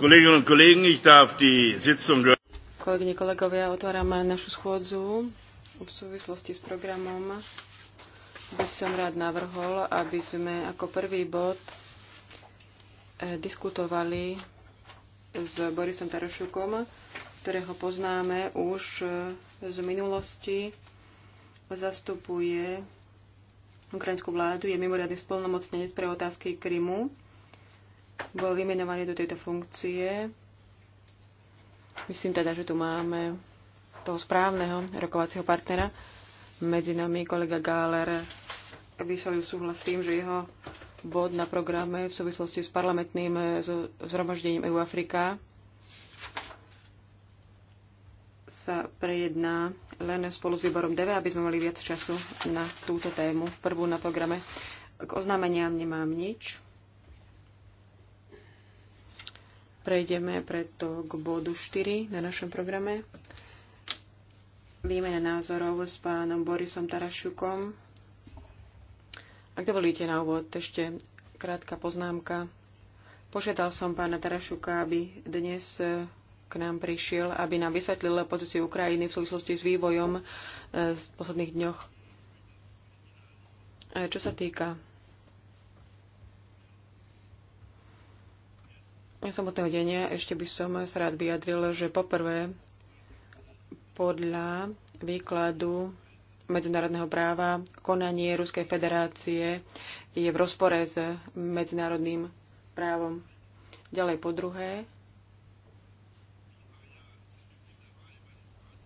Kolegyne und Kollegen, ich darf die Sitzung Kolegyne, kolegovia, otváram našu schôdzu v súvislosti s programom. By som rád navrhol, aby sme ako prvý bod eh, diskutovali s Borisom Tarošukom, ktorého poznáme už eh, z minulosti. Zastupuje ukrajinskú vládu, je mimoriadný spolnomocnenec pre otázky Krymu bol vymenovaný do tejto funkcie. Myslím teda, že tu máme toho správneho rokovacieho partnera. Medzi nami kolega Gáler vyslovil súhlas s tým, že jeho bod na programe v súvislosti s parlamentným zhromaždením EU Afrika sa prejedná len spolu s výborom DV, aby sme mali viac času na túto tému, prvú na programe. K oznámeniam nemám nič. Prejdeme preto k bodu 4 na našom programe. Výmena názorov s pánom Borisom Tarašukom. Ak dovolíte na úvod, ešte krátka poznámka. Požiadal som pána Tarašuka, aby dnes eh, k nám prišiel, aby nám vysvetlil pozíciu Ukrajiny v súvislosti s vývojom eh, v posledných dňoch. Eh, čo sa týka samotného denia ešte by som sa rád vyjadril, že poprvé podľa výkladu medzinárodného práva konanie Ruskej federácie je v rozpore s medzinárodným právom. Ďalej po druhé,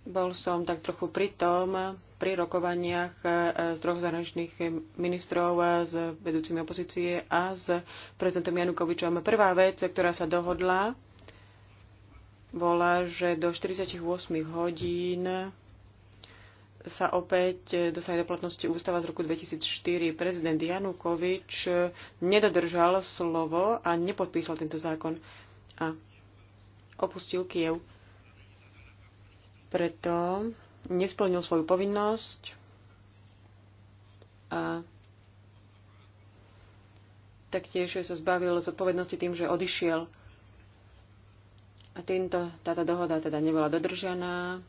Bol som tak trochu pri tom, pri rokovaniach e, e, z troch zahraničných ministrov e, s vedúcimi opozície a s prezidentom Janukovičom. Prvá vec, ktorá sa dohodla, bola, že do 48 hodín sa opäť dostane do platnosti ústava z roku 2004. Prezident Janukovič nedodržal slovo a nepodpísal tento zákon a opustil Kiev preto nesplnil svoju povinnosť a taktiež sa zbavil zodpovednosti tým, že odišiel. A týmto táto dohoda teda nebola dodržaná,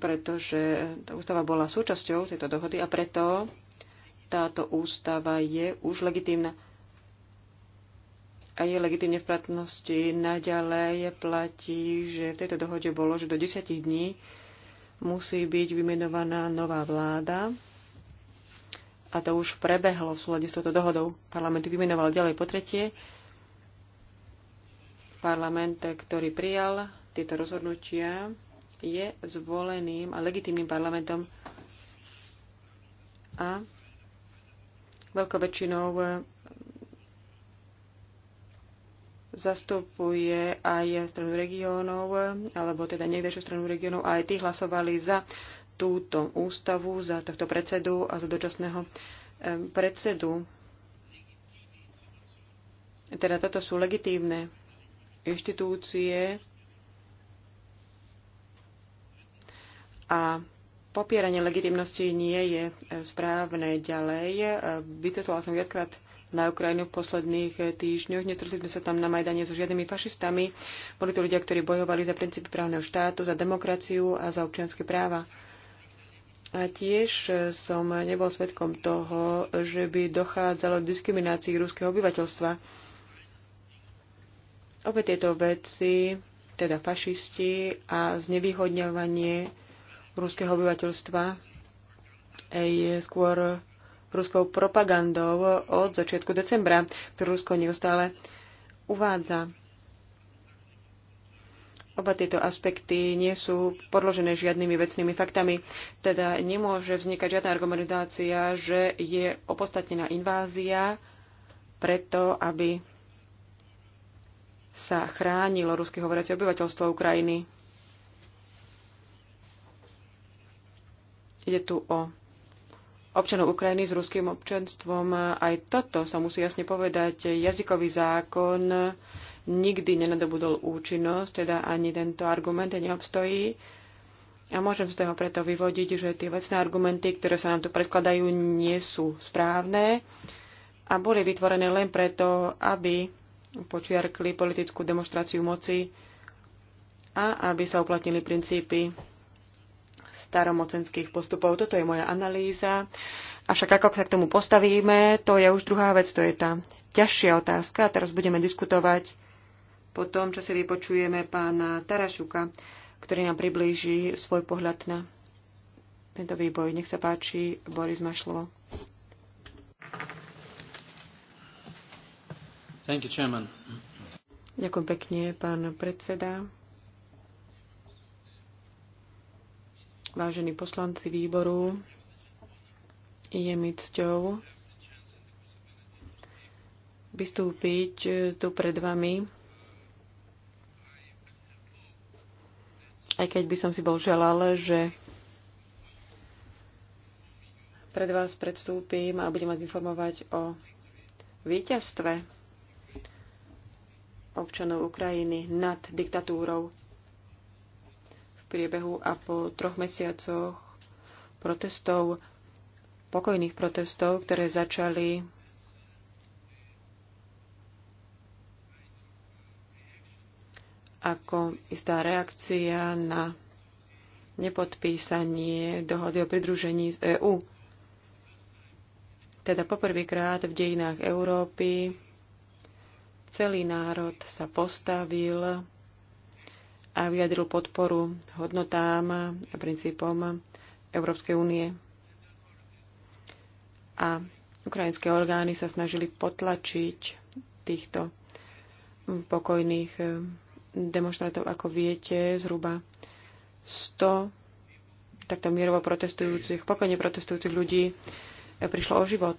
pretože tá ústava bola súčasťou tejto dohody a preto táto ústava je už legitímna a je legitimne v platnosti. Naďalej platí, že v tejto dohode bolo, že do 10 dní musí byť vymenovaná nová vláda a to už prebehlo v súlade s touto dohodou. Parlament vymenoval ďalej po tretie. Parlament, ktorý prijal tieto rozhodnutia, je zvoleným a legitimným parlamentom a veľkou väčšinou zastupuje aj stranu regiónov, alebo teda niekdejšiu stranu regiónov, a aj tí hlasovali za túto ústavu, za tohto predsedu a za dočasného predsedu. Teda toto sú legitívne inštitúcie a popieranie legitimnosti nie je správne ďalej. Vycestovala som viackrát na Ukrajinu v posledných eh, týždňoch. Nestretli sme sa tam na Majdane so žiadnymi fašistami. Boli to ľudia, ktorí bojovali za princípy právneho štátu, za demokraciu a za občianske práva. A tiež eh, som nebol svetkom toho, že by dochádzalo k diskriminácii rúského obyvateľstva. Obe tieto veci, teda fašisti a znevýhodňovanie rúského obyvateľstva, je skôr ruskou propagandou od začiatku decembra, ktorú Rusko neustále uvádza. Oba tieto aspekty nie sú podložené žiadnymi vecnými faktami, teda nemôže vznikať žiadna argumentácia, že je opostatnená invázia preto, aby sa chránilo ruské hovoriace obyvateľstvo Ukrajiny. Ide tu o občanov Ukrajiny s ruským občanstvom. Aj toto sa musí jasne povedať. Jazykový zákon nikdy nenadobudol účinnosť, teda ani tento argument neobstojí. A môžem z toho preto vyvodiť, že tie vecné argumenty, ktoré sa nám tu predkladajú, nie sú správne a boli vytvorené len preto, aby počiarkli politickú demonstráciu moci a aby sa uplatnili princípy staromocenských postupov. Toto je moja analýza. Avšak ako sa k tomu postavíme, to je už druhá vec, to je tá ťažšia otázka. A teraz budeme diskutovať po tom, čo si vypočujeme pána Tarašuka, ktorý nám priblíži svoj pohľad na tento výboj. Nech sa páči, Boris Mašlovo. Thank you, Ďakujem pekne, pán predseda. vážení poslanci výboru, je mi cťou vystúpiť tu pred vami. Aj keď by som si bol želal, že pred vás predstúpim a budem vás informovať o víťazstve občanov Ukrajiny nad diktatúrou priebehu a po troch mesiacoch protestov, pokojných protestov, ktoré začali ako istá reakcia na nepodpísanie dohody o pridružení z EÚ. Teda poprvýkrát v dejinách Európy celý národ sa postavil a vyjadril podporu hodnotám a princípom Európskej únie. A ukrajinské orgány sa snažili potlačiť týchto pokojných demonstrátov. Ako viete, zhruba 100 takto mierovo protestujúcich, pokojne protestujúcich ľudí prišlo o život.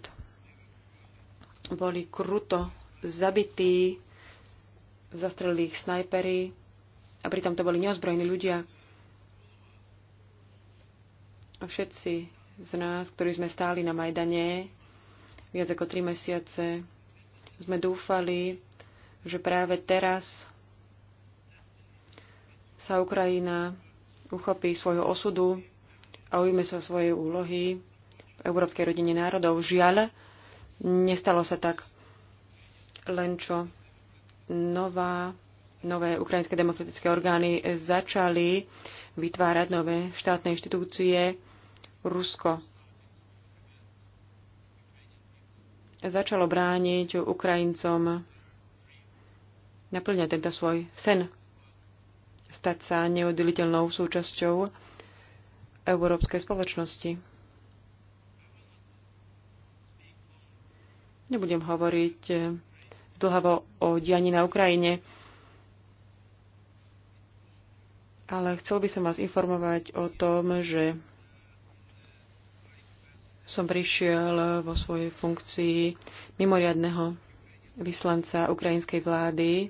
Boli kruto zabití, zastrelili ich snajpery, a pritom to boli neozbrojení ľudia. A všetci z nás, ktorí sme stáli na Majdane viac ako tri mesiace, sme dúfali, že práve teraz sa Ukrajina uchopí svojho osudu a ujme sa svojej úlohy v Európskej rodine národov. Žiaľ, nestalo sa tak. Len čo nová nové ukrajinské demokratické orgány začali vytvárať nové štátne inštitúcie Rusko. Začalo brániť Ukrajincom naplňať tento svoj sen, stať sa neoddeliteľnou súčasťou európskej spoločnosti. Nebudem hovoriť zdlhavo o dianí na Ukrajine ale chcel by som vás informovať o tom, že som prišiel vo svojej funkcii mimoriadného vyslanca ukrajinskej vlády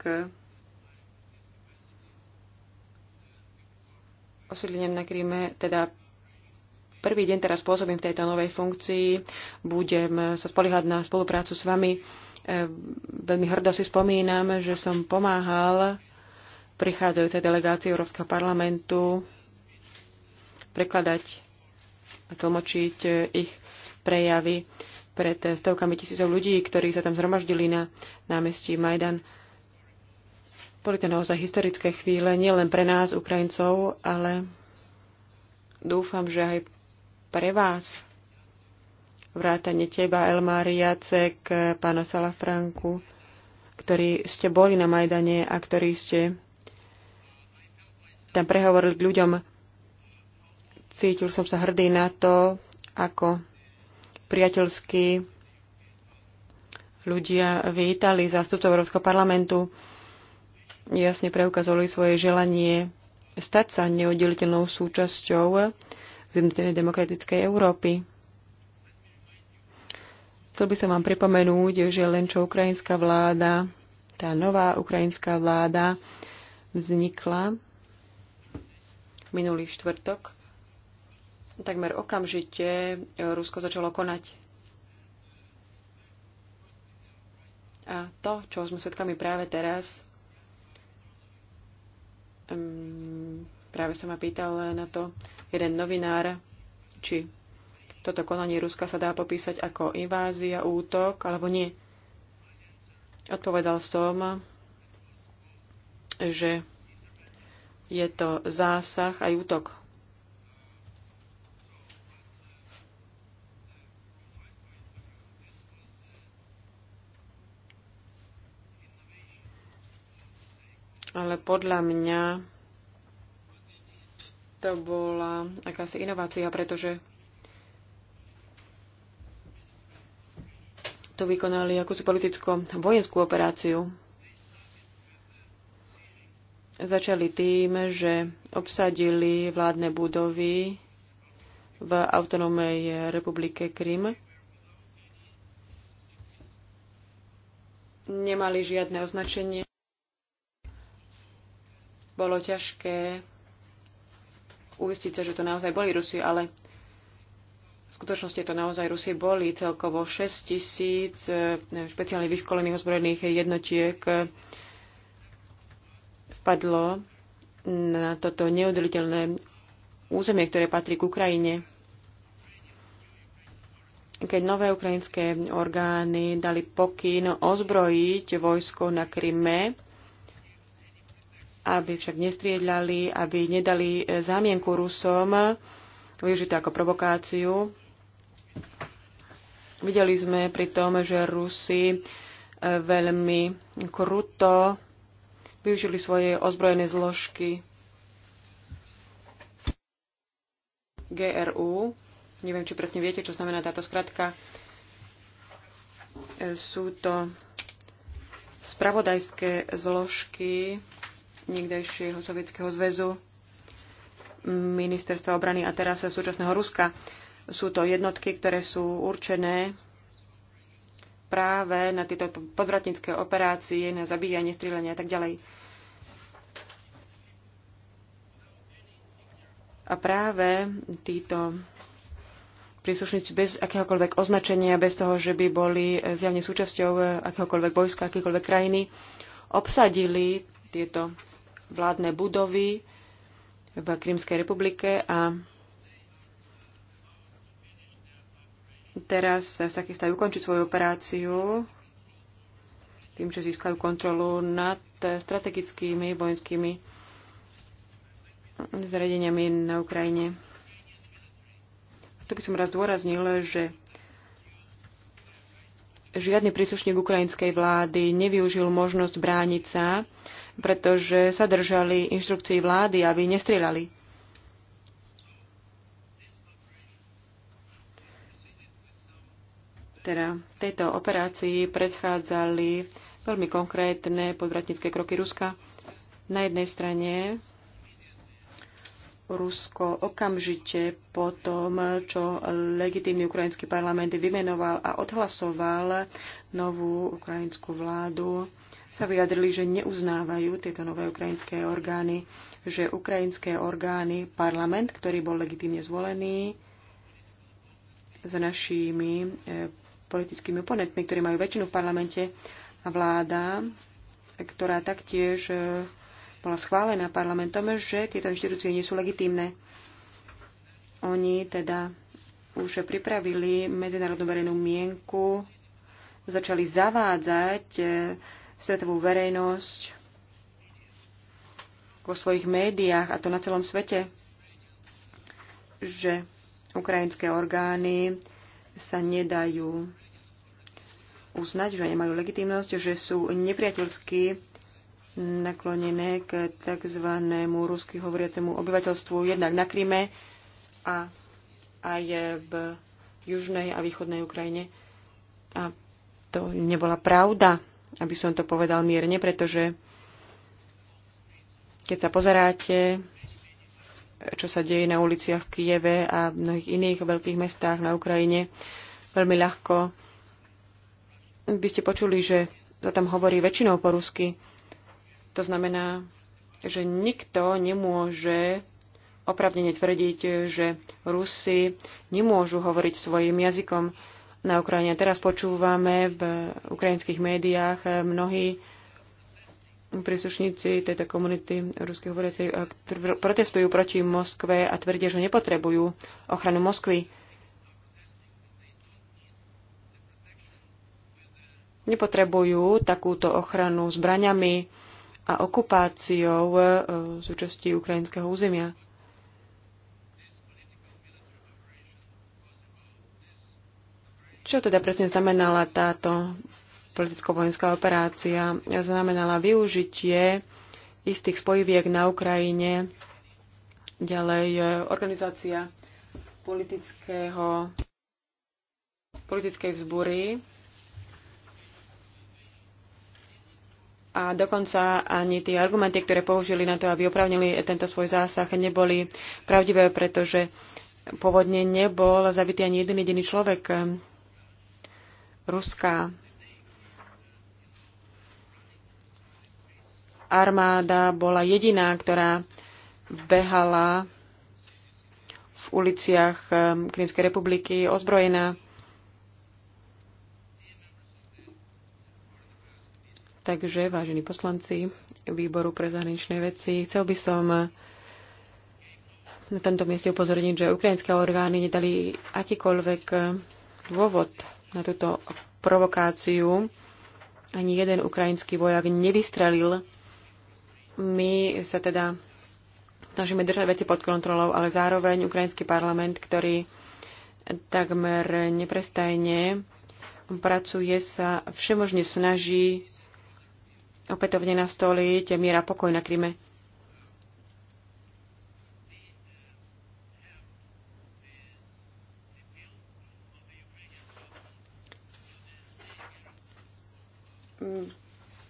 k osídleniam na Kríme, teda prvý deň teraz pôsobím v tejto novej funkcii, budem sa spoliehať na spoluprácu s vami Ehm, veľmi hrdo si spomínam, že som pomáhal prichádzajúcej delegácii Európskeho parlamentu prekladať a tlmočiť e, ich prejavy pred e, stovkami tisícov ľudí, ktorí sa tam zhromaždili na námestí Majdan. Boli to naozaj historické chvíle, nielen pre nás, Ukrajincov, ale dúfam, že aj pre vás, vrátane teba, Elmári Jacek pána Salafranku, ktorí ste boli na Majdane a ktorí ste tam prehovorili k ľuďom. Cítil som sa hrdý na to, ako priateľskí ľudia vítali zástupcov Európskeho parlamentu, jasne preukazovali svoje želanie stať sa neoddeliteľnou súčasťou zjednotenej demokratickej Európy. Chcel by som vám pripomenúť, že len čo ukrajinská vláda, tá nová ukrajinská vláda vznikla minulý štvrtok, takmer okamžite e, Rusko začalo konať. A to, čo sme svetkami práve teraz, práve sa ma pýtal na to jeden novinár, či toto konanie Ruska sa dá popísať ako invázia, útok alebo nie. Odpovedal som, že je to zásah aj útok. Ale podľa mňa to bola akási inovácia, pretože tu vykonali akúsi politicko-vojenskú operáciu. Začali tým, že obsadili vládne budovy v autonómej republike Krym. Nemali žiadne označenie. Bolo ťažké uistiť sa, že to naozaj boli Rusy, ale v skutočnosti to naozaj Rusy boli celkovo 6 tisíc e, špeciálne vyškolených ozbrojených jednotiek e, vpadlo na toto neudeliteľné územie, ktoré patrí k Ukrajine. Keď nové ukrajinské orgány dali pokyn ozbrojiť vojsko na Kryme, aby však nestriedľali, aby nedali e, zámienku Rusom, využité ako provokáciu, Videli sme pri tom, že Rusi e, veľmi kruto využili svoje ozbrojené zložky GRU. Neviem, či presne viete, čo znamená táto skratka. E, sú to spravodajské zložky niekdejšieho Sovietskeho zväzu, ministerstva obrany a teraz súčasného Ruska. Sú to jednotky, ktoré sú určené práve na tieto podvratnícke operácie, na zabíjanie, strílenie a tak ďalej. A práve títo príslušníci bez akéhokoľvek označenia, bez toho, že by boli zjavne súčasťou akéhokoľvek vojska, akékoľvek krajiny, obsadili tieto vládne budovy v Krymskej republike a Teraz sa chystajú ukončiť svoju operáciu tým, že získajú kontrolu nad strategickými vojenskými zariadeniami na Ukrajine. Tu by som raz dôraznil, že žiadny príslušník ukrajinskej vlády nevyužil možnosť brániť sa, pretože sa držali inštrukcií vlády, aby nestrieľali. Teda tejto operácii predchádzali veľmi konkrétne podvratnícke kroky Ruska. Na jednej strane Rusko okamžite po tom, čo legitímny ukrajinský parlament vymenoval a odhlasoval novú ukrajinskú vládu, sa vyjadrili, že neuznávajú tieto nové ukrajinské orgány, že ukrajinské orgány, parlament, ktorý bol legitímne zvolený, s našimi e, politickými oponentmi, ktorí majú väčšinu v parlamente a vláda, ktorá taktiež e, bola schválená parlamentom, že tieto inštitúcie nie sú legitímne. Oni teda už pripravili medzinárodnú verejnú mienku, začali zavádzať e, svetovú verejnosť vo svojich médiách, a to na celom svete, že ukrajinské orgány sa nedajú uznať, že nemajú legitimnosť, že sú nepriateľsky naklonené k tzv. rusky hovoriacemu obyvateľstvu jednak na Kryme a aj v južnej a východnej Ukrajine. A to nebola pravda, aby som to povedal mierne, pretože keď sa pozeráte, čo sa deje na uliciach v Kieve a v mnohých iných veľkých mestách na Ukrajine, veľmi ľahko by ste počuli, že sa tam hovorí väčšinou po rusky. To znamená, že nikto nemôže opravnene tvrdiť, že Rusi nemôžu hovoriť svojim jazykom na Ukrajine. Teraz počúvame v ukrajinských médiách eh, mnohí príslušníci tejto komunity ruských hovoriacej eh, protestujú proti Moskve a tvrdia, že nepotrebujú ochranu Moskvy nepotrebujú takúto ochranu zbraňami a okupáciou e, z účasti ukrajinského územia. Čo teda presne znamenala táto politicko-vojenská operácia? Znamenala využitie istých spojiviek na Ukrajine, ďalej e, organizácia politického, politickej vzbúry a dokonca ani tie argumenty, ktoré použili na to, aby opravnili tento svoj zásah, neboli pravdivé, pretože pôvodne nebol zabitý ani jeden jediný človek. Eh, ruská armáda bola jediná, ktorá behala v uliciach eh, Krymskej republiky ozbrojená. Takže, vážení poslanci výboru pre zahraničné veci, chcel by som na tomto mieste upozorniť, že ukrajinské orgány nedali akýkoľvek dôvod na túto provokáciu. Ani jeden ukrajinský vojak nevystrelil. My sa teda snažíme držať veci pod kontrolou, ale zároveň ukrajinský parlament, ktorý takmer neprestajne pracuje, sa všemožne snaží opätovne nastoliť miera pokoj na Kryme.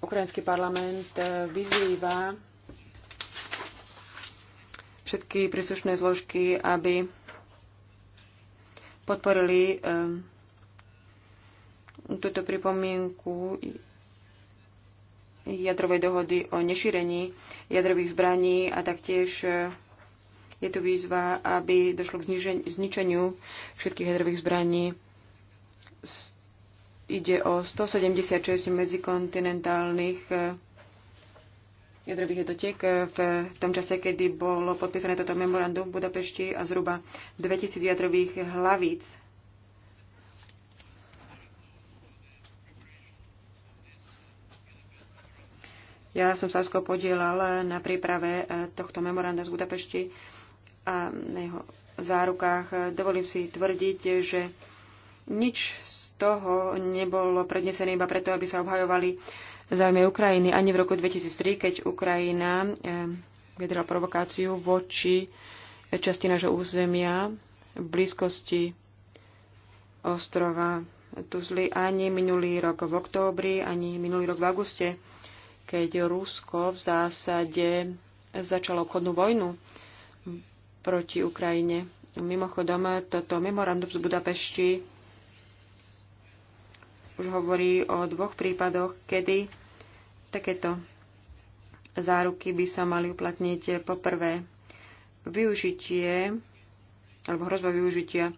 Ukrajinský parlament eh, vyzýva všetky príslušné zložky, aby podporili eh, túto pripomienku jadrovej dohody o nešírení jadrových zbraní a taktiež e, je tu výzva, aby došlo k zničeniu všetkých jadrových zbraní. Ide o 176 medzikontinentálnych e, jadrových jednotiek e, v tom čase, kedy bolo podpísané toto memorandum v Budapešti a zhruba 2000 jadrových hlavíc Ja som sa skôr podielala na príprave eh, tohto memoranda z Budapešti a na jeho zárukách. Dovolím si tvrdiť, že nič z toho nebolo prednesené iba preto, aby sa obhajovali záujmy Ukrajiny ani v roku 2003, keď Ukrajina eh, vedela provokáciu voči časti nášho územia v blízkosti ostrova Tuzly ani minulý rok v októbri, ani minulý rok v auguste keď Rusko v zásade začalo obchodnú vojnu proti Ukrajine. Mimochodom, toto memorandum z Budapešti už hovorí o dvoch prípadoch, kedy takéto záruky by sa mali uplatniť poprvé využitie alebo hrozba využitia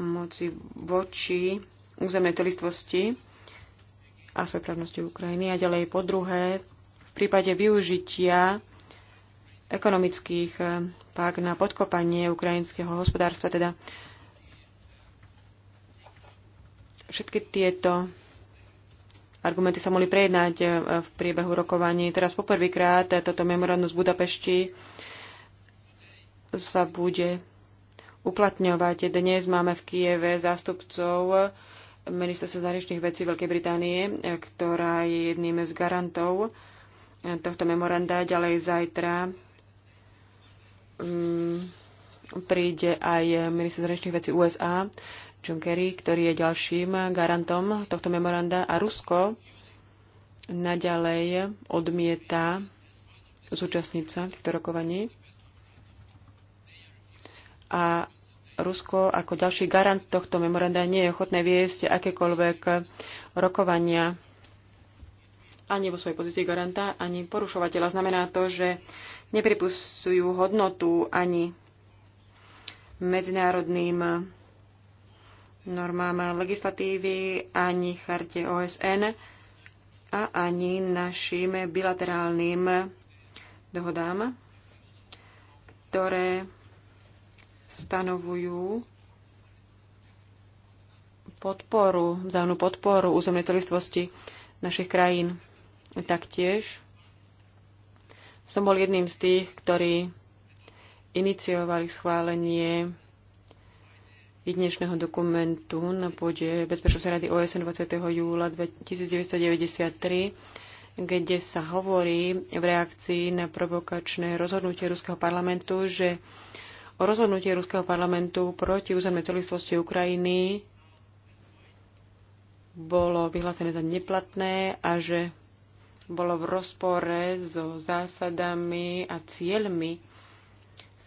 moci voči územnej celistvosti a svojprávnosti Ukrajiny. A ďalej po druhé, v prípade využitia ekonomických eh, pak na podkopanie ukrajinského hospodárstva, teda všetky tieto argumenty sa mohli prejednať eh, v priebehu rokovaní. Teraz poprvýkrát toto memorandum z Budapešti sa bude uplatňovať. Dnes máme v Kieve zástupcov ministerstva zahraničných vecí Veľkej Británie, e, ktorá je jedným z garantov e, tohto memoranda. Ďalej zajtra um, príde aj minister zahraničných vecí USA, John Kerry, ktorý je ďalším garantom tohto memoranda. A Rusko naďalej odmieta zúčastniť sa týchto rokovaní. A Rusko ako ďalší garant tohto memoranda nie je ochotné viesť akékoľvek rokovania ani vo svojej pozícii garanta, ani porušovateľa. Znamená to, že nepripustujú hodnotu ani medzinárodným normám legislatívy, ani charte OSN a ani našim bilaterálnym dohodám, ktoré stanovujú podporu, vzájomnú podporu územnej celistvosti našich krajín. Taktiež som bol jedným z tých, ktorí iniciovali schválenie dnešného dokumentu na pôde Bezpečnostnej rady OSN 20. júla 1993, kde sa hovorí v reakcii na provokačné rozhodnutie Ruského parlamentu, že o rozhodnutie Ruského parlamentu proti územnej celistvosti Ukrajiny bolo vyhlásené za neplatné a že bolo v rozpore so zásadami a cieľmi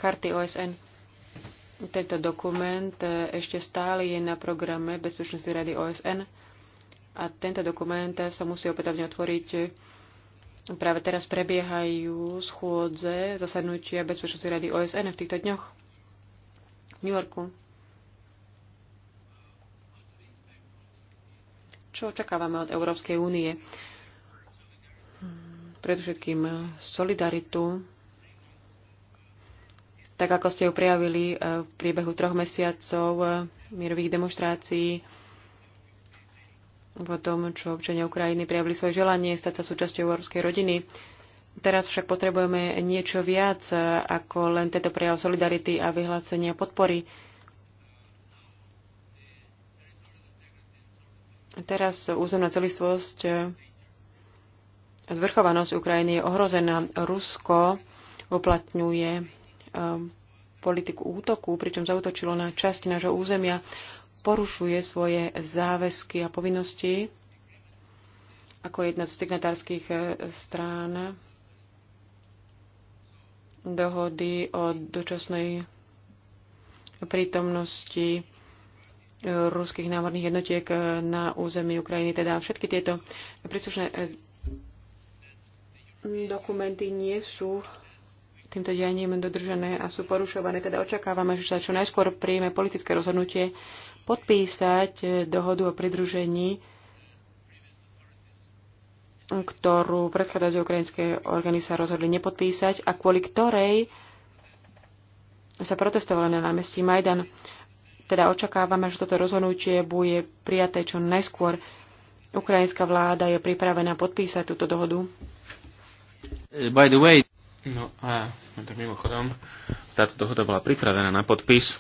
charty OSN. Tento dokument ešte stále je na programe Bezpečnosti rady OSN a tento dokument sa musí opätovne otvoriť. Práve teraz prebiehajú schôdze zasadnutia Bezpečnosti rady OSN v týchto dňoch v New Yorku. Čo očakávame od Európskej únie? Predovšetkým solidaritu, tak ako ste ju prijavili eh, v priebehu troch mesiacov eh, mierových demonstrácií, po tom, čo občania Ukrajiny prijavili svoje želanie stať sa súčasťou európskej rodiny. Teraz však potrebujeme niečo viac e, ako len tento prejav solidarity a vyhlásenia podpory. Teraz územná celistvosť a zvrchovanosť Ukrajiny je ohrozená. Rusko uplatňuje e, politiku útoku, pričom zautočilo na časť nášho územia, porušuje svoje záväzky a povinnosti ako jedna z signatárskych e, strán dohody o dočasnej prítomnosti ruských námorných jednotiek na území Ukrajiny. Teda všetky tieto príslušné eh, dokumenty nie sú týmto dianím dodržané a sú porušované. Teda očakávame, že sa čo najskôr príjme politické rozhodnutie podpísať eh, dohodu o pridružení ktorú predchádzajú ukrajinské orgány sa rozhodli nepodpísať a kvôli ktorej sa protestovali na námestí Majdan. Teda očakávame, že toto rozhodnutie bude prijaté čo najskôr. Ukrajinská vláda je pripravená podpísať túto dohodu. Eh, by the way... No a no tak mimochodom, táto dohoda bola pripravená na podpis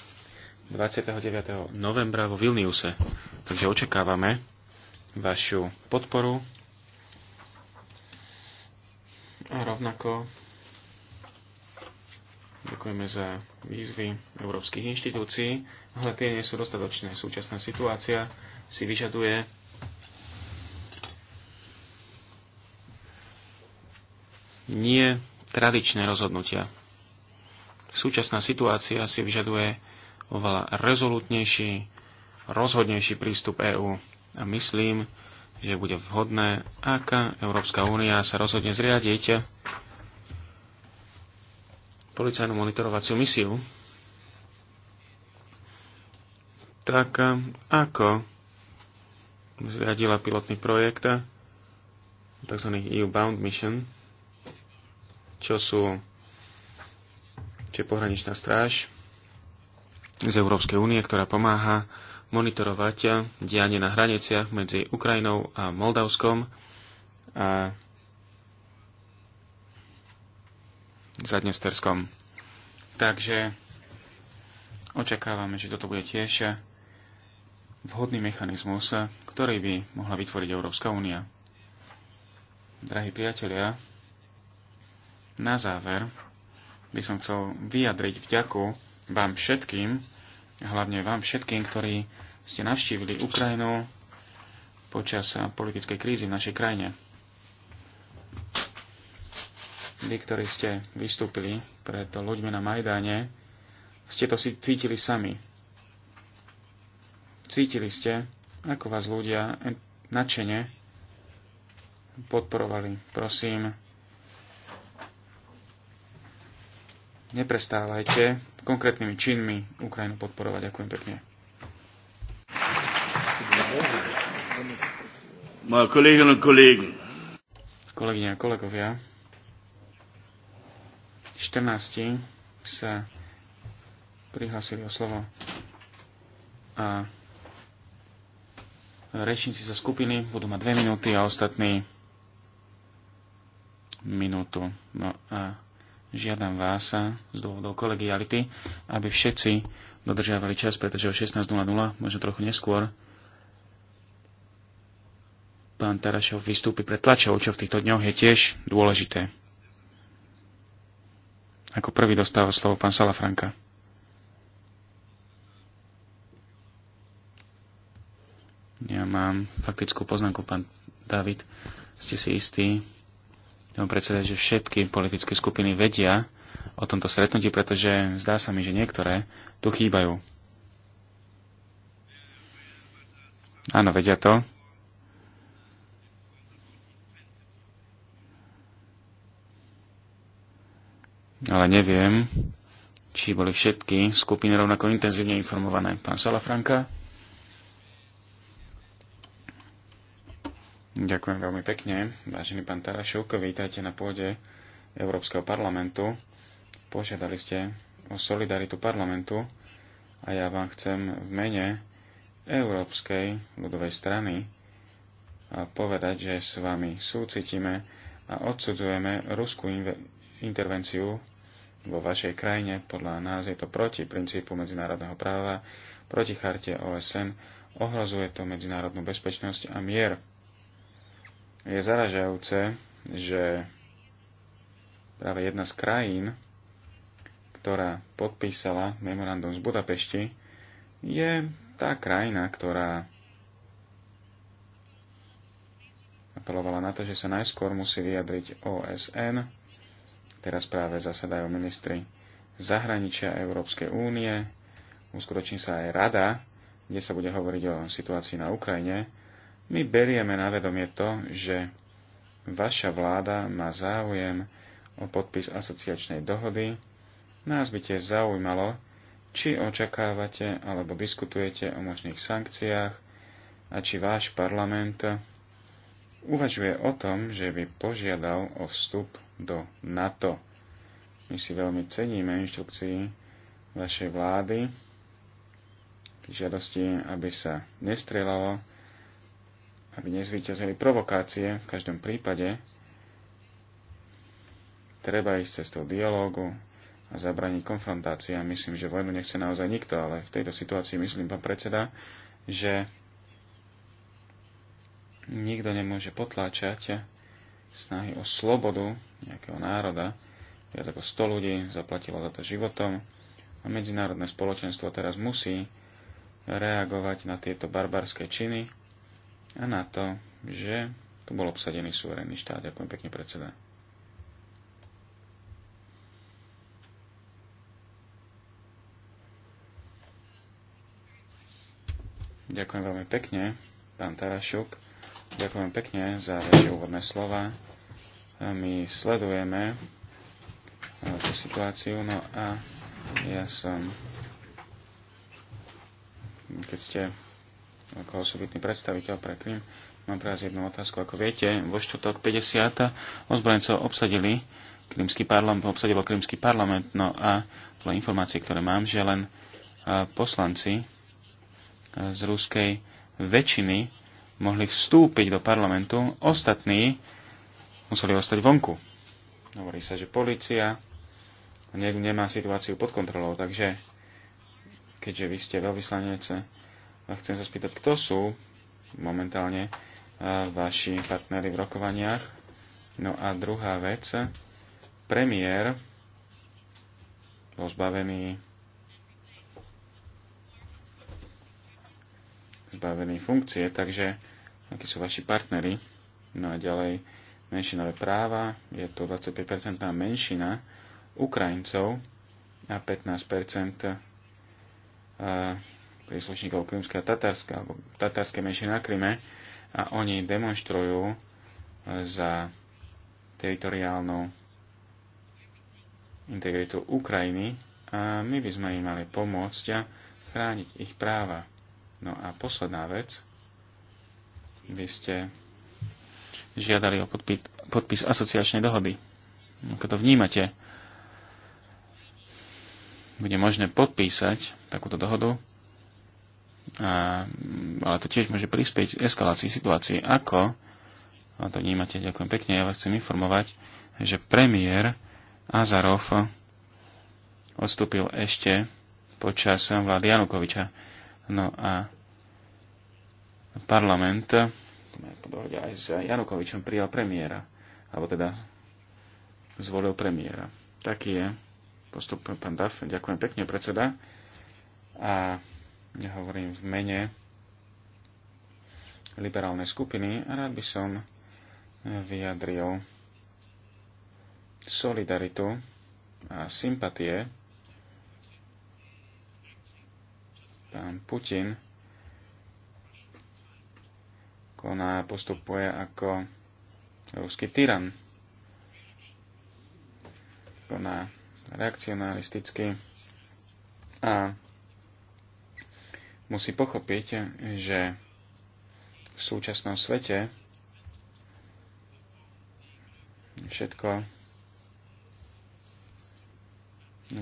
29. novembra vo Vilniuse. Takže očakávame vašu podporu a rovnako ďakujeme za výzvy európskych inštitúcií, ale tie nie sú dostatočné. Súčasná situácia si vyžaduje nie tradičné rozhodnutia. Súčasná situácia si vyžaduje oveľa rezolutnejší, rozhodnejší prístup EÚ. A myslím, že bude vhodné, ak Európska únia sa rozhodne zriadiť policajnú monitorovaciu misiu, tak ako zriadila pilotný projekt tzv. EU Bound Mission, čo sú tie pohraničná stráž z Európskej únie, ktorá pomáha monitorovať dianie na hraniciach medzi Ukrajinou a Moldavskom a Zadnesterskom. Takže očakávame, že toto bude tiež vhodný mechanizmus, ktorý by mohla vytvoriť Európska únia. Drahí priatelia, na záver by som chcel vyjadriť vďaku vám všetkým, hlavne vám všetkým, ktorí ste navštívili Ukrajinu počas politickej krízy v našej krajine. Vy, ktorí ste vystúpili pred ľuďmi na Majdáne, ste to si cítili sami. Cítili ste, ako vás ľudia nadšene podporovali. Prosím, neprestávajte konkrétnymi činmi Ukrajinu podporovať. Ďakujem pekne. kolegyne a kolegovia, 14 sa prihlásili o slovo a rečníci za skupiny budú mať dve minúty a ostatní minútu. No a Žiadam vás z dôvodov kolegiality, aby všetci dodržiavali čas, pretože o 16.00, možno trochu neskôr, pán Tarašov vystúpi pred tlačov, čo v týchto dňoch je tiež dôležité. Ako prvý dostáva slovo pán Salafranka. Ja mám faktickú poznámku, pán David. Ste si istí, tomu predseda, že všetky politické skupiny vedia o tomto stretnutí, pretože zdá sa mi, že niektoré tu chýbajú. Áno, vedia to. Ale neviem, či boli všetky skupiny rovnako intenzívne informované. Pán Salafranka? Ďakujem veľmi pekne. Vážený pán Tarašuk, vítajte na pôde Európskeho parlamentu. Požiadali ste o solidaritu parlamentu a ja vám chcem v mene Európskej ľudovej strany povedať, že s vami súcitíme a odsudzujeme ruskú intervenciu vo vašej krajine. Podľa nás je to proti princípu medzinárodného práva, proti charte OSN, ohrozuje to medzinárodnú bezpečnosť a mier je zaražajúce, že práve jedna z krajín, ktorá podpísala memorandum z Budapešti, je tá krajina, ktorá apelovala na to, že sa najskôr musí vyjadriť OSN. Teraz práve zasadajú ministri zahraničia Európskej únie. Uskutoční sa aj rada, kde sa bude hovoriť o situácii na Ukrajine my berieme na vedomie to, že vaša vláda má záujem o podpis asociačnej dohody. Nás by tiež zaujímalo, či očakávate alebo diskutujete o možných sankciách a či váš parlament uvažuje o tom, že by požiadal o vstup do NATO. My si veľmi ceníme inštrukcii vašej vlády, žiadosti, aby sa nestrelalo aby nezvíťazili provokácie. V každom prípade treba ísť cestou dialógu a zabraniť konfrontácia. Myslím, že vojnu nechce naozaj nikto, ale v tejto situácii myslím, pán predseda, že nikto nemôže potláčať snahy o slobodu nejakého národa. Viac ako 100 ľudí zaplatilo za to životom a medzinárodné spoločenstvo teraz musí reagovať na tieto barbarské činy a na to, že tu bol obsadený suverénny štát. Ďakujem pekne, predseda. Ďakujem veľmi pekne, pán Tarašuk. Ďakujem pekne za vaše úvodné slova. My sledujeme e, tú situáciu, no a ja som, keď ste ako osobitný predstaviteľ pre Krym. Mám pre vás jednu otázku. Ako viete, vo štvrtok 50 ozbrojencov obsadili Krymský parlament, obsadilo Krymský parlament, no a podľa informácií, ktoré mám, že len poslanci z ruskej väčšiny mohli vstúpiť do parlamentu, ostatní museli ostať vonku. Hovorí sa, že policia nemá situáciu pod kontrolou, takže keďže vy ste veľvyslanece, a chcem sa spýtať, kto sú momentálne e, vaši partnery v rokovaniach. No a druhá vec, premiér bol zbavený zbavený funkcie, takže akí sú vaši partnery. No a ďalej menšinové práva, je to 25% menšina Ukrajincov a 15% príslušníkov Krymska a Tatarska, alebo tatarské menšie na Kryme a oni demonstrujú e, za teritoriálnu integritu Ukrajiny a my by sme im mali pomôcť a chrániť ich práva. No a posledná vec, vy ste žiadali o podpis, podpis asociačnej dohody. Ako no, to vnímate? Bude možné podpísať takúto dohodu a, ale to tiež môže prispieť eskalácii situácii. Ako? A to vnímate, ďakujem pekne. Ja vás chcem informovať, že premiér Azarov odstúpil ešte počas vlády Janukoviča. No a parlament po dohode aj s Janukovičom prijal premiéra, alebo teda zvolil premiéra. Taký je postup pán Daf. Ďakujem pekne, predseda. A Nehovorím v mene liberálnej skupiny a rád by som vyjadril solidaritu a sympatie. Pán Putin koná postupuje ako ruský tyran. Koná reakcionalisticky a musí pochopiť, že v súčasnom svete všetko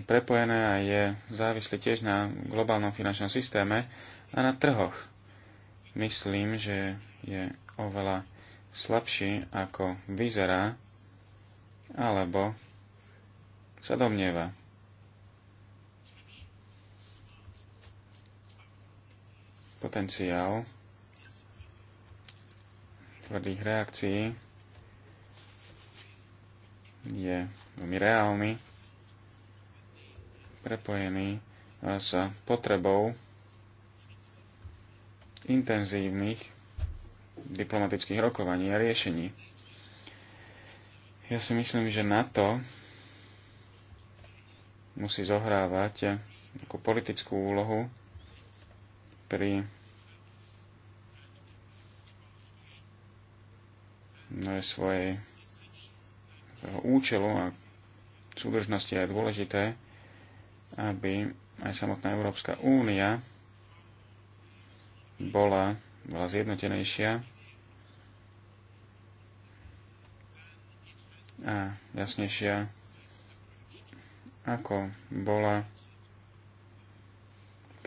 prepojené a je závislé tiež na globálnom finančnom systéme a na trhoch. Myslím, že je oveľa slabší, ako vyzerá, alebo sa domnieva. potenciál tvrdých reakcií je veľmi reálny, prepojený s potrebou intenzívnych diplomatických rokovaní a riešení. Ja si myslím, že NATO musí zohrávať ako politickú úlohu pri no, svojej účelu a súdržnosti je dôležité, aby aj samotná Európska únia bola, bola zjednotenejšia a jasnejšia, ako bola,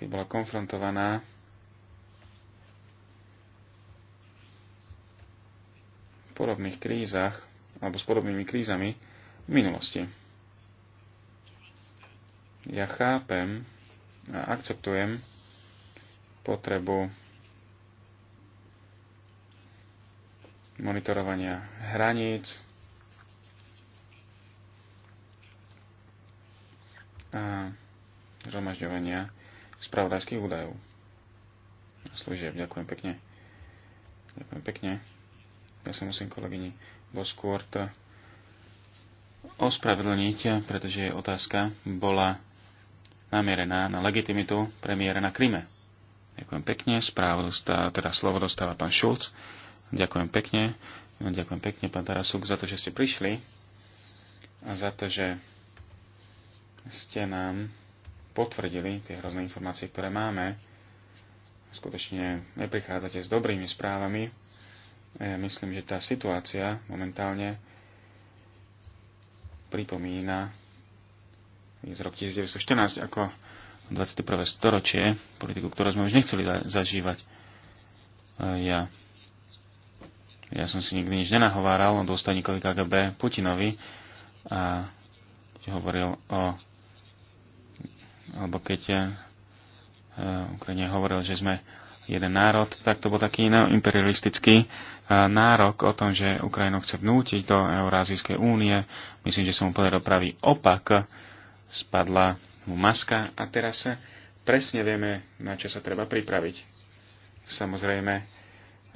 keď bola konfrontovaná podobných krízach alebo s podobnými krízami v minulosti. Ja chápem a akceptujem potrebu monitorovania hraníc a zhromažďovania spravodajských údajov služieb. Ďakujem pekne. Ďakujem pekne. Ja sa musím kolegyni Boskort ospravedlniť, pretože jej otázka bola namierená na legitimitu premiéra na Kryme. Ďakujem pekne, správu teda slovo dostáva pán Šulc. Ďakujem pekne, ďakujem pekne pán Tarasuk za to, že ste prišli a za to, že ste nám potvrdili tie hrozné informácie, ktoré máme. Skutočne neprichádzate s dobrými správami ja e, myslím, že tá situácia momentálne pripomína z roku 1914 ako 21. storočie, politiku, ktorú sme už nechceli zažívať. E, ja, ja som si nikdy nič nenahováral o dôstojníkovi KGB Putinovi a keď hovoril o alebo keď e, Ukrajine hovoril, že sme jeden národ, tak to bol taký neoimperialistický e, nárok o tom, že Ukrajinu chce vnútiť do Eurázijskej únie. Myslím, že som mu povedal pravý opak. Spadla mu maska a teraz presne vieme, na čo sa treba pripraviť. Samozrejme,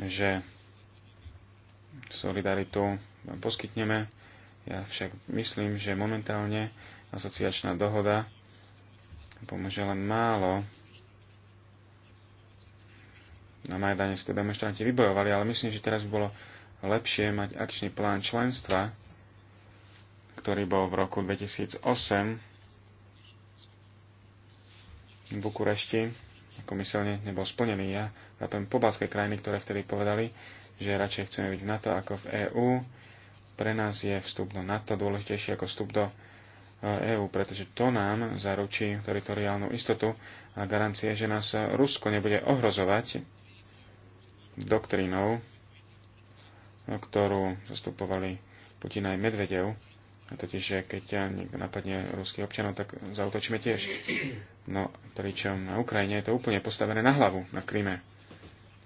že solidaritu vám poskytneme. Ja však myslím, že momentálne asociačná dohoda pomôže len málo na Majdane ste demonstranti vybojovali, ale myslím, že teraz by bolo lepšie mať akčný plán členstva, ktorý bol v roku 2008 v Bukurešti, ako komyselne nebol splnený. Ja chápem pobalské krajiny, ktoré vtedy povedali, že radšej chceme byť v NATO ako v EÚ. Pre nás je vstup do NATO dôležitejší ako vstup do EÚ, e pretože to nám zaručí teritoriálnu istotu a garancie, že nás Rusko nebude ohrozovať doktrínou, ktorú zastupovali Putin aj Medvedev, a totiž, že keď ťa niekto napadne ruských občanov, tak zautočíme tiež. No, pričom na Ukrajine je to úplne postavené na hlavu, na Kryme.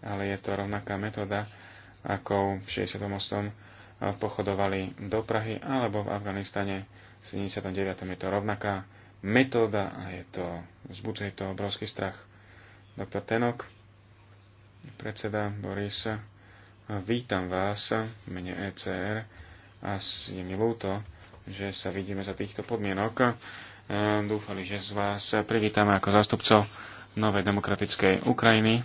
Ale je to rovnaká metóda, ako v 68. pochodovali do Prahy, alebo v Afganistane v 79. je to rovnaká metóda a je to, vzbudzuje to obrovský strach. Doktor Tenok predseda Boris. Vítam vás v mene ECR a je mi ľúto, že sa vidíme za týchto podmienok. E, dúfali, že z vás privítame ako zástupcov Novej demokratickej Ukrajiny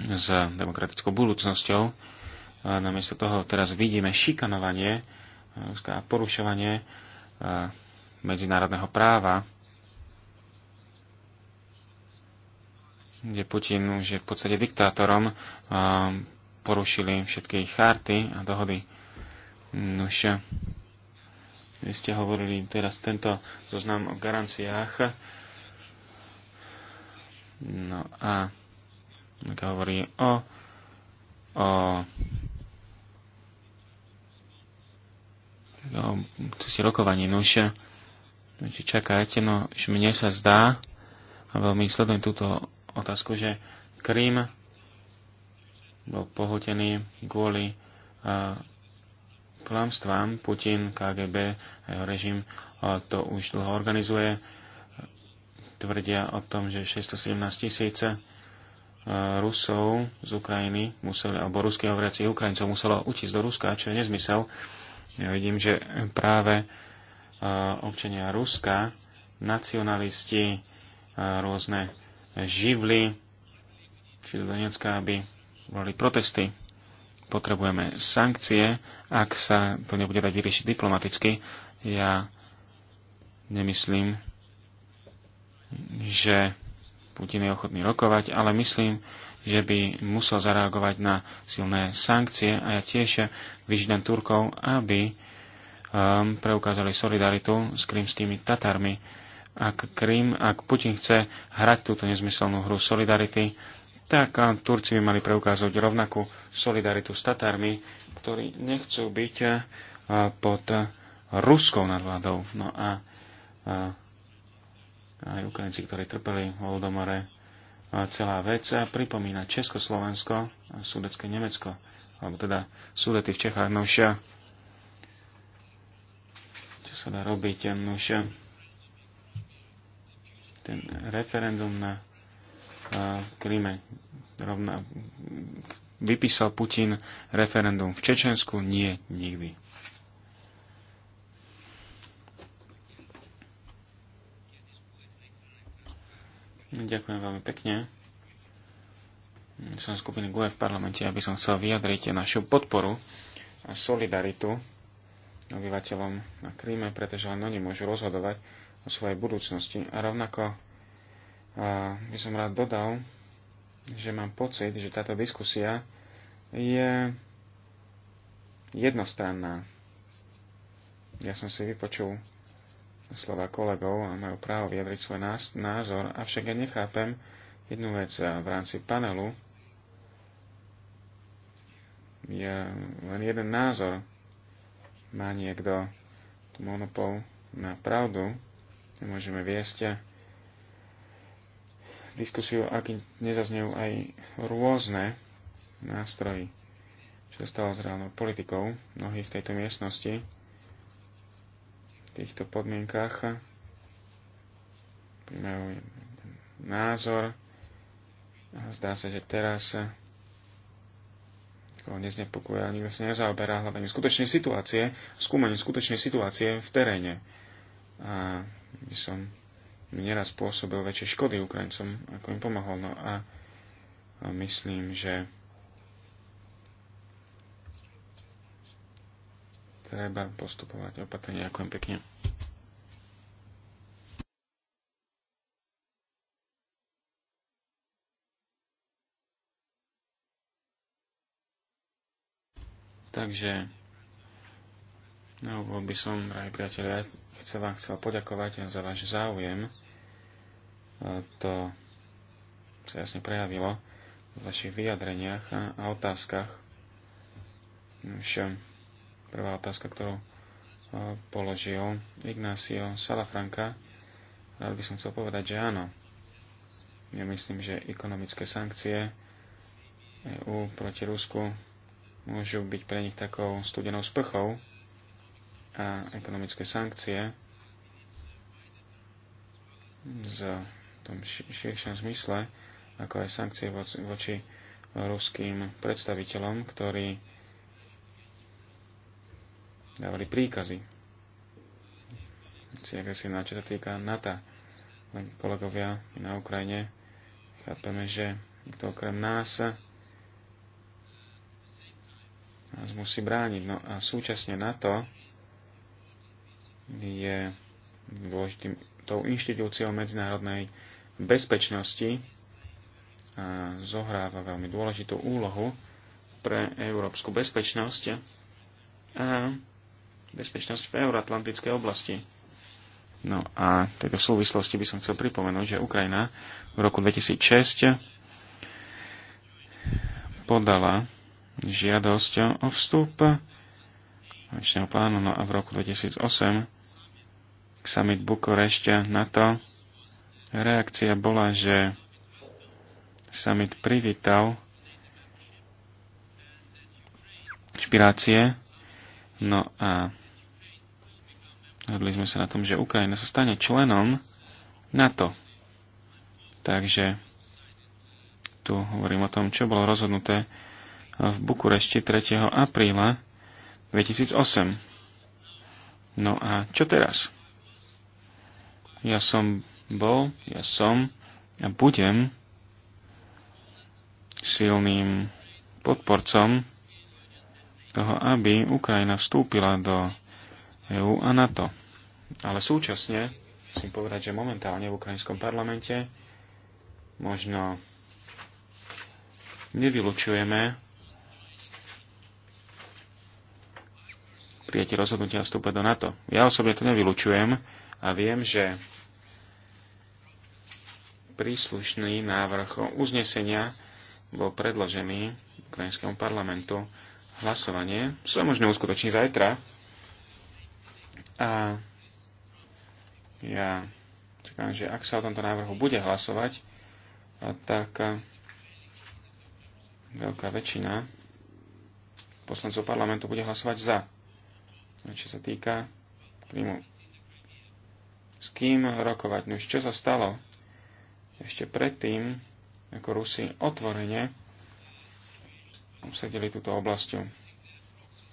s demokratickou budúcnosťou. Namiesto toho teraz vidíme šikanovanie a porušovanie e, medzinárodného práva kde Putin už je v podstate diktátorom, porušili všetky ich charty a dohody. Nož, vy ste hovorili teraz tento zoznam o garanciách. No a tak hovorí o, o, o ceste rokovaní. Nož, čakajte, no mne sa zdá, a veľmi sledujem túto otázku, že Krím bol pohotený kvôli klamstvám. Putin, KGB a jeho režim to už dlho organizuje. Tvrdia o tom, že 617 tisíc Rusov z Ukrajiny, museli, alebo ruských hovoriacich Ukrajincov muselo utísť do Ruska, čo je nezmysel. Ja vidím, že práve občania Ruska, nacionalisti, rôzne živly, či do Donetska, aby boli protesty. Potrebujeme sankcie, ak sa to nebude dať vyriešiť diplomaticky. Ja nemyslím, že Putin je ochotný rokovať, ale myslím, že by musel zareagovať na silné sankcie a ja tiež vyždem Turkov, aby um, preukázali solidaritu s krymskými Tatarmi ak Krím, ak Putin chce hrať túto nezmyselnú hru solidarity, tak Turci by mali preukázať rovnakú solidaritu s Tatármi, ktorí nechcú byť pod ruskou nadvládou. No a, a aj Ukrajinci, ktorí trpeli v Oldomore, celá vec pripomína Československo a sudecké Nemecko, alebo teda sudety v Čechách. Nož, čo sa dá robiť? Nož, ten referendum na Kríme. Rovna, vypísal Putin referendum v Čečensku? Nie, nikdy. Ďakujem veľmi pekne. Som skupiny GUE v parlamente, aby som chcel vyjadriť našu podporu a solidaritu obyvateľom na Kríme, pretože len oni môžu rozhodovať o svojej budúcnosti. A rovnako by som rád dodal, že mám pocit, že táto diskusia je jednostranná. Ja som si vypočul slova kolegov a majú právo vyjadriť svoj názor, avšak ja nechápem jednu vec v rámci panelu. Je len jeden názor. Má niekto monopol na pravdu, Môžeme viesť diskusiu, ak nezaznejú aj rôzne nástroji, čo sa stalo s reálnou politikou. mnohých v tejto miestnosti v týchto podmienkách majú názor. A zdá sa, že teraz ho neznepokojuje a nikto sa nezaoberá hľadanie skutočnej situácie, skúmanie skutočnej situácie v teréne. A by som neraz spôsobil väčšie škody Ukrajincom, ako im pomohol. No a myslím, že treba postupovať opatrne. Ďakujem pekne. Takže na no, úvod by som, drahí priatelia, sa vám chcel poďakovať za váš záujem. To sa jasne prejavilo v vašich vyjadreniach a, otázkach. prvá otázka, ktorú e, položil Ignacio Salafranca, rád by som chcel povedať, že áno. Ja myslím, že ekonomické sankcie EU proti Rusku môžu byť pre nich takou studenou sprchou, a ekonomické sankcie v tom širšom zmysle, ako aj sankcie voči ruským predstaviteľom, ktorí dávali príkazy. Si na čo sa týka NATO. Len kolegovia na Ukrajine chápeme, že to okrem nás nás musí brániť. No a súčasne NATO je dôležitým tou inštitúciou medzinárodnej bezpečnosti a zohráva veľmi dôležitú úlohu pre európsku bezpečnosť a bezpečnosť v euroatlantickej oblasti. No a v tejto súvislosti by som chcel pripomenúť, že Ukrajina v roku 2006 podala žiadosť o vstup akčného plánu, no a v roku 2008 summit Bukurešťa na to reakcia bola, že summit privítal špirácie. No a hodli sme sa na tom, že Ukrajina sa stane členom NATO. Takže tu hovorím o tom, čo bolo rozhodnuté v Bukurešti 3. apríla 2008. No a čo teraz? ja som bol, ja som a budem silným podporcom toho, aby Ukrajina vstúpila do EÚ a NATO. Ale súčasne musím povedať, že momentálne v ukrajinskom parlamente možno nevylučujeme prijatie rozhodnutia vstúpať do NATO. Ja osobne to nevylučujem a viem, že Príslušný návrh uznesenia bol predložený ukrajinskému parlamentu. Hlasovanie je možné uskutoční zajtra. A ja čakám, že ak sa o tomto návrhu bude hlasovať, tak veľká väčšina poslancov parlamentu bude hlasovať za. A čo sa týka príjmu. S kým rokovať? No čo sa stalo? ešte predtým, ako Rusi otvorene obsadili túto oblasť,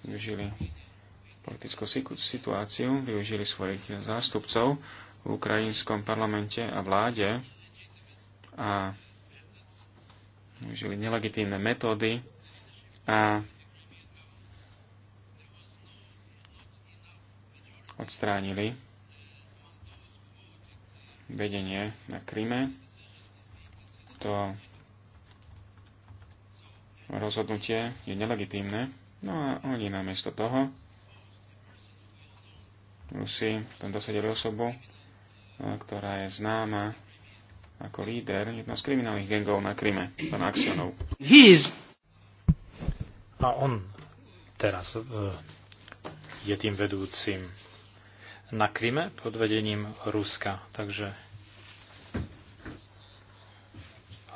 využili politickú situáciu, využili svojich zástupcov v ukrajinskom parlamente a vláde a využili nelegitímne metódy a odstránili vedenie na Kryme to rozhodnutie je nelegitímne. No a oni namiesto toho Rusi tam dosadili osobu, e, ktorá je známa ako líder jedno z kriminálnych gengov na Kryme, pán Axionov. He's... A on teraz e, je tým vedúcim na Kryme pod vedením Ruska. Takže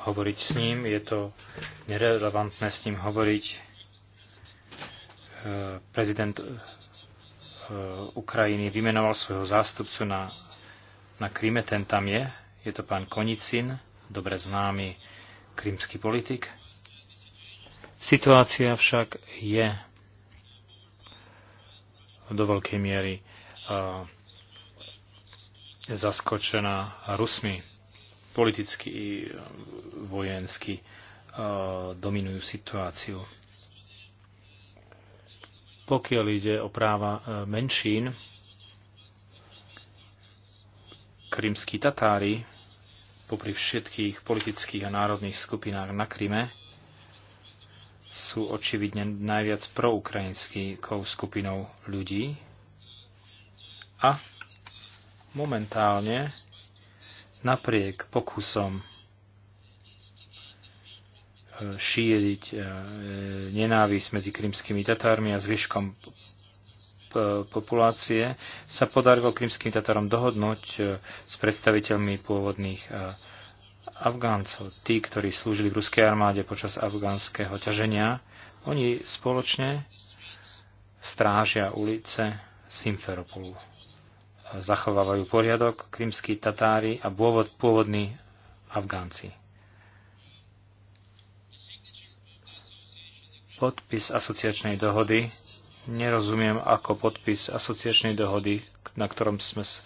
hovoriť s ním, je to nerelevantné s ním hovoriť. E, prezident e, Ukrajiny vymenoval svojho zástupcu na, na Kryme, ten tam je, je to pán Konicin, dobre známy krímsky politik. Situácia však je do veľkej miery e, zaskočená Rusmi politicky i e, vojensky e, dominujú situáciu. Pokiaľ ide o práva e, menšín, krymskí Tatári, popri všetkých politických a národných skupinách na Kryme, sú očividne najviac proukrajinskou skupinou ľudí a momentálne napriek pokusom e, šíriť e, nenávisť medzi krymskými Tatármi a zvyškom populácie, sa podarilo krymským Tatárom dohodnúť e, s predstaviteľmi pôvodných Afgáncov. Tí, ktorí slúžili v ruskej armáde počas afgánskeho ťaženia, oni spoločne strážia ulice Simferopolu zachovávajú poriadok, krymskí Tatári a pôvod, pôvodní Afgánci. Podpis asociačnej dohody. Nerozumiem, ako podpis asociačnej dohody, na ktorom sme, e,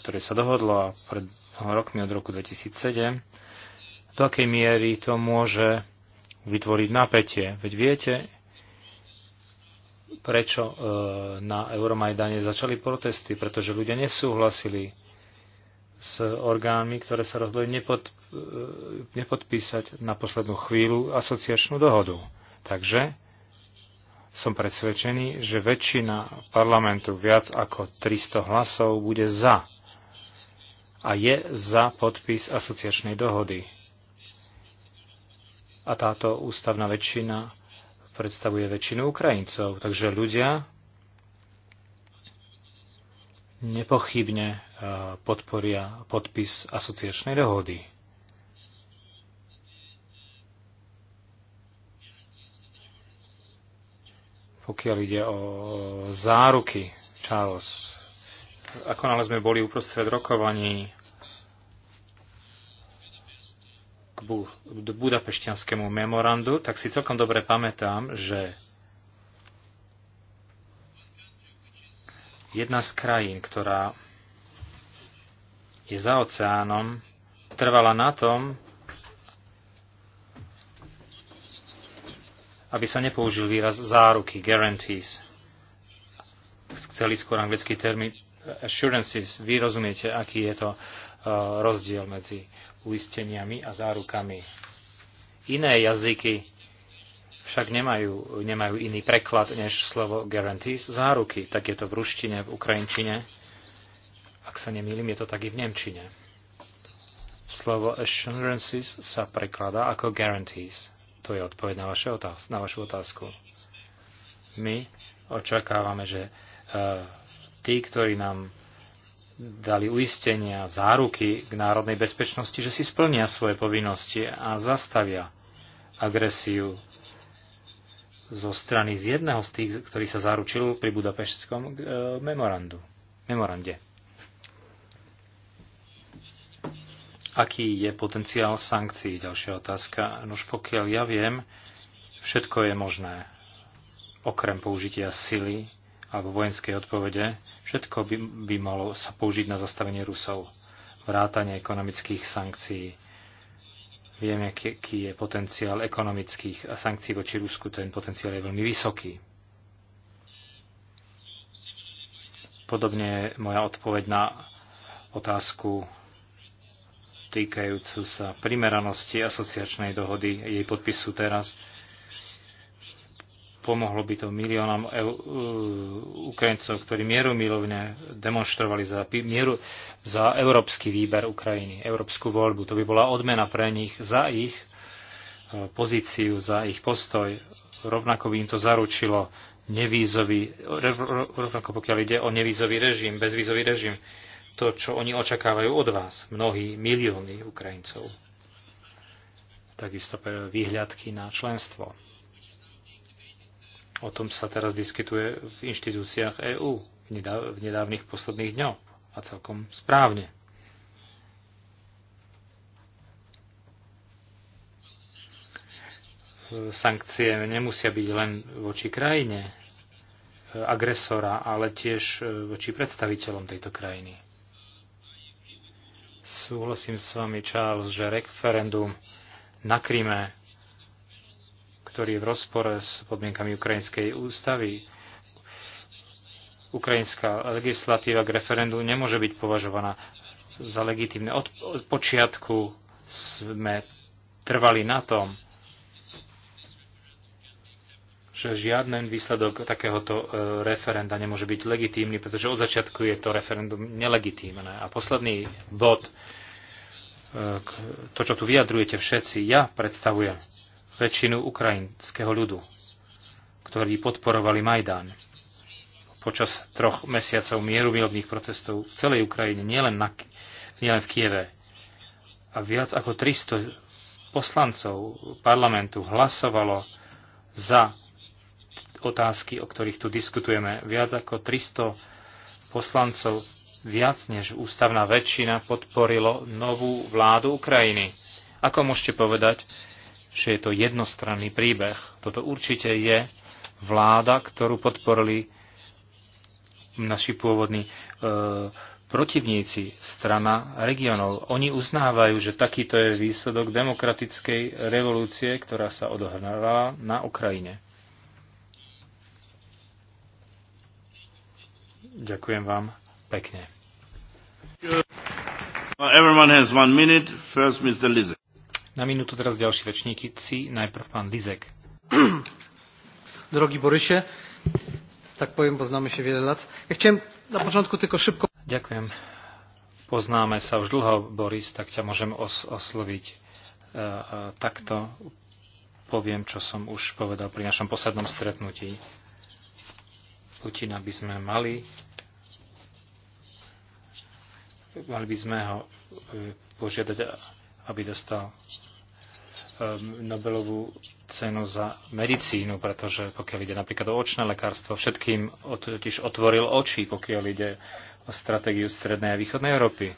ktoré sa dohodlo pred rokmi od roku 2007, do akej miery to môže vytvoriť napätie. Veď viete, prečo e, na Euromajdane začali protesty, pretože ľudia nesúhlasili s orgánmi, ktoré sa rozhodli nepod, e, nepodpísať na poslednú chvíľu asociačnú dohodu. Takže som presvedčený, že väčšina parlamentu viac ako 300 hlasov bude za a je za podpis asociačnej dohody. A táto ústavná väčšina predstavuje väčšinu Ukrajincov. Takže ľudia nepochybne e, podporia podpis asociačnej dohody. Pokiaľ ide o záruky, Charles, ako nále sme boli uprostred rokovaní budapešťanskému memorandu, tak si celkom dobre pamätám, že jedna z krajín, ktorá je za oceánom, trvala na tom, aby sa nepoužil výraz záruky, guarantees. Chceli skôr anglický termín eh, assurances. Vy rozumiete, aký je to eh, rozdiel medzi uisteniami a zárukami. Iné jazyky však nemajú, nemajú iný preklad než slovo guarantees, záruky. Tak je to v ruštine, v ukrajinčine. Ak sa nemýlim, je to tak i v nemčine. Slovo assurances sa prekladá ako guarantees. To je odpoveď na, vaše otáz- na vašu otázku. My očakávame, že uh, tí, ktorí nám dali uistenia, záruky k národnej bezpečnosti, že si splnia svoje povinnosti a zastavia agresiu zo strany z jedného z tých, ktorý sa zaručil pri Budapešskom eh, memorandu, memorande. Aký je potenciál sankcií? Ďalšia otázka. Nož pokiaľ ja viem, všetko je možné, okrem použitia sily ako vojenskej odpovede, všetko by, by malo sa použiť na zastavenie Rusov, vrátanie ekonomických sankcií. Vieme, aký je potenciál ekonomických a sankcií voči Rusku, ten potenciál je veľmi vysoký. Podobne je moja odpoveď na otázku týkajúcu sa primeranosti asociačnej dohody jej podpisu teraz Pomohlo by to miliónom EU, uh, Ukrajincov, ktorí mierumilovne demonstrovali za, mieru, za európsky výber Ukrajiny, európsku voľbu. To by bola odmena pre nich za ich uh, pozíciu, za ich postoj. Rovnako by im to zaručilo nevízový, rovnako pokiaľ ide o nevízový režim, bezvízový režim, to, čo oni očakávajú od vás, mnohí milióny Ukrajincov. Takisto výhľadky na členstvo. O tom sa teraz diskutuje v inštitúciách EÚ v nedávnych posledných dňoch a celkom správne. Sankcie nemusia byť len voči krajine e, agresora, ale tiež e, voči predstaviteľom tejto krajiny. Súhlasím s vami, Charles, že referendum na Kryme ktorý je v rozpore s podmienkami ukrajinskej ústavy. Ukrajinská legislatíva k referendu nemôže byť považovaná za legitímne. Od počiatku sme trvali na tom, že žiaden výsledok takéhoto e, referenda nemôže byť legitímny, pretože od začiatku je to referendum nelegitímne. A posledný bod, e, to, čo tu vyjadrujete všetci, ja predstavujem väčšinu ukrajinského ľudu, ktorí podporovali Majdán. Počas troch mesiacov mierumilovných protestov v celej Ukrajine, nielen, na, nielen v Kieve. A viac ako 300 poslancov parlamentu hlasovalo za otázky, o ktorých tu diskutujeme. Viac ako 300 poslancov, viac než ústavná väčšina, podporilo novú vládu Ukrajiny. Ako môžete povedať, že je to jednostranný príbeh. Toto určite je vláda, ktorú podporili naši pôvodní e, protivníci, strana regionov. Oni uznávajú, že takýto je výsledok demokratickej revolúcie, ktorá sa odohrala na Ukrajine. Ďakujem vám pekne. Everyone has one minute. First, Mr. Lizek. Na minútu teraz ďalší rečníky. Si najprv pán Lizek. Drogi Borysie, tak poviem, poznáme znamy veľa lat. Ja chcem na początku tylko szybko... Ďakujem. Poznáme sa už dlho, Boris, tak ťa môžem os- osloviť e, e, takto. Poviem, čo som už povedal pri našom poslednom stretnutí. Putina by sme mali mali by sme ho e, požiadať aby dostal ehm, Nobelovú cenu za medicínu, pretože pokiaľ ide napríklad o očné lekárstvo, všetkým totiž otvoril oči, pokiaľ ide o stratégiu Strednej a Východnej Európy.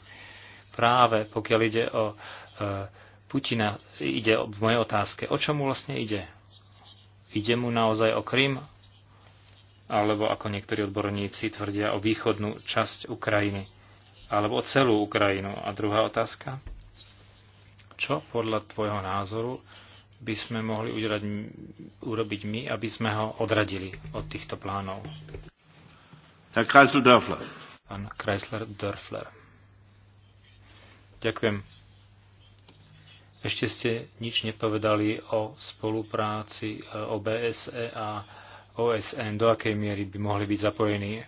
Práve pokiaľ ide o eh, Putina, ide v mojej otázke, o čom mu vlastne ide? Ide mu naozaj o Krym? Alebo ako niektorí odborníci tvrdia o východnú časť Ukrajiny? Alebo o celú Ukrajinu? A druhá otázka? Čo podľa tvojho názoru by sme mohli udrať, urobiť my, aby sme ho odradili od týchto plánov? Herr Kreisler-Dörfler. Pán Kreisler-Dörfler. Ďakujem. Ešte ste nič nepovedali o spolupráci OBSE e a OSN, do akej miery by mohli byť zapojení.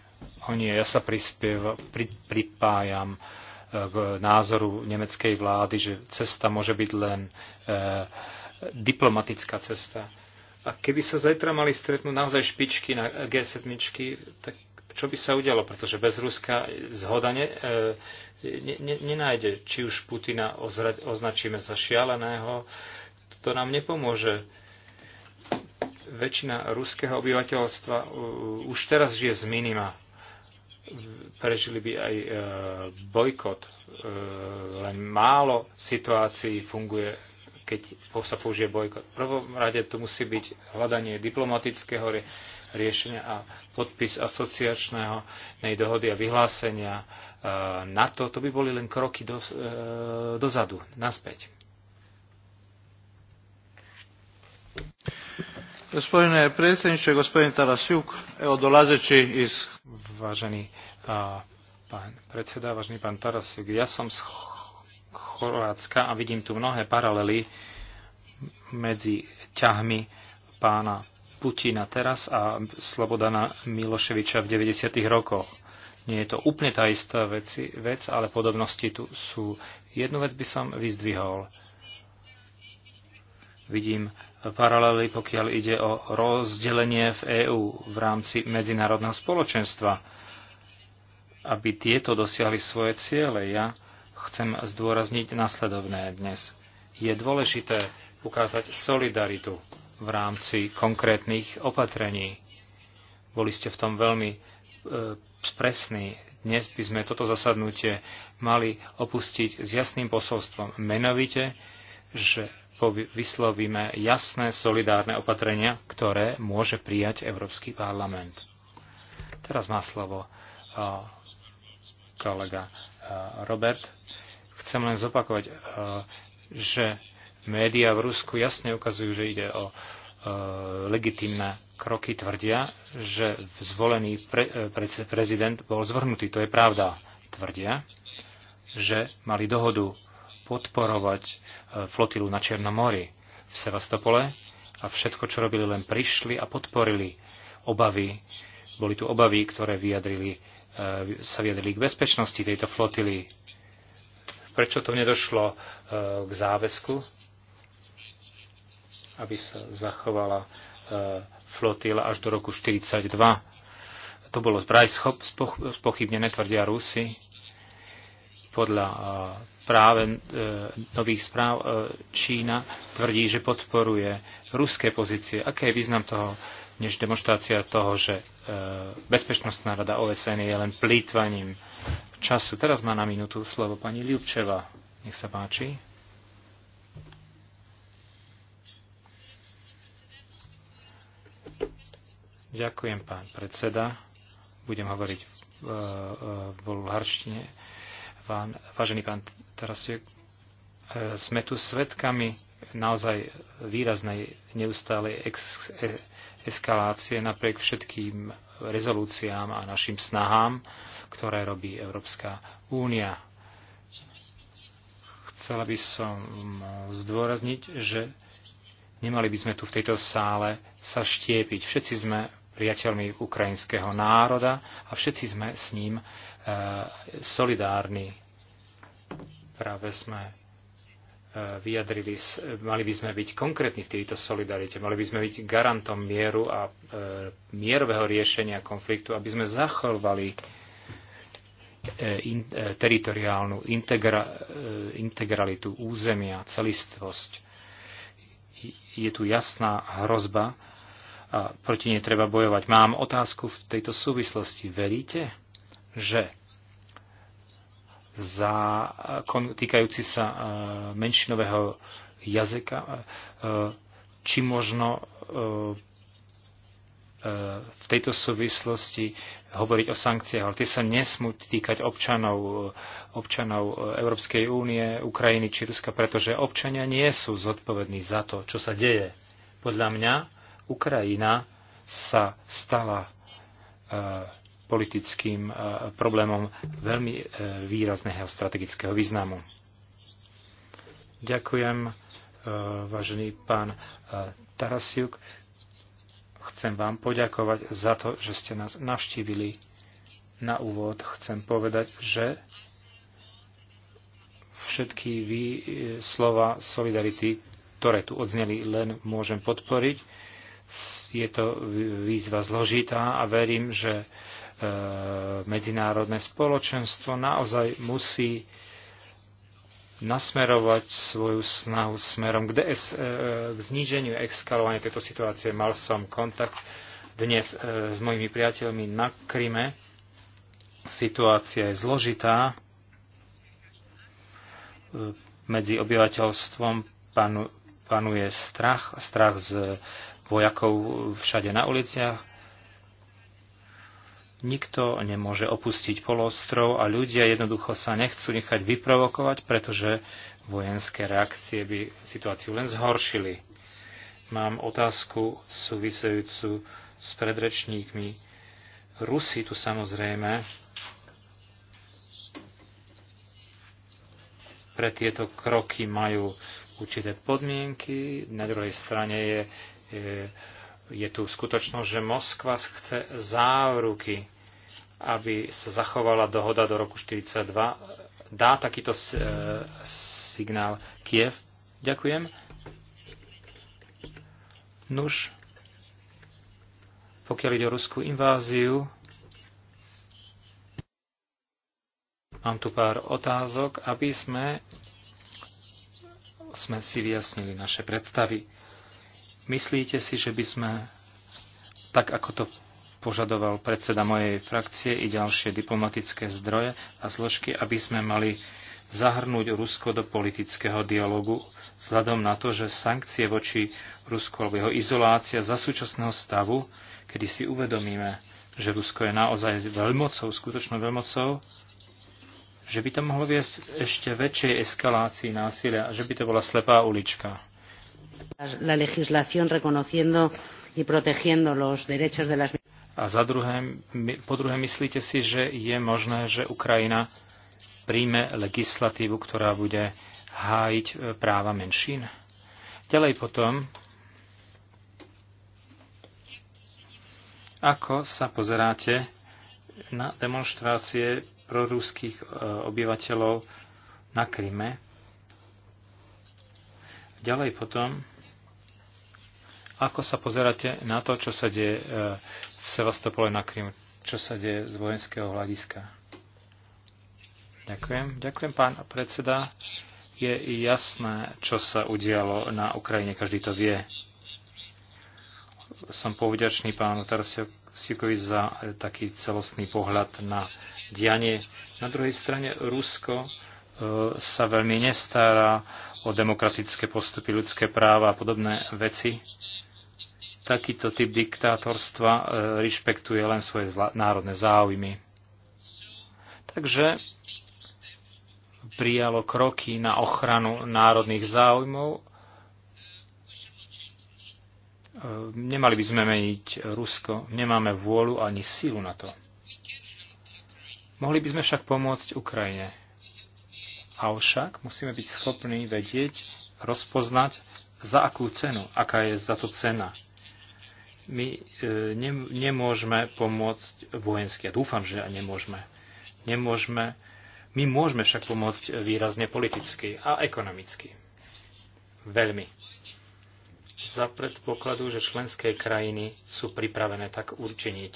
Oni, ja sa prispieva, pri, pripájam k názoru nemeckej vlády, že cesta môže byť len e, diplomatická cesta. A keby sa zajtra mali stretnúť naozaj špičky na G7, tak čo by sa udialo? Pretože bez Ruska zhoda ne, e, ne, ne, nenájde. Či už Putina ozra, označíme za šialeného, to nám nepomôže. Väčšina ruského obyvateľstva už teraz žije z minima prežili by aj e, bojkot. E, len málo situácií funguje, keď sa použije bojkot. V prvom rade tu musí byť hľadanie diplomatického riešenia a podpis asociačného dohody a vyhlásenia e, Na To by boli len kroky do, dozadu, naspäť. Gospodine predsjedniče, gospodin Tarasjuk, evo dolazeći iz... Vážený pan pán predseda, vážený pán Tarasjuk, ja som z Chorvátska a vidím tu mnohé paralely medzi ťahmi pána Putina teraz a Slobodana Miloševiča v 90. rokoch. Nie je to úplne tá istá veci, vec, ale podobnosti tu sú. Jednu vec by som vyzdvihol. Vidím paralely, pokiaľ ide o rozdelenie v EÚ v rámci medzinárodného spoločenstva, aby tieto dosiahli svoje ciele. Ja chcem zdôrazniť nasledovné dnes. Je dôležité ukázať solidaritu v rámci konkrétnych opatrení. Boli ste v tom veľmi e, presní. Dnes by sme toto zasadnutie mali opustiť s jasným posolstvom. Menovite, že vyslovíme jasné solidárne opatrenia, ktoré môže prijať Európsky parlament. Teraz má slovo kolega Robert. Chcem len zopakovať, že médiá v Rusku jasne ukazujú, že ide o legitimné kroky tvrdia, že zvolený pre, e, pre, prezident bol zvrhnutý. To je pravda. Tvrdia, že mali dohodu podporovať e, flotilu na Černom mori v Sevastopole a všetko, čo robili, len prišli a podporili obavy. Boli tu obavy, ktoré vyjadrili, e, sa vyjadrili k bezpečnosti tejto flotily. Prečo to nedošlo e, k záväzku, aby sa zachovala flotila až do roku 1942? To bolo vraj spochybnené, tvrdia Rusy podľa práve e, nových správ e, Čína tvrdí, že podporuje ruské pozície. Aké je význam toho, než demonstrácia toho, že e, Bezpečnostná rada OSN je len plýtvaním času. Teraz má na minútu slovo pani Ľubčeva. Nech sa páči. Ďakujem, pán predseda. Budem hovoriť v bulharštine. e, Pán, vážený pán Tarasiek, e, sme tu svedkami naozaj výraznej neustálej ex- e, eskalácie napriek všetkým rezolúciám a našim snahám, ktoré robí Európska únia. Chcela by som zdôrazniť, že nemali by sme tu v tejto sále sa štiepiť. Všetci sme priateľmi ukrajinského národa a všetci sme s ním e, solidárni. Práve sme e, vyjadrili, mali by sme byť konkrétni v tejto solidarite, mali by sme byť garantom mieru a e, mierového riešenia konfliktu, aby sme zachovali in, teritoriálnu integra, integralitu územia, celistvosť. Je tu jasná hrozba, a proti nej treba bojovať. Mám otázku v tejto súvislosti. Veríte, že zákon týkajúci sa e, menšinového jazyka, e, či možno e, v tejto súvislosti hovoriť o sankciách, ale tie sa nesmú týkať občanov, občanov Európskej únie, Ukrajiny či Ruska, pretože občania nie sú zodpovední za to, čo sa deje. Podľa mňa Ukrajina sa stala e, politickým e, problémom veľmi e, výrazného strategického významu. Ďakujem, vážený pán Tarasiuk. Chcem vám poďakovať za to, že ste nás navštívili. Na úvod chcem povedať, že všetky vy slova solidarity, ktoré tu odzneli, len môžem podporiť je to výzva zložitá a verím, že e, medzinárodné spoločenstvo naozaj musí nasmerovať svoju snahu smerom k, DS, e, k zníženiu exkalovania tejto situácie. Mal som kontakt dnes e, s mojimi priateľmi na Kryme. Situácia je zložitá medzi obyvateľstvom panu, panuje strach, strach z vojakov všade na uliciach. Nikto nemôže opustiť polostrov a ľudia jednoducho sa nechcú nechať vyprovokovať, pretože vojenské reakcie by situáciu len zhoršili. Mám otázku súvisejúcu s predrečníkmi. Rusi tu samozrejme pre tieto kroky majú určité podmienky. Na druhej strane je je tu skutočnosť, že Moskva chce záruky, aby sa zachovala dohoda do roku 1942 Dá takýto e, signál Kiev? Ďakujem. Nuž, pokiaľ ide o ruskú inváziu, mám tu pár otázok, aby sme, sme si vyjasnili naše predstavy. Myslíte si, že by sme, tak ako to požadoval predseda mojej frakcie i ďalšie diplomatické zdroje a zložky, aby sme mali zahrnúť Rusko do politického dialogu, vzhľadom na to, že sankcie voči Rusku alebo jeho izolácia za súčasného stavu, kedy si uvedomíme, že Rusko je naozaj veľmocou, skutočnou veľmocou, že by to mohlo viesť ešte väčšej eskalácii násilia, že by to bola slepá ulička. La legislación reconociendo y protegiendo los derechos de las a za druhé, po druhé, myslíte si, že je možné, že Ukrajina príjme legislatívu, ktorá bude hájiť e, práva menšín? Ďalej potom, ako sa pozeráte na demonstrácie proruských e, obyvateľov na Kryme Ďalej potom, ako sa pozeráte na to, čo sa deje e, v Sevastopole na Krym, čo sa deje z vojenského hľadiska? Ďakujem. Ďakujem, pán predseda. Je jasné, čo sa udialo na Ukrajine, každý to vie. Som povďačný pánu Tarsiukovi za e, taký celostný pohľad na dianie. Na druhej strane Rusko E, sa veľmi nestará o demokratické postupy, ľudské práva a podobné veci. Takýto typ diktátorstva e, rešpektuje len svoje národné záujmy. Takže prijalo kroky na ochranu národných záujmov. E, nemali by sme meniť Rusko, nemáme vôľu ani sílu na to. Mohli by sme však pomôcť Ukrajine Avšak musíme byť schopní vedieť, rozpoznať, za akú cenu, aká je za to cena. My e, ne, nemôžeme pomôcť vojensky, ja dúfam, že nemôžeme. Nemôžeme, my môžeme však pomôcť výrazne politicky a ekonomicky. Veľmi. Za predpokladu, že členské krajiny sú pripravené tak určiniť.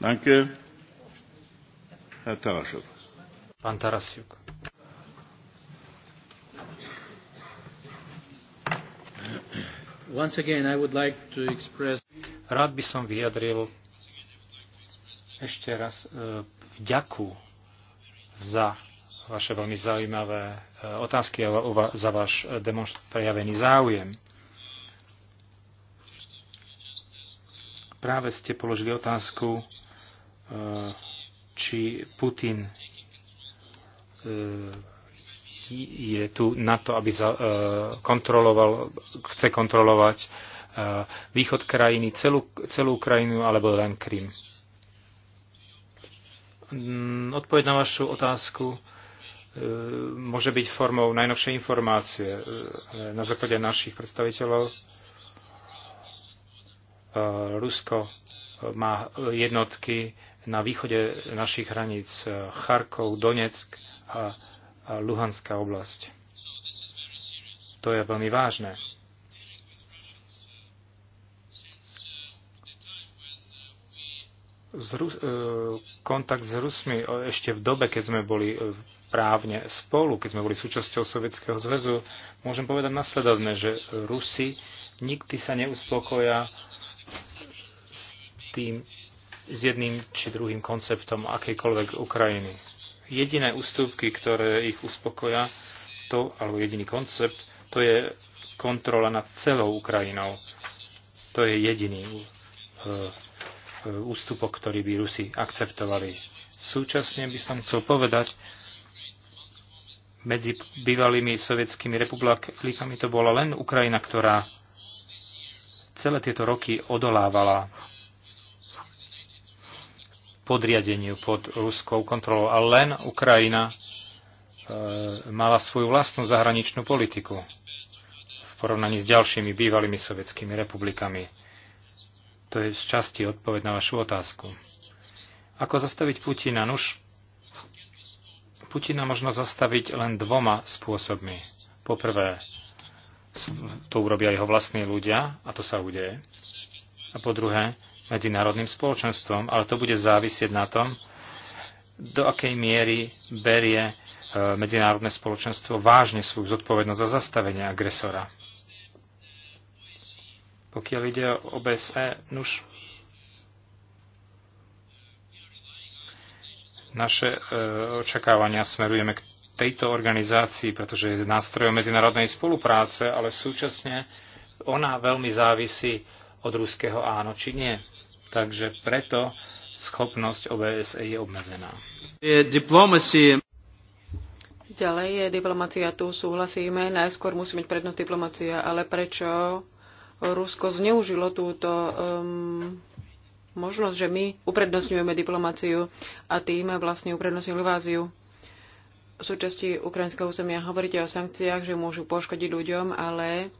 Ďakujem. Tarasov. Pán Tarasiuk. Once again, I would like to express... Rád by som vyjadril ešte raz e, vďaku za vaše veľmi zaujímavé e, otázky a za váš e, prejavený záujem. Práve ste položili otázku či Putin e, je tu na to, aby za, e, kontroloval, chce kontrolovať e, východ krajiny, celú, celú krajinu alebo len Krym. Mm, odpoveď na vašu otázku môže byť formou najnovšej informácie na základe našich predstaviteľov. Rusko má jednotky na východe našich hraníc eh, Charkov, Donetsk a, Luhanská oblasť. To je veľmi vážne. Z Ru- eh, kontakt s Rusmi ešte v dobe, keď sme boli eh, právne spolu, keď sme boli súčasťou Sovietskeho zväzu, môžem povedať nasledovne, že Rusi nikdy sa neuspokoja s tým, s jedným či druhým konceptom akejkoľvek Ukrajiny. Jediné ústupky, ktoré ich uspokoja, to, alebo jediný koncept, to je kontrola nad celou Ukrajinou. To je jediný e, e, ústupok, ktorý by Rusi akceptovali. Súčasne by som chcel povedať, medzi bývalými sovietskými republikami to bola len Ukrajina, ktorá celé tieto roky odolávala podriadeniu pod ruskou kontrolou. A len Ukrajina e, mala svoju vlastnú zahraničnú politiku v porovnaní s ďalšími bývalými sovietskými republikami. To je z časti odpoveď na vašu otázku. Ako zastaviť Putina? Nuž, Putina možno zastaviť len dvoma spôsobmi. Poprvé, to urobia jeho vlastní ľudia, a to sa udeje. A po druhé, medzinárodným spoločenstvom, ale to bude závisieť na tom, do akej miery berie e, medzinárodné spoločenstvo vážne svoju zodpovednosť za zastavenie agresora. Pokiaľ ide o OBSE, nuž naše e, očakávania smerujeme k tejto organizácii, pretože je nástrojom medzinárodnej spolupráce, ale súčasne ona veľmi závisí od ruského áno či nie. Takže preto schopnosť OBSE je obmedzená. Ďalej je diplomacia, tu súhlasíme, najskôr musí byť prednosť diplomacia, ale prečo Rusko zneužilo túto um, možnosť, že my uprednostňujeme diplomáciu a tým vlastne uprednostňujú Váziu. Súčasti ukrajinského územia hovoríte o sankciách, že môžu poškodiť ľuďom, ale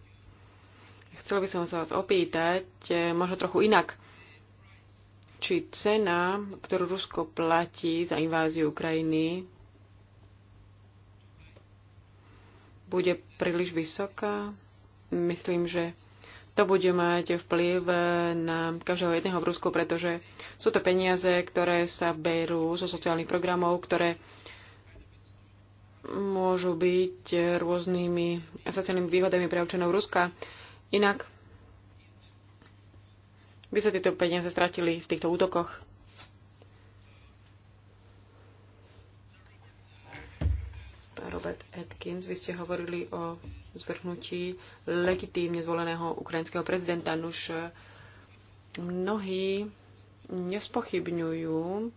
chcel by som sa vás opýtať, eh, možno trochu inak či cena, ktorú Rusko platí za inváziu Ukrajiny, bude príliš vysoká. Myslím, že to bude mať vplyv na každého jedného v Rusku, pretože sú to peniaze, ktoré sa berú zo sociálnych programov, ktoré môžu byť rôznymi sociálnymi výhodami pre občanov Ruska. Inak by sa tieto peniaze stratili v týchto útokoch. Pán Robert Atkins, vy ste hovorili o zvrhnutí legitímne zvoleného ukrajinského prezidenta. Nuž mnohí nespochybňujú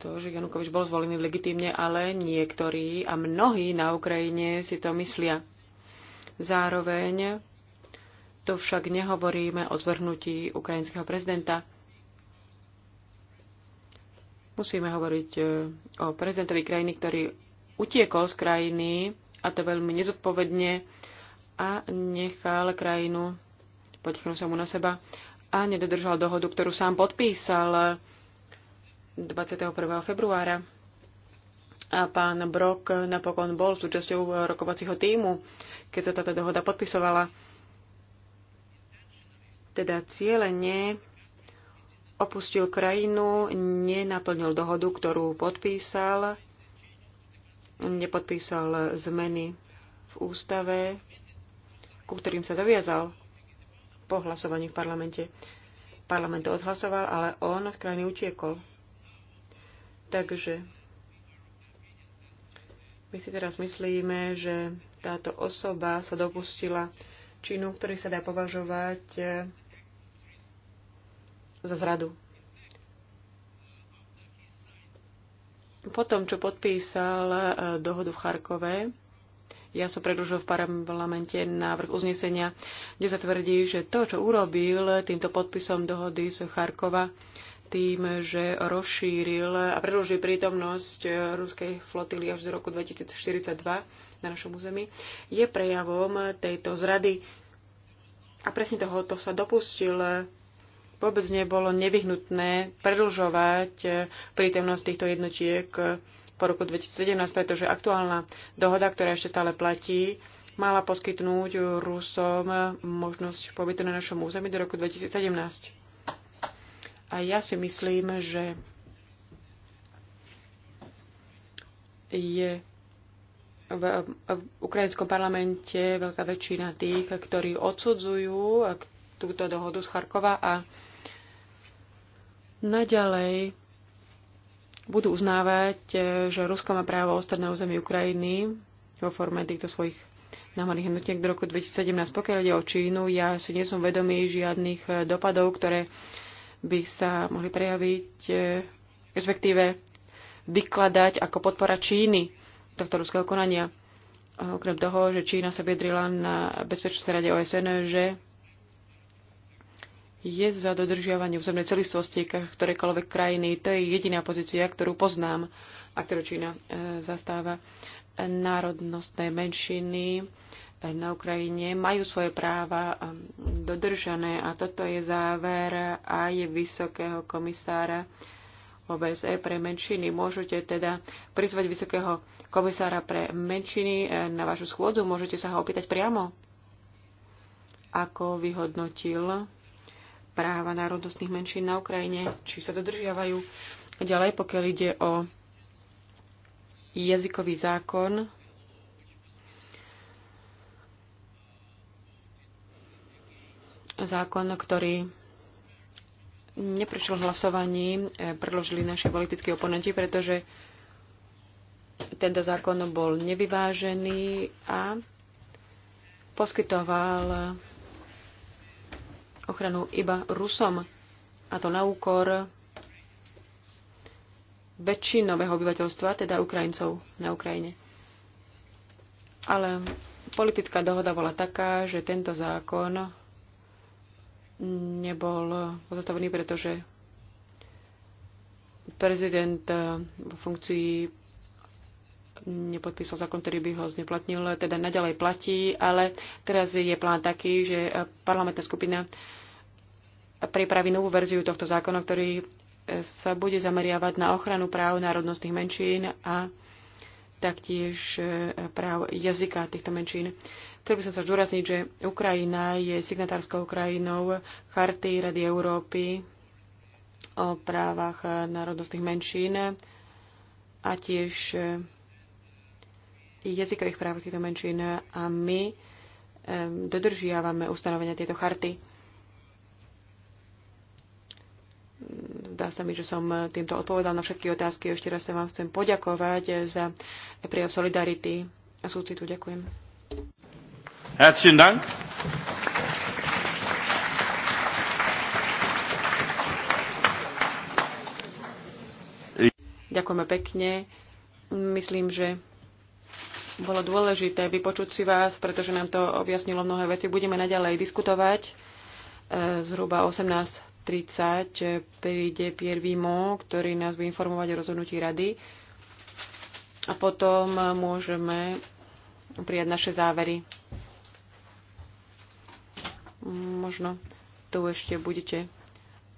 to, že Janukovič bol zvolený legitímne, ale niektorí a mnohí na Ukrajine si to myslia. Zároveň to však nehovoríme o zvrhnutí ukrajinského prezidenta. Musíme hovoriť e, o prezidentovi krajiny, ktorý utiekol z krajiny, a to veľmi nezodpovedne, a nechal krajinu, potichnúť sa mu na seba, a nedodržal dohodu, ktorú sám podpísal 21. februára. A pán Brok napokon bol súčasťou rokovacího týmu, keď sa táto dohoda podpisovala teda cieľene opustil krajinu, nenaplnil dohodu, ktorú podpísal, nepodpísal zmeny v ústave, ku ktorým sa zaviazal po hlasovaní v parlamente. Parlament to odhlasoval, ale on z krajiny utiekol. Takže my si teraz myslíme, že táto osoba sa dopustila činu, ktorý sa dá považovať za zradu. Potom, čo podpísal e, dohodu v Charkove, ja som predložil v parlamente návrh uznesenia, kde sa tvrdí, že to, čo urobil týmto podpisom dohody z Charkova, tým, že rozšíril a predlžil prítomnosť e, ruskej flotily až do roku 2042 na našom území, je prejavom tejto zrady. A presne to sa dopustil vôbec nebolo nevyhnutné predlžovať e, prítomnosť týchto jednotiek po roku 2017, pretože aktuálna dohoda, ktorá ešte stále platí, mala poskytnúť Rusom možnosť pobytu na našom území do roku 2017. A ja si myslím, že je v, ukrajinskom parlamente veľká väčšina tých, ktorí odsudzujú e, túto dohodu z Charkova a naďalej budú uznávať, e, že Rusko má právo ostať na území Ukrajiny vo forme týchto svojich námorných jednotiek do roku 2017. Pokiaľ ide o Čínu, ja si nie som vedomý žiadnych e, dopadov, ktoré by sa mohli prejaviť, e, respektíve vykladať ako podpora Číny tohto ruského konania. Okrem toho, že Čína sa vyjadrila na Bezpečnostnej rade OSN, že je za dodržiavanie územnej celistvosti ktorékoľvek krajiny. To je jediná pozícia, ktorú poznám a ktorú Čína e, zastáva. Národnostné menšiny e, na Ukrajine majú svoje práva e, dodržané a toto je záver aj vysokého komisára OBSE pre menšiny. Môžete teda prizvať vysokého komisára pre menšiny na vašu schôdzu, môžete sa ho opýtať priamo, ako vyhodnotil práva národnostných menšín na Ukrajine, či sa dodržiavajú. Ďalej, pokiaľ ide o jazykový zákon, zákon, ktorý neprešiel hlasovaní, e, predložili naši politickí oponenti, pretože tento zákon bol nevyvážený a poskytoval ochranu iba Rusom, a to na úkor väčšinového obyvateľstva, teda Ukrajincov na Ukrajine. Ale politická dohoda bola taká, že tento zákon nebol pozastavený, pretože prezident vo funkcii nepodpísal zákon, ktorý by ho zneplatnil, teda naďalej platí, ale teraz je plán taký, že parlamentná skupina pripraví novú verziu tohto zákona, ktorý sa bude zameriavať na ochranu práv národnostných menšín a taktiež e, práv jazyka týchto menšín. Chcel by som sa zúrazniť, že Ukrajina je signatárskou krajinou Charty Rady Európy o právach národnostných menšín a tiež e, jazykových práv týchto menšín a my um, dodržiavame ustanovenia tieto charty. Zdá sa mi, že som týmto odpovedal na všetky otázky. Ešte raz sa vám chcem poďakovať za prijav solidarity a súcitu. Ďakujem. Herzlichen Dank. Ďakujeme pekne. Myslím, že bolo dôležité vypočuť si vás, pretože nám to objasnilo mnohé veci. Budeme naďalej diskutovať. E, zhruba 18.30 príde Pierre Vimo, ktorý nás bude informovať o rozhodnutí rady. A potom môžeme prijať naše závery. Možno tu ešte budete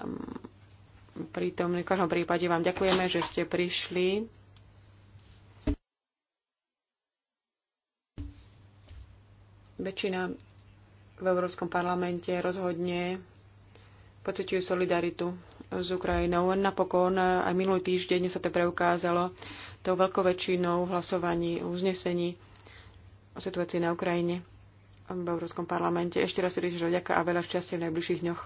mm, prítomní. V každom prípade vám ďakujeme, že ste prišli Väčšina v Európskom parlamente rozhodne pociťujú solidaritu s Ukrajinou. Napokon aj minulý týždeň sa to preukázalo tou veľkou väčšinou v hlasovaní o uznesení o situácii na Ukrajine v Európskom parlamente. Ešte raz si vďaka a veľa šťastia v najbližších dňoch.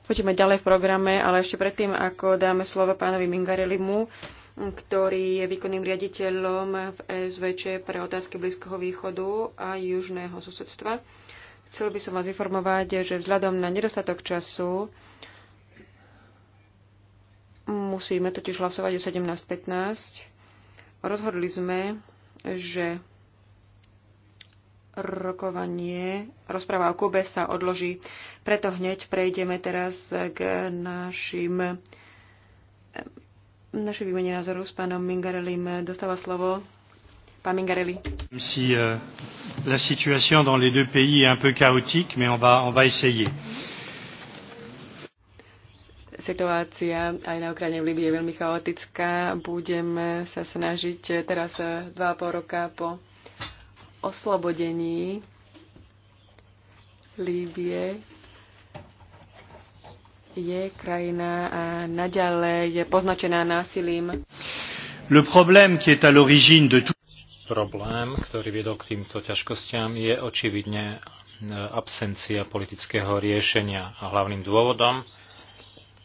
Poďme ďalej v programe, ale ešte predtým, ako dáme slovo pánovi Mingarelimu, ktorý je výkonným riaditeľom v SVČ pre otázky Blízkoho východu a južného susedstva. Chcel by som vás informovať, že vzhľadom na nedostatok času musíme totiž hlasovať o 17.15. Rozhodli sme, že rokovanie, rozpráva o Kube sa odloží. Preto hneď prejdeme teraz k našim naše výmene názoru s pánom Mingarelim. Dostáva slovo pán Mingarelli. Si, uh, la situation dans les deux pays est un peu chaotique, mais on va, on va essayer. Situácia aj na Ukrajine v Libii je veľmi chaotická. Budeme sa snažiť teraz eh, dva pol roka po oslobodení Líbie je krajina a naďalej je poznačená násilím. Le problème qui est à l'origine de tout Problém, ktorý viedol k týmto ťažkostiam, je očividne e, absencia politického riešenia. A hlavným dôvodom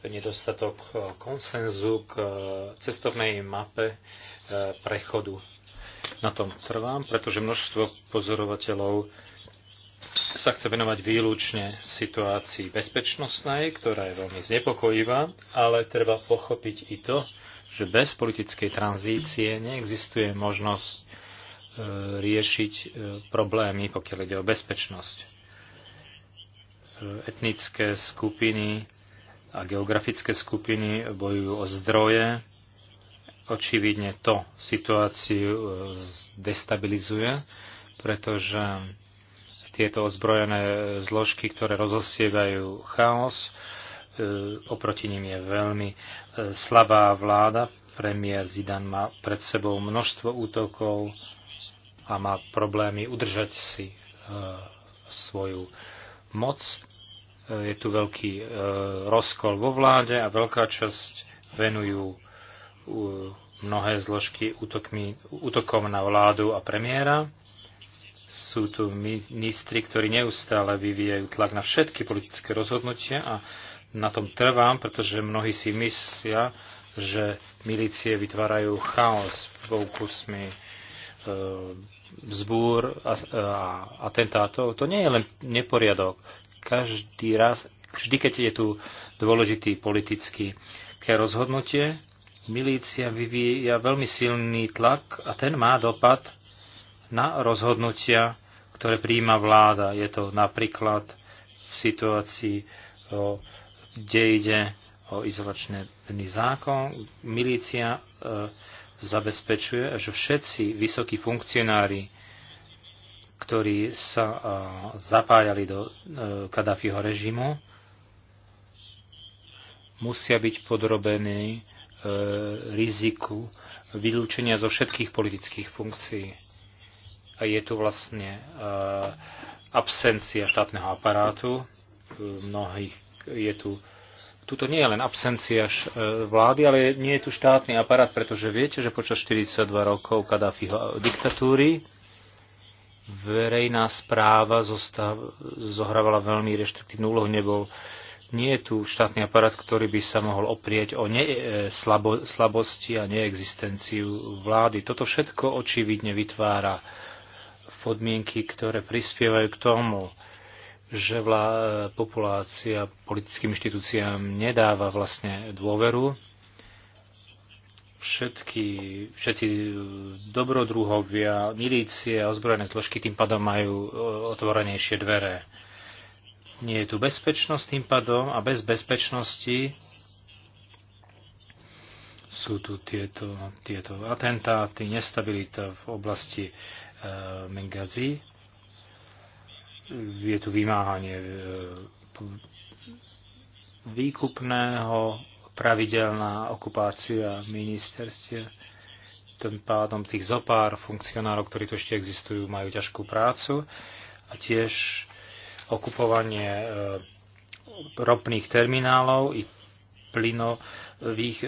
nedostatok e, konsenzu k e, cestovnej mape prechodu na tom trvám, pretože množstvo pozorovateľov sa chce venovať výlučne situácii bezpečnostnej, ktorá je veľmi znepokojivá, ale treba pochopiť i to, že bez politickej tranzície neexistuje možnosť e, riešiť e, problémy, pokiaľ ide o bezpečnosť. E, etnické skupiny a geografické skupiny bojujú o zdroje, Očividne to situáciu e, destabilizuje, pretože tieto ozbrojené zložky, ktoré rozosievajú chaos, e, oproti nim je veľmi e, slabá vláda. Premiér Zidan má pred sebou množstvo útokov a má problémy udržať si svoju moc. Je tu veľký rozkol vo vláde a veľká časť venujú mnohé zložky útokmi, útokom na vládu a premiéra. Sú tu ministri, ktorí neustále vyvíjajú tlak na všetky politické rozhodnutia a na tom trvám, pretože mnohí si myslia, že milície vytvárajú chaos pokusmi e, vzbúr a, a atentátov. To nie je len neporiadok. Každý raz, vždy keď je tu dôležitý politický rozhodnutie, Milícia vyvíja veľmi silný tlak a ten má dopad na rozhodnutia, ktoré príjima vláda. Je to napríklad v situácii, o, kde ide o izolačný zákon. Milícia e, zabezpečuje, že všetci vysokí funkcionári, ktorí sa e, zapájali do e, Kadáfiho režimu, musia byť podrobení E, riziku vylúčenia zo všetkých politických funkcií. A je tu vlastne e, absencia štátneho aparátu. Mnohých je tu Tuto nie je len absencia e, vlády, ale nie je tu štátny aparát, pretože viete, že počas 42 rokov Kadáfiho diktatúry verejná správa zohrávala veľmi reštriktívnu úlohu. Nebol, nie je tu štátny aparát, ktorý by sa mohol oprieť o ne- e, slabo- slabosti a neexistenciu vlády. Toto všetko očividne vytvára podmienky, ktoré prispievajú k tomu, že vlá- e, populácia politickým inštitúciám nedáva vlastne dôveru. Všetky, všetci dobrodruhovia, milície a ozbrojené zložky tým pádom majú e, otvorenejšie dvere nie je tu bezpečnosť tým pádom a bez bezpečnosti sú tu tieto, tieto atentáty, nestabilita v oblasti e, Mengazi. Je tu vymáhanie e, výkupného, pravidelná okupácia ministerstie. Tým pádom tých zopár funkcionárov, ktorí tu ešte existujú, majú ťažkú prácu. A tiež okupovanie e, ropných terminálov i plynových e,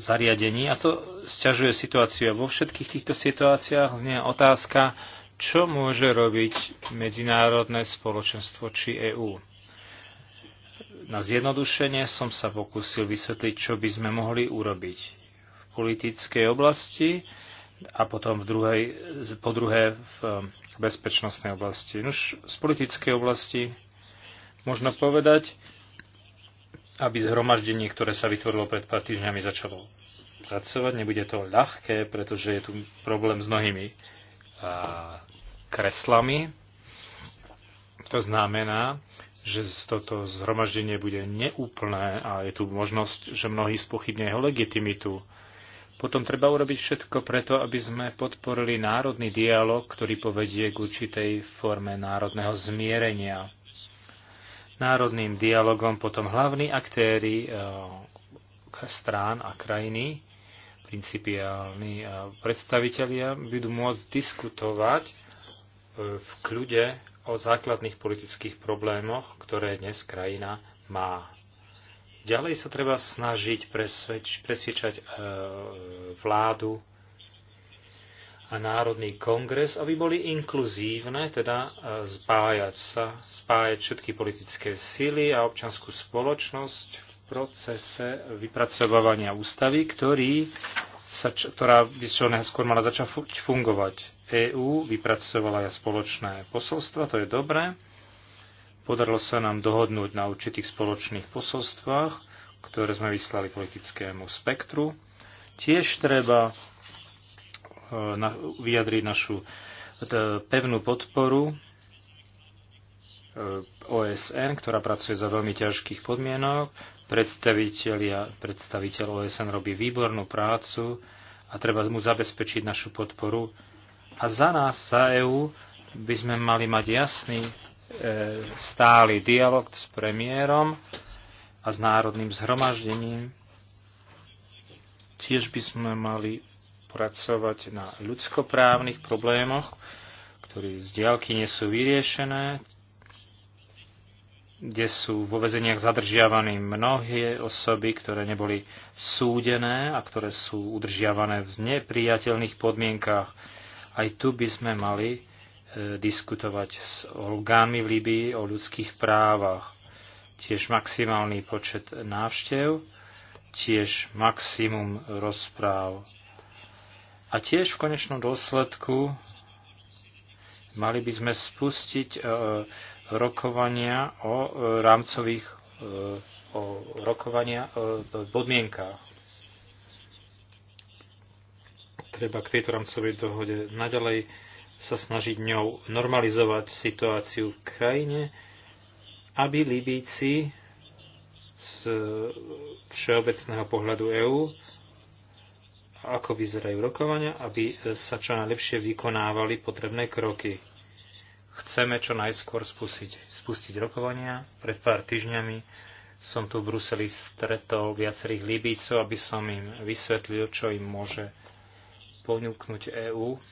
zariadení. A to sťažuje situáciu. A vo všetkých týchto situáciách znie otázka, čo môže robiť medzinárodné spoločenstvo či EÚ. Na zjednodušenie som sa pokúsil vysvetliť, čo by sme mohli urobiť v politickej oblasti a potom v druhej, po druhé v bezpečnostnej oblasti. Už z politickej oblasti možno povedať, aby zhromaždenie, ktoré sa vytvorilo pred pár týždňami, začalo pracovať. Nebude to ľahké, pretože je tu problém s mnohými a, kreslami. To znamená, že toto zhromaždenie bude neúplné a je tu možnosť, že mnohí spochybne jeho legitimitu. Potom treba urobiť všetko preto, aby sme podporili národný dialog, ktorý povedie k určitej forme národného zmierenia. Národným dialogom potom hlavní aktéry eh, strán a krajiny, principiálni eh, predstavitelia, budú môcť diskutovať eh, v kľude o základných politických problémoch, ktoré dnes krajina má. Ďalej sa treba snažiť presvedč, presvedčať e, vládu a Národný kongres, aby boli inkluzívne, teda e, spájať sa, spájať všetky politické síly a občanskú spoločnosť v procese vypracovávania ústavy, ktorý sa, ktorá by čo najskôr mala začať fungovať. EÚ vypracovala aj spoločné posolstva, to je dobré, Podarilo sa nám dohodnúť na určitých spoločných posolstvách, ktoré sme vyslali politickému spektru. Tiež treba e, vyjadriť našu pevnú podporu e, OSN, ktorá pracuje za veľmi ťažkých podmienok. Predstaviteľ OSN robí výbornú prácu a treba mu zabezpečiť našu podporu. A za nás, za EU, by sme mali mať jasný E, stály dialog s premiérom a s národným zhromaždením. Tiež by sme mali pracovať na ľudskoprávnych problémoch, ktoré z diálky nie sú vyriešené, kde sú vo vezeniach zadržiavané mnohé osoby, ktoré neboli súdené a ktoré sú udržiavané v nepriateľných podmienkách. Aj tu by sme mali diskutovať s orgánmi v Líbii o ľudských právach. Tiež maximálny počet návštev, tiež maximum rozpráv. A tiež v konečnom dôsledku mali by sme spustiť e, rokovania o e, rámcových e, o rokovania o podmienkách. Treba k tejto rámcovej dohode naďalej sa snažiť ňou normalizovať situáciu v krajine, aby Libíci z všeobecného pohľadu EÚ, ako vyzerajú rokovania, aby sa čo najlepšie vykonávali potrebné kroky. Chceme čo najskôr spustiť, spustiť rokovania. Pred pár týždňami som tu v Bruseli stretol viacerých Libícov, aby som im vysvetlil, čo im môže ponúknuť EÚ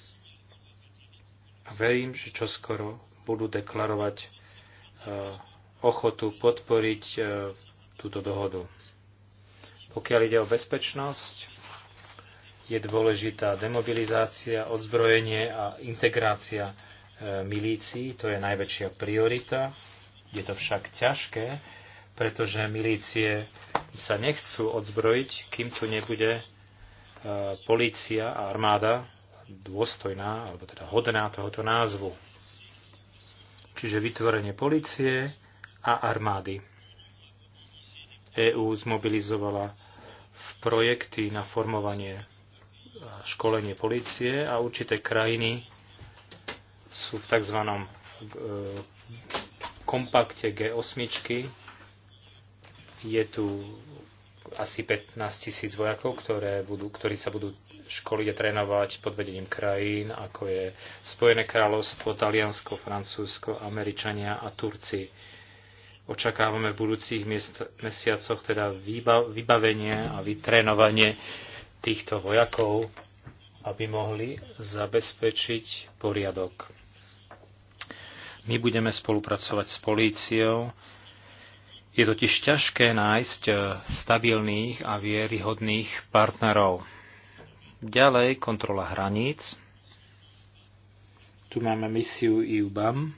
a verím, že čoskoro budú deklarovať e, ochotu podporiť e, túto dohodu. Pokiaľ ide o bezpečnosť, je dôležitá demobilizácia, odzbrojenie a integrácia e, milícií. To je najväčšia priorita. Je to však ťažké, pretože milície sa nechcú odzbrojiť, kým tu nebude polícia a armáda dôstojná, alebo teda hodná tohoto názvu. Čiže vytvorenie policie a armády. EÚ zmobilizovala v projekty na formovanie a školenie policie a určité krajiny sú v tzv. E, kompakte G8. Je tu asi 15 tisíc vojakov, ktoré budú, ktorí sa budú školiť a trénovať pod vedením krajín, ako je Spojené kráľovstvo, Taliansko, Francúzsko, Američania a Turci. Očakávame v budúcich miest, mesiacoch teda výba, vybavenie a vytrénovanie týchto vojakov, aby mohli zabezpečiť poriadok. My budeme spolupracovať s políciou, je totiž ťažké nájsť e, stabilných a vieryhodných partnerov. Ďalej kontrola hraníc. Tu máme misiu IUBAM.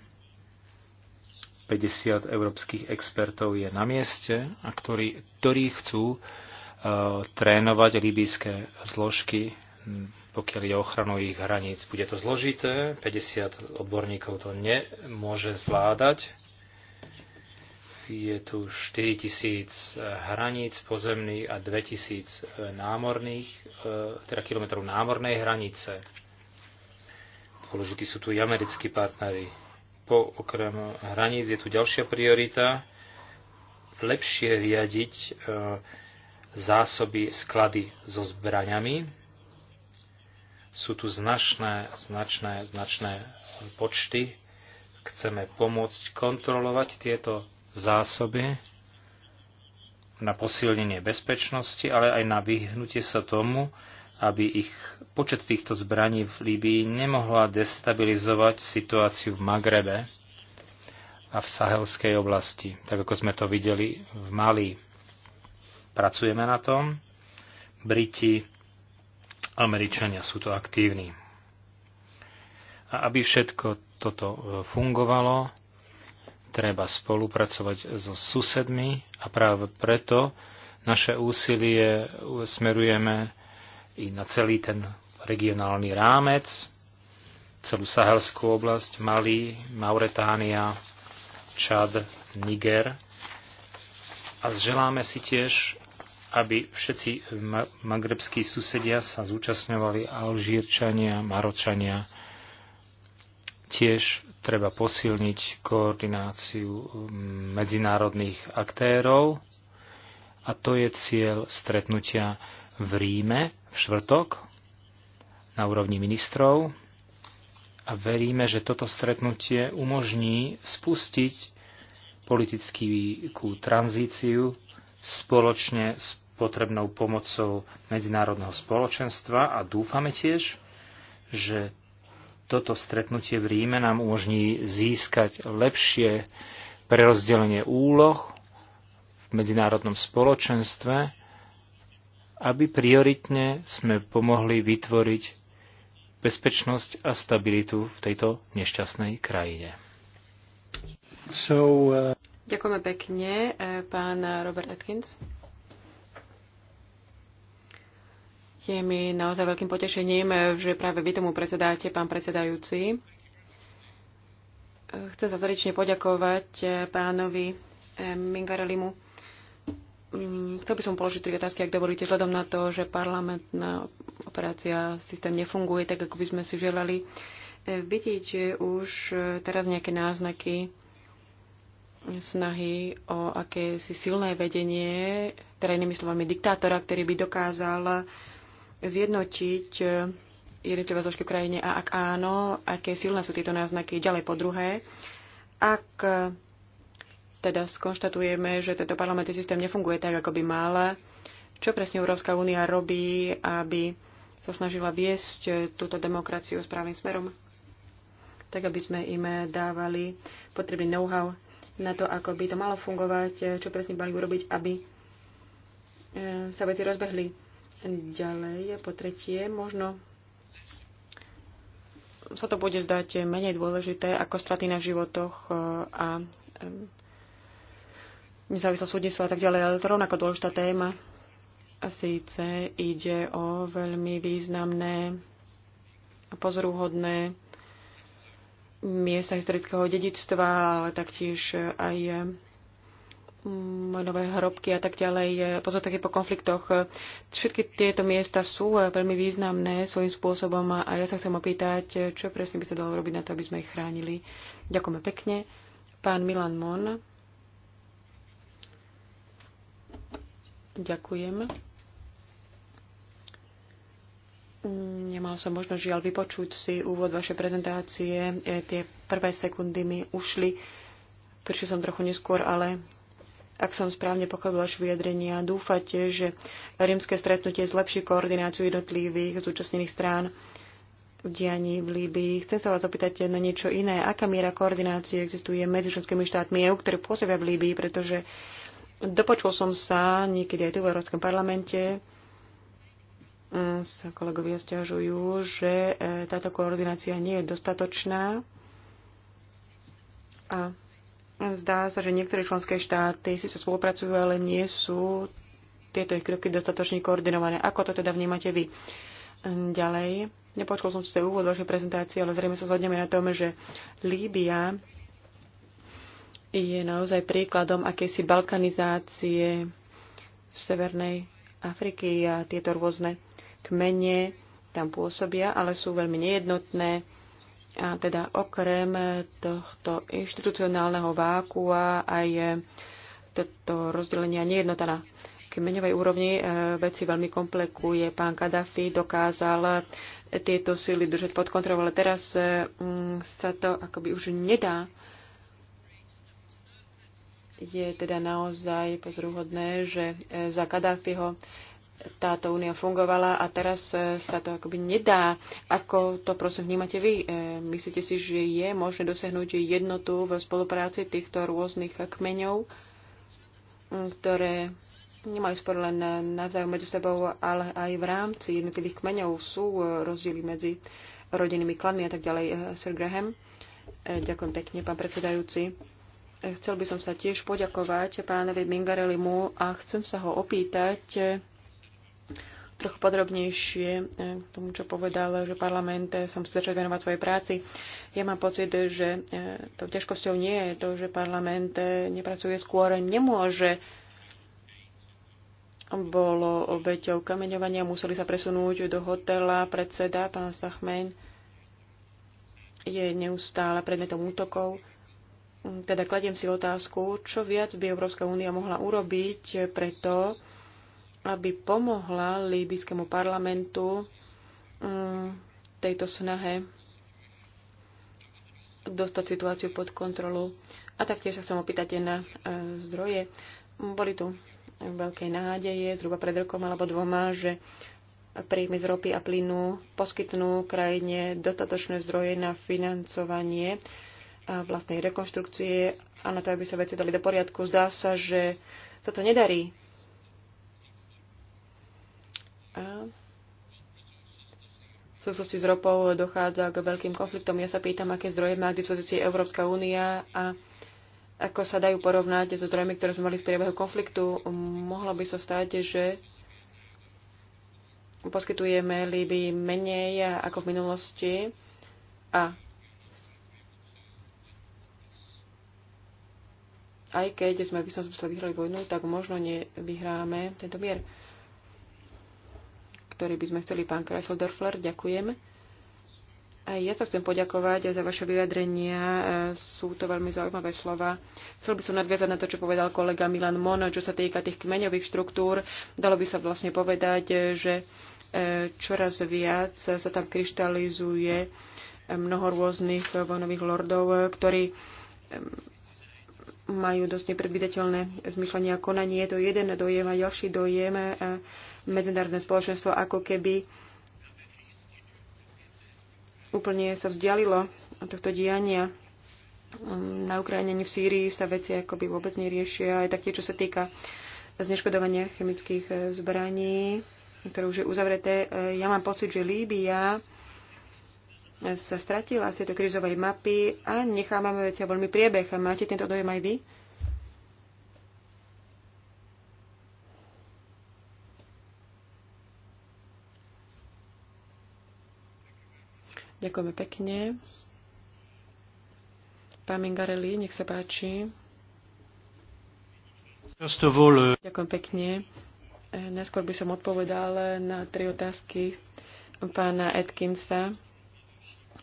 50 európskych expertov je na mieste, a ktorí, ktorí chcú e, trénovať líbyjské zložky, pokiaľ je ochranu ich hraníc. Bude to zložité, 50 odborníkov to nemôže zvládať, je tu 4000 e, hraníc pozemných a 2000 e, námorných, e, teda kilometrov námornej hranice. Dôležití sú tu i americkí partnery. Po okrem hraníc je tu ďalšia priorita lepšie riadiť zásoby, sklady so zbraňami. Sú tu značné, značné, značné počty. Chceme pomôcť kontrolovať tieto zásoby, na posilnenie bezpečnosti, ale aj na vyhnutie sa tomu, aby ich počet týchto zbraní v Líbii nemohla destabilizovať situáciu v Magrebe a v sahelskej oblasti, tak ako sme to videli v Mali. Pracujeme na tom. Briti, Američania sú to aktívni. A aby všetko toto e, fungovalo, treba spolupracovať so susedmi a práve preto naše úsilie smerujeme i na celý ten regionálny rámec, celú sahelskú oblasť, Mali, Mauretánia, Čad, Niger. A želáme si tiež, aby všetci magrebskí susedia sa zúčastňovali Alžírčania, Maročania, Tiež treba posilniť koordináciu mm, medzinárodných aktérov a to je cieľ stretnutia v Ríme v štvrtok na úrovni ministrov a veríme, že toto stretnutie umožní spustiť politickú tranzíciu spoločne s potrebnou pomocou medzinárodného spoločenstva a dúfame tiež, že toto stretnutie v Ríme nám umožní získať lepšie prerozdelenie úloh v medzinárodnom spoločenstve, aby prioritne sme pomohli vytvoriť bezpečnosť a stabilitu v tejto nešťastnej krajine. So, uh... Ďakujeme pekne, eh, pán Robert Atkins. Je mi naozaj veľkým potešením, že práve vy tomu predsedáte, pán predsedajúci. Chcem sa srdečne poďakovať eh, pánovi eh, Mingarelimu. Mm, chcel by som položiť tri otázky, ak dovolíte, vzhľadom na to, že parlamentná operácia, systém nefunguje tak, ako by sme si želali. Eh, vidíte už teraz nejaké náznaky snahy o akési silné vedenie, teda inými slovami diktátora, ktorý by dokázal zjednotiť e, jednotlivé zložky v krajine a ak áno, aké silné sú tieto náznaky. Ďalej po druhé, ak e, teda skonštatujeme, že tento parlamentný systém nefunguje tak, ako by mal, čo presne Európska únia robí, aby sa snažila viesť e, túto demokraciu správnym smerom, tak aby sme im dávali potrebný know-how na to, ako by to malo fungovať, čo presne mali urobiť, aby sa veci rozbehli Ďalej, po tretie, možno sa to bude zdať menej dôležité ako straty na životoch e, a e, nezávislosť súdnictva a tak ďalej, ale to rovnako dôležitá téma. A síce ide o veľmi významné a pozorúhodné miesta historického dedictva, ale taktiež aj vojnové hrobky a tak ďalej, eh, pozostatky po konfliktoch. Eh, Všetky tieto miesta sú eh, veľmi významné svojím spôsobom a ja sa chcem opýtať, čo presne by sa dalo robiť na to, aby sme ich chránili. Ďakujeme pekne. Pán Milan Mon. Ďakujem. Mm, nemal som možno žiaľ vypočuť si úvod vašej prezentácie. Tie prvé sekundy mi ušli. Prišiel som trochu neskôr, ale ak som správne pochopila vaše vyjadrenia, dúfate, že rímske stretnutie zlepší koordináciu jednotlivých zúčastnených strán v dianí v Líbii. Chcem sa vás opýtať na niečo iné. Aká miera koordinácie existuje medzi členskými štátmi EU, ktoré pôsobia v Líbii, pretože dopočul som sa niekedy aj tu v Európskom parlamente, mm, sa kolegovia stiažujú, že e, táto koordinácia nie je dostatočná a Zdá sa, že niektoré členské štáty si sa spolupracujú, ale nie sú tieto ich kroky dostatočne koordinované. Ako to teda vnímate vy? Ďalej, nepočul som si úvod vašej prezentácie, ale zrejme sa zhodneme na tom, že Líbia je naozaj príkladom akejsi balkanizácie Severnej Afriky a tieto rôzne kmene tam pôsobia, ale sú veľmi nejednotné, a teda okrem tohto inštitucionálneho vákua aj toto rozdelenia nejednota na kmeňovej úrovni e, veci veľmi komplikuje. Pán Kadafi dokázal tieto síly držať pod kontrolou, ale teraz e, mm, sa to akoby už nedá. Je teda naozaj pozoruhodné, že e, za Kadafiho táto únia fungovala a teraz e, sa to akoby nedá. Ako to prosím vnímate vy? E, myslíte si, že je možné dosiahnuť jednotu v spolupráci týchto rôznych kmeňov, ktoré nemajú spor len navzájom medzi sebou, ale aj v rámci jednotlivých kmeňov sú e, rozdiely medzi rodinnými klanmi a tak ďalej. Sir Graham, ďakujem pekne, pán predsedajúci. Chcel by som sa tiež poďakovať pánovi Mingarelimu a chcem sa ho opýtať, trochu podrobnejšie e, k tomu, čo povedal, že parlament e, sa musí začať venovať svojej práci. Ja mám pocit, že e, to ťažkosťou nie je to, že parlament nepracuje skôr, nemôže bolo obeťou kameňovania, museli sa presunúť do hotela predseda, pán Sachmeň je neustále predmetom útokov. Teda kladiem si otázku, čo viac by Európska únia mohla urobiť preto, aby pomohla líbyskému parlamentu mm, tejto snahe dostať situáciu pod kontrolu. A taktiež sa som opýtať na e, zdroje. Boli tu veľké nádeje, zhruba pred rokom alebo dvoma, že príjmy z ropy a plynu poskytnú krajine dostatočné zdroje na financovanie e, vlastnej rekonštrukcie a na to, aby sa veci dali do poriadku. Zdá sa, že sa to nedarí. súvislosti s ropou dochádza k veľkým konfliktom. Ja sa pýtam, aké zdroje má k dispozícii Európska únia a ako sa dajú porovnať so zdrojmi, ktoré sme mali v priebehu konfliktu. Mohlo by sa so stať, že poskytujeme líby menej ako v minulosti a aj keď sme by som vyhrali vojnu, tak možno nevyhráme tento mier ktorý by sme chceli. Pán Kreisel-Dorfler, ďakujem. A ja sa chcem poďakovať za vaše vyjadrenia. Sú to veľmi zaujímavé slova. Chcel by som nadviazať na to, čo povedal kolega Milan Mon, čo sa týka tých kmeňových štruktúr. Dalo by sa vlastne povedať, že e, čoraz viac sa tam kryštalizuje mnoho rôznych vojnových lordov, ktorí e, majú dosť nepredvidateľné zmyšľanie a konanie. To jeden dojem a ďalší dojem medzinárodné spoločenstvo ako keby úplne sa vzdialilo od tohto diania. Na Ukrajine ani v Sýrii sa veci akoby vôbec neriešia. Aj taktiež, čo sa týka zneškodovania chemických eh, zbraní, ktoré už je uzavreté. Eh, ja mám pocit, že Líbia sa stratila z tejto krizovej mapy a nechávame veci a voľný priebeh. Máte tento dojem aj vy? Ďakujeme pekne. Pán Mingarelli, nech sa páči. Uh, Ďakujem pekne. Eh, Neskôr by som odpovedal na tri otázky pána Atkinsa.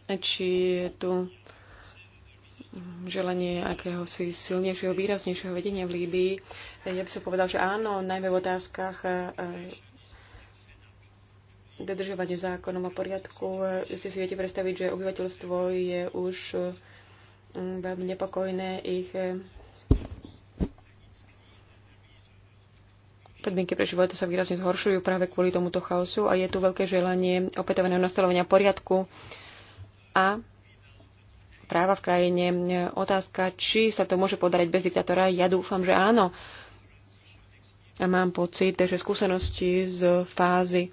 Eh, či je tu želanie akéhosi silnejšieho, výraznejšieho vedenia v Líbii. Eh, ja by som povedal, že áno, najmä v otázkach dodržovanie zákonom a poriadku. Ste si viete predstaviť, že obyvateľstvo je už mm, veľmi nepokojné. Ich eh, podmienky pre život sa výrazne zhoršujú práve kvôli tomuto chaosu a je tu veľké želanie opätovného nastavovania poriadku a práva v krajine. Otázka, či sa to môže podariť bez diktátora, ja dúfam, že áno. A mám pocit, že skúsenosti z fázy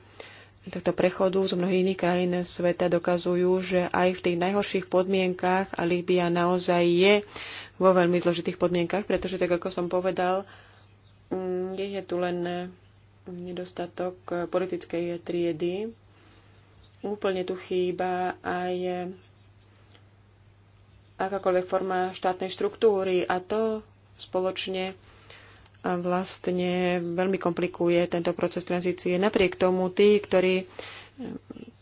tohto prechodu zo mnohých iných krajín sveta dokazujú, že aj v tých najhorších podmienkách a Líbia naozaj je vo veľmi zložitých podmienkach, pretože tak ako som povedal, je, mm, je tu len nedostatok politickej triedy. Úplne tu chýba aj akákoľvek forma štátnej štruktúry a to spoločne vlastne veľmi komplikuje tento proces tranzície. Napriek tomu tí, ktorí eh,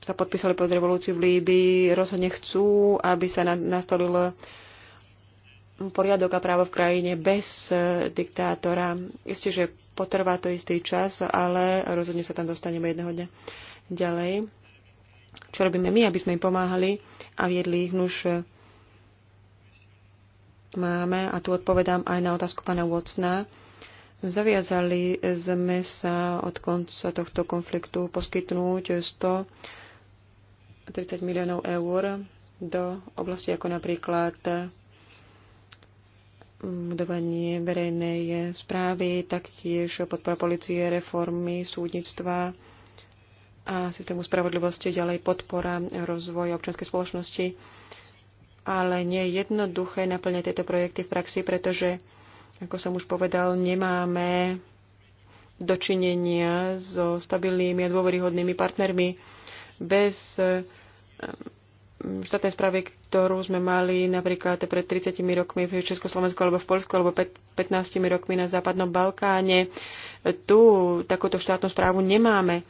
sa podpísali pod revolúciu v Líbii, rozhodne chcú, aby sa nastolil poriadok a právo v krajine bez eh, diktátora. Isté, že potrvá to istý čas, ale rozhodne sa tam dostaneme jedného dňa ďalej. Čo robíme my, aby sme im pomáhali a viedli ich nuž eh, máme, a tu odpovedám aj na otázku pána Watsona, Zaviazali sme sa od konca tohto konfliktu poskytnúť 130 miliónov eur do oblasti ako napríklad mm, budovanie verejnej správy, taktiež podpora policie, reformy, súdnictva a systému spravodlivosti, ďalej podpora rozvoja občianskej spoločnosti. Ale nie je jednoduché naplňať tieto projekty v praxi, pretože ako som už povedal, nemáme dočinenia so stabilnými a dôveryhodnými partnermi. Bez ehm, štátnej správy, ktorú sme mali napríklad pred 30 rokmi v Československu alebo v Polsku alebo 15 rokmi na Západnom Balkáne. Tu takúto štátnu správu nemáme.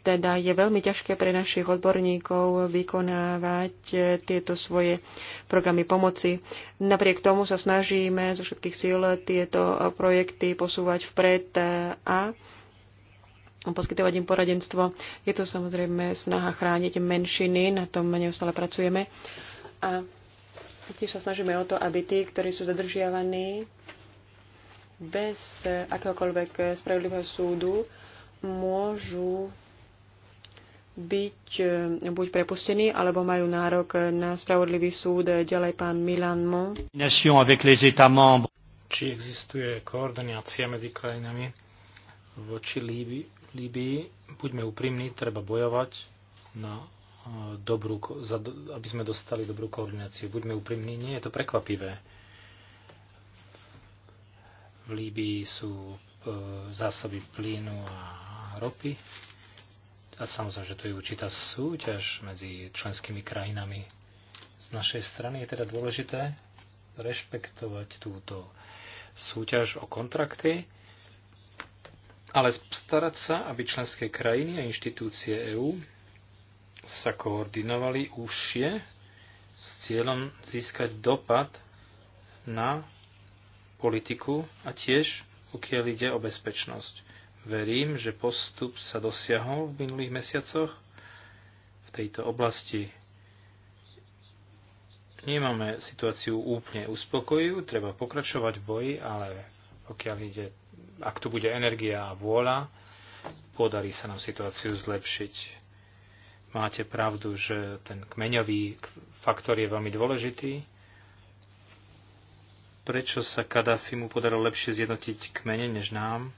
Teda je veľmi ťažké pre našich odborníkov vykonávať e, tieto svoje programy pomoci. Napriek tomu sa snažíme zo všetkých síl tieto e, projekty posúvať vpred e, a poskytovať im poradenstvo. Je to samozrejme snaha chrániť menšiny, na tom neustále pracujeme. A tiež sa snažíme o to, aby tí, ktorí sú zadržiavaní bez akéhokoľvek spravodlivého súdu, môžu byť e, buď prepustení, alebo majú nárok na spravodlivý súd. Ďalej pán Milan Mon. Či existuje koordinácia medzi krajinami voči Líbii? Líbii? Buďme úprimní, treba bojovať na e, dobrú, aby sme dostali dobrú koordináciu. Buďme úprimní, nie je to prekvapivé. V Líbii sú e, zásoby plynu a ropy a samozrejme, že to je určitá súťaž medzi členskými krajinami. Z našej strany je teda dôležité rešpektovať túto súťaž o kontrakty, ale starať sa, aby členské krajiny a inštitúcie EÚ sa koordinovali užšie s cieľom získať dopad na politiku a tiež pokiaľ ide o bezpečnosť. Verím, že postup sa dosiahol v minulých mesiacoch v tejto oblasti. Nemáme situáciu úplne uspokojivú, treba pokračovať v boji, ale pokiaľ ide, ak tu bude energia a vôľa, podarí sa nám situáciu zlepšiť. Máte pravdu, že ten kmeňový faktor je veľmi dôležitý. Prečo sa Kadafi mu podarilo lepšie zjednotiť kmene než nám?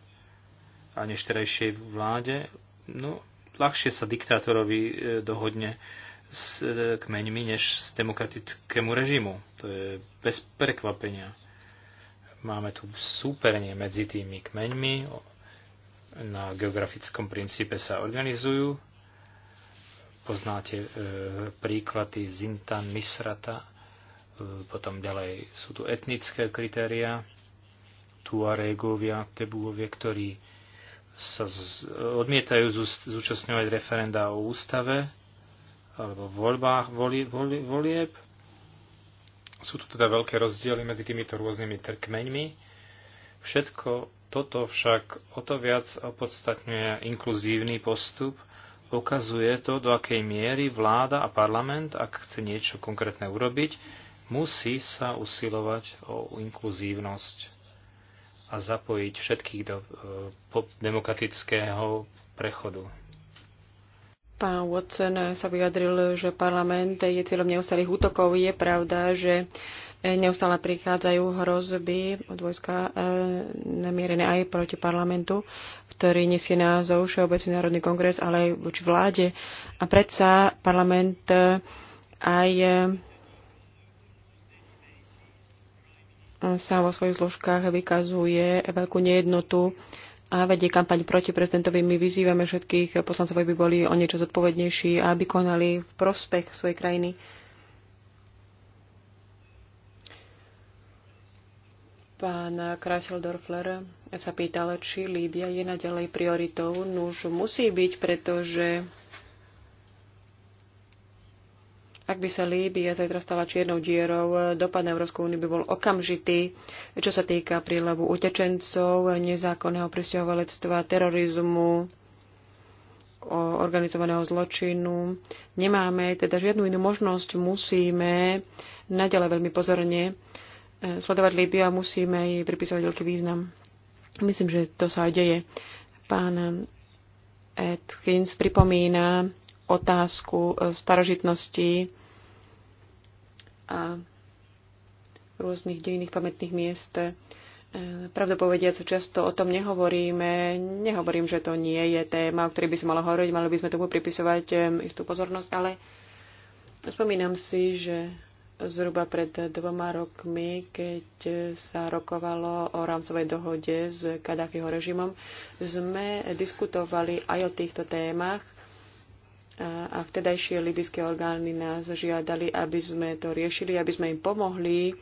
a nešterejšej vláde, no, ľahšie sa diktátorovi e, dohodne s e, kmeňmi než s demokratickému režimu. To je bez prekvapenia. Máme tu súperne medzi tými kmeňmi, na geografickom princípe sa organizujú. Poznáte e, príklady Zintan, Misrata, e, potom ďalej sú tu etnické kritéria, Tuaregovia, Tebuovia, ktorí sa z, odmietajú zúčastňovať referenda o ústave alebo voľbách voli, voli, volieb. Sú tu teda veľké rozdiely medzi týmito rôznymi trkmeňmi. Všetko toto však o to viac opodstatňuje inkluzívny postup. Ukazuje to, do akej miery vláda a parlament, ak chce niečo konkrétne urobiť, musí sa usilovať o inkluzívnosť a zapojiť všetkých do e, demokratického prechodu. Pán Watson sa vyjadril, že parlament je cieľom neustalých útokov. Je pravda, že neustále prichádzajú hrozby od vojska e, namierené aj proti parlamentu, ktorý nesie názov Všeobecný národný kongres, ale aj voči vláde. A predsa parlament e, aj e, E, sa vo svojich zložkách vykazuje veľkú nejednotu a vedie kampaň proti prezidentovi. My vyzývame všetkých poslancov, aby boli o niečo zodpovednejší a aby konali v prospech svojej krajiny. Pán Krasseldorfler sa pýtal, či Líbia je naďalej prioritou. Nuž musí byť, pretože Ak by sa Líbia zajtra stala čiernou dierou, dopad na Európsku úniu by bol okamžitý, čo sa týka prílevu utečencov, nezákonného presťahovalectva, terorizmu, organizovaného zločinu. Nemáme teda žiadnu inú možnosť. Musíme naďalej veľmi pozorne e, sledovať Líbiu a musíme jej pripisovať veľký význam. Myslím, že to sa aj deje. Pán Atkins pripomína otázku e, starožitnosti a rôznych dejinných pamätných miest. E, pravdu povediac, často o tom nehovoríme. Nehovorím, že to nie je téma, o ktorej by sa malo hovoriť, mali by sme tomu pripisovať e, istú pozornosť, ale spomínam si, že zhruba pred dvoma rokmi, keď sa rokovalo o rámcovej dohode s Kadáfiho režimom, sme diskutovali aj o týchto témach a vtedajšie libyské orgány nás žiadali, aby sme to riešili, aby sme im pomohli.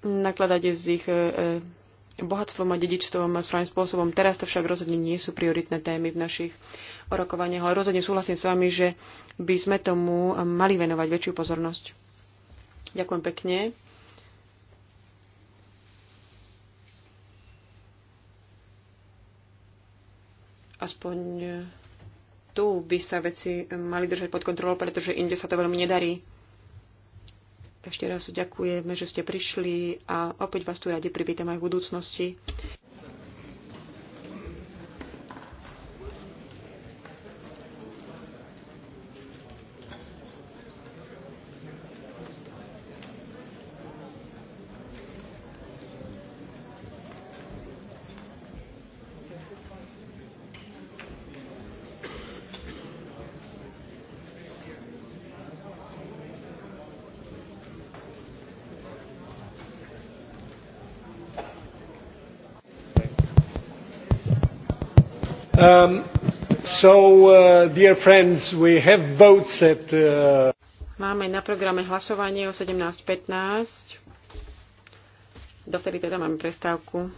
nakladať s ich e, e, bohatstvom a dedičstvom a správnym spôsobom. Teraz to však rozhodne nie sú prioritné témy v našich orokovaniach, ale rozhodne súhlasím s vami, že by sme tomu mali venovať väčšiu pozornosť. Ďakujem pekne. Aspoň e, tu by sa veci mali držať pod kontrolou, pretože inde sa to veľmi nedarí. Ešte raz ďakujeme, že ste prišli a opäť vás tu radi privítam aj v budúcnosti. Um, so, uh, dear friends, we have votes at, uh... Máme na programe hlasovanie o 17.15. Dovtedy teda máme prestávku.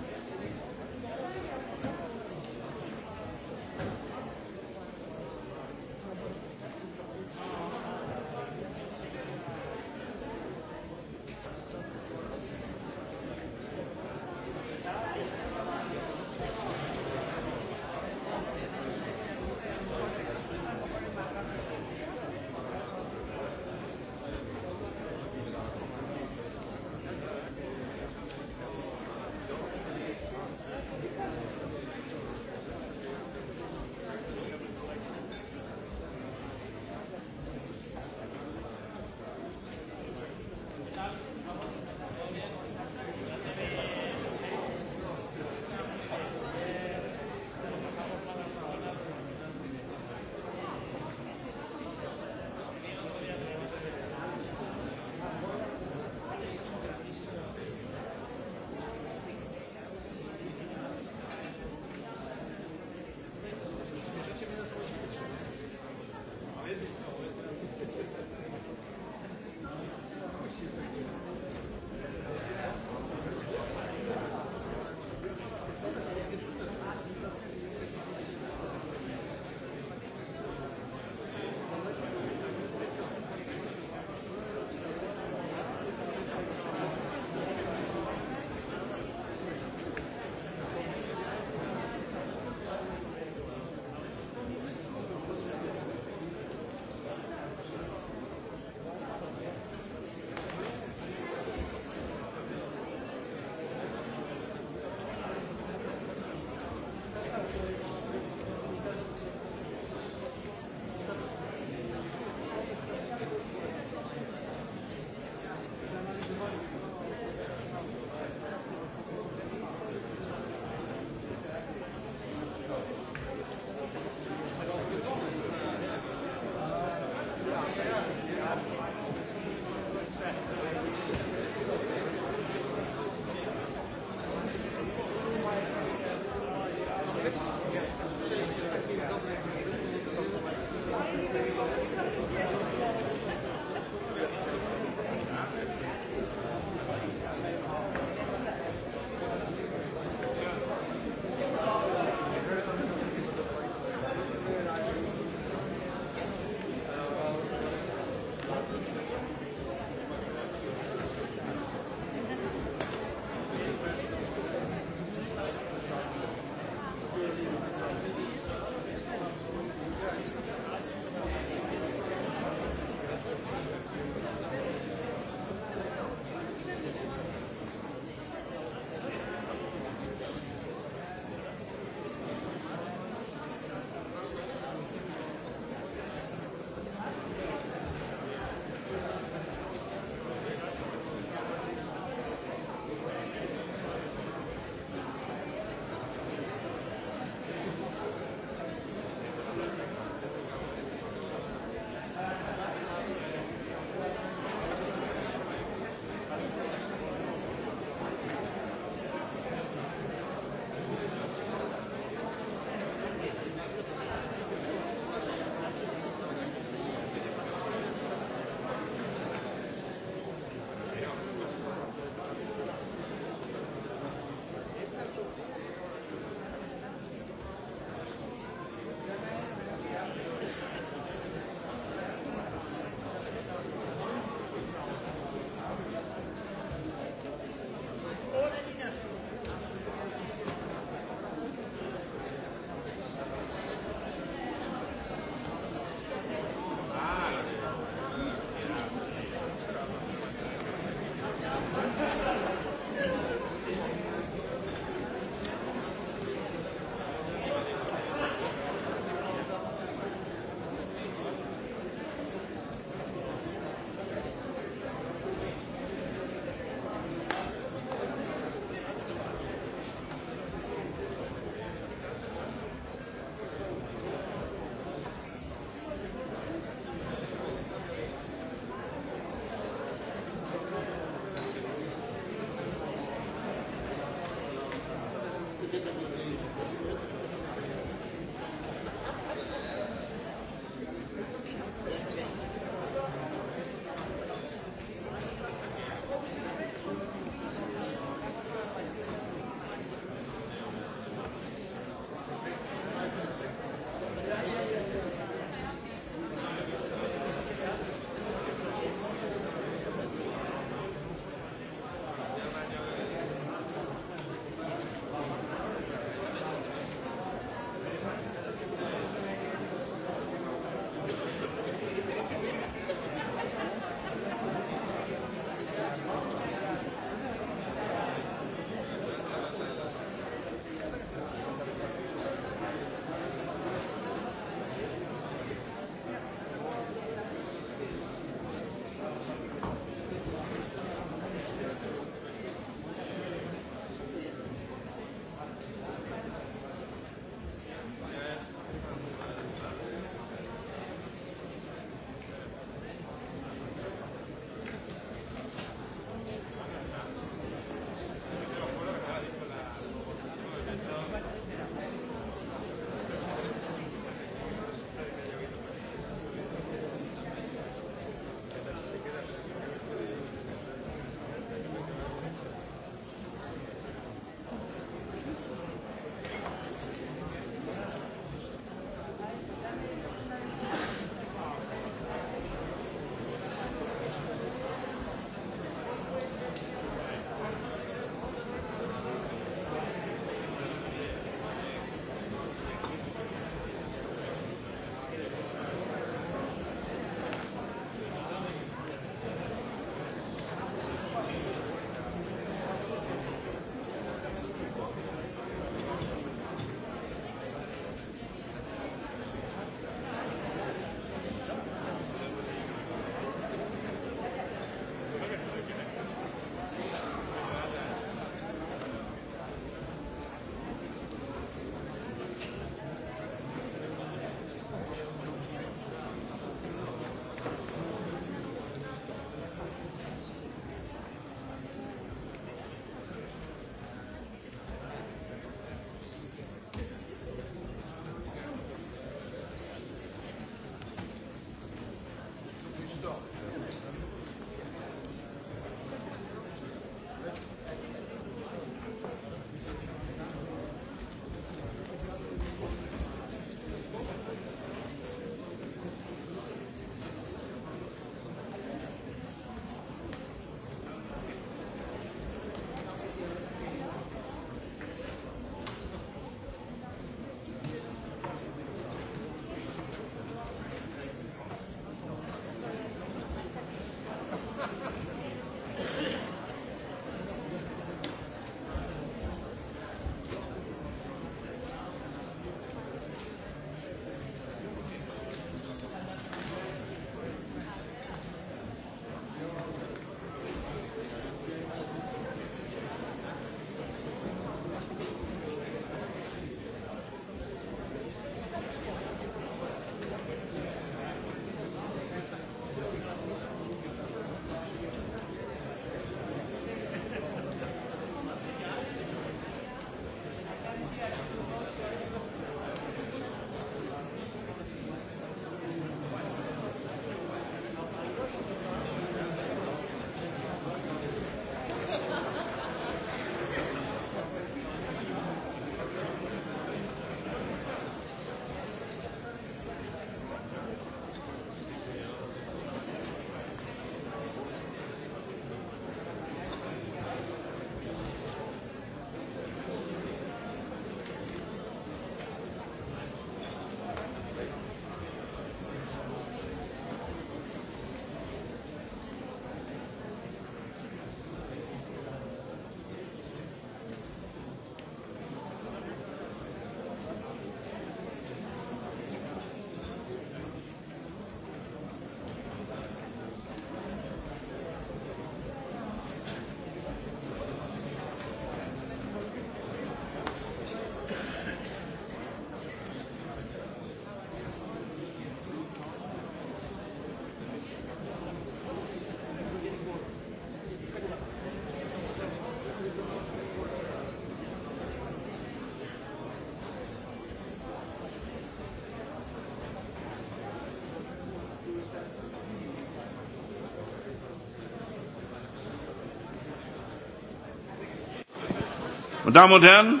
Meine Damen und Herren,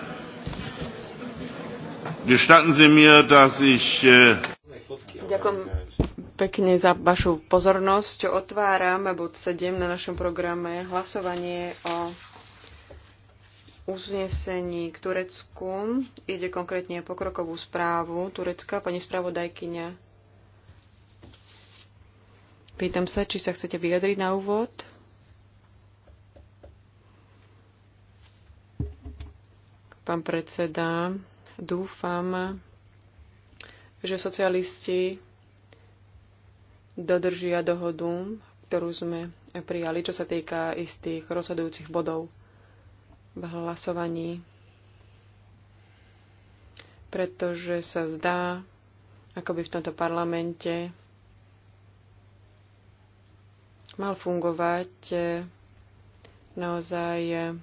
gestatten Sie mir, dass ich... Äh, Ďakujem pekne za vašu pozornosť. Otváram bod 7 na našom programe hlasovanie o uznesení k Turecku. Ide konkrétne o pokrokovú správu Turecka. Pani spravodajkyňa, pýtam sa, či sa chcete vyjadriť na úvod. pán predseda. Dúfam, že socialisti dodržia dohodu, ktorú sme prijali, čo sa týka istých rozhodujúcich bodov v hlasovaní. Pretože sa zdá, ako by v tomto parlamente mal fungovať naozaj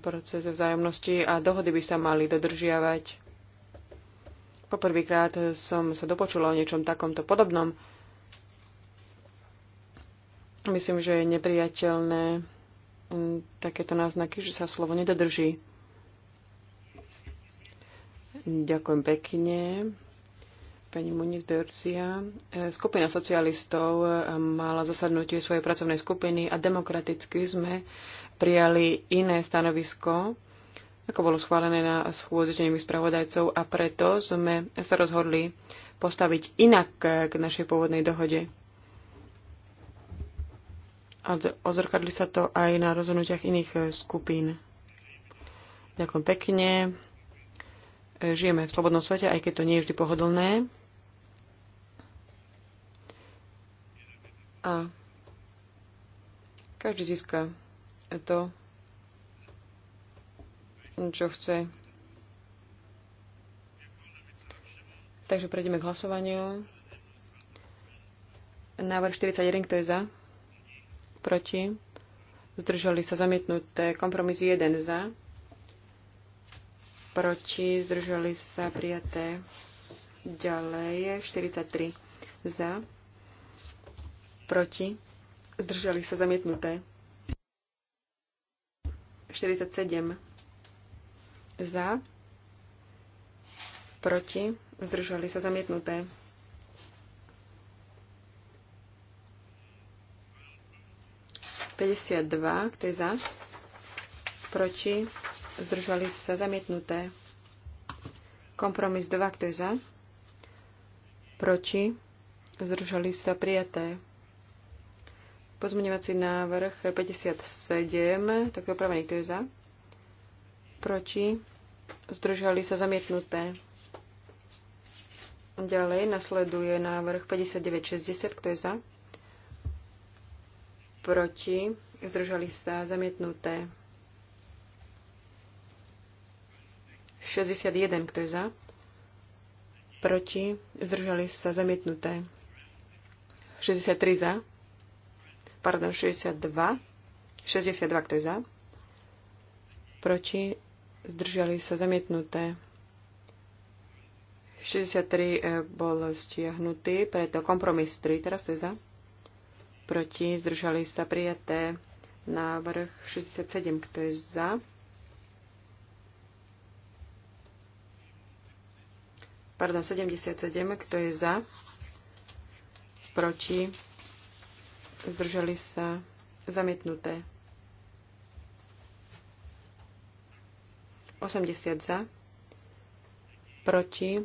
proces vzájomnosti a dohody by sa mali dodržiavať. Poprvýkrát som sa dopočula o niečom takomto podobnom. Myslím, že je nepriateľné mm, takéto náznaky, že sa slovo nedodrží. Ďakujem pekne. Pani Muniz de Skupina socialistov mala zasadnutie svojej pracovnej skupiny a demokraticky sme prijali iné stanovisko, ako bolo schválené na schôdzi spravodajcov a preto sme sa rozhodli postaviť inak k našej pôvodnej dohode. A ozrkadli sa to aj na rozhodnutiach iných e, skupín. Ďakujem pekne. E, žijeme v slobodnom svete, aj keď to nie je vždy pohodlné. A každý získa to, čo chce. Takže prejdeme k hlasovaniu. Návrh 41, kto je za? Proti? Zdržali sa zamietnuté. Kompromis 1 za. Proti? Zdržali sa prijaté. Ďalej je 43 za. Proti? Zdržali sa zamietnuté. 47 za, proti, zdržali sa zamietnuté. 52, kto je za? Proti? Zdržali sa zamietnuté. Kompromis 2, kto je za? Proti? Zdržali sa prijaté. Pozmeňovací návrh 57, tak to práve kto je za? Proti? Zdržali sa zamietnuté. Ďalej nasleduje návrh 5960, kto je za? Proti? Zdržali sa zamietnuté. 61, kto je za? Proti? Zdržali sa zamietnuté. 63 za pardon, 62. 62, kto je za? Proti? Zdržali sa zamietnuté. 63 e, bol stiahnutý, preto kompromis 3, teraz to je za. Proti? Zdržali sa prijaté. Návrh 67, kto je za? Pardon, 77, kto je za? Proti? zdržali sa zamietnuté. 80 za, proti,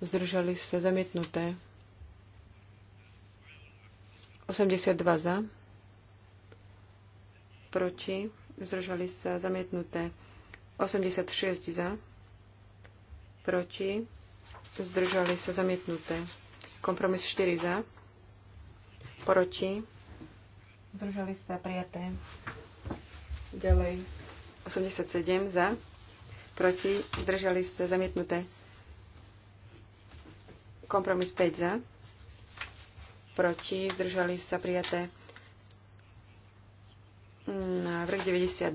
zdržali sa zamietnuté. 82 za, proti, zdržali sa zamietnuté. 86 za, proti, zdržali sa zamietnuté. Kompromis 4 za, proti, zdržali sa prijaté. Ďalej 87 za, proti, zdržali sa zamietnuté. Kompromis 5 za, proti, zdržali sa prijaté. Návrh 92,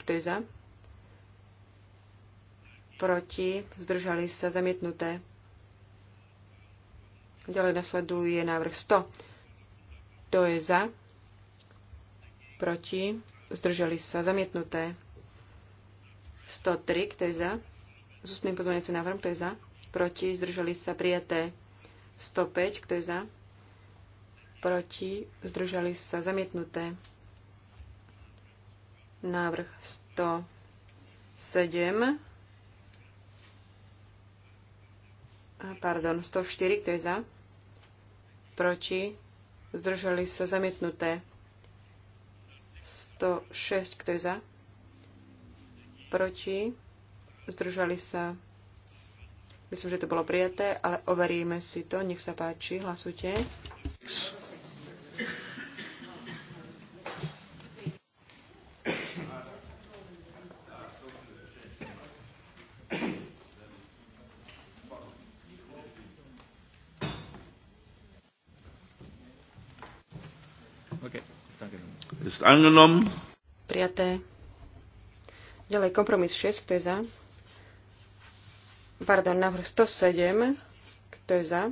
kto je za? Proti, zdržali sa zamietnuté. Ďalej nasleduje návrh 100. Kto je za? proti, zdržali sa zamietnuté. 103, kto je za? S ústnym pozvaniacím návrhom, kto je za? Proti, zdržali sa prijaté. 105, kto je za? Proti, zdržali sa zamietnuté. Návrh 107. A pardon, 104, kto je za? Proti, zdržali sa zamietnuté. 106, kto je za? Proti? Zdržali sa? Myslím, že to bolo prijaté, ale overíme si to. Nech sa páči, hlasujte. ist angenommen. Prijaté. Ďalej kompromis 6, kto je za? Pardon, návrh 107, kto je za?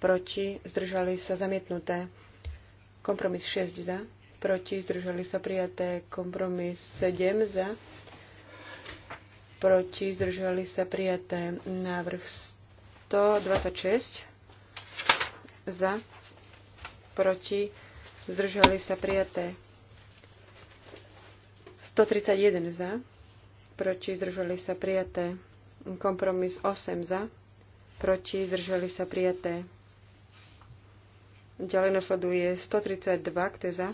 Proti, zdržali sa zamietnuté. Kompromis 6 za, proti, zdržali sa prijaté. Kompromis 7 za, proti, zdržali sa prijaté. Návrh 126 za, proti, zdržali sa prijaté. 131 za, proti zdržali sa prijaté. Kompromis 8 za, proti zdržali sa prijaté. Ďalej nasleduje 132, kto je za,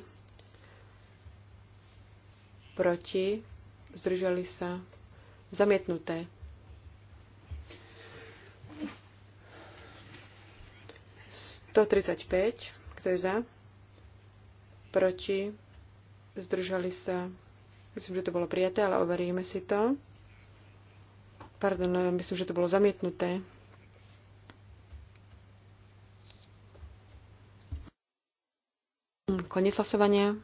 proti zdržali sa zamietnuté. Sto kto je za? proti, zdržali sa. Myslím, že to bolo prijaté, ale overíme si to. Pardon, myslím, že to bolo zamietnuté. Koniec hlasovania.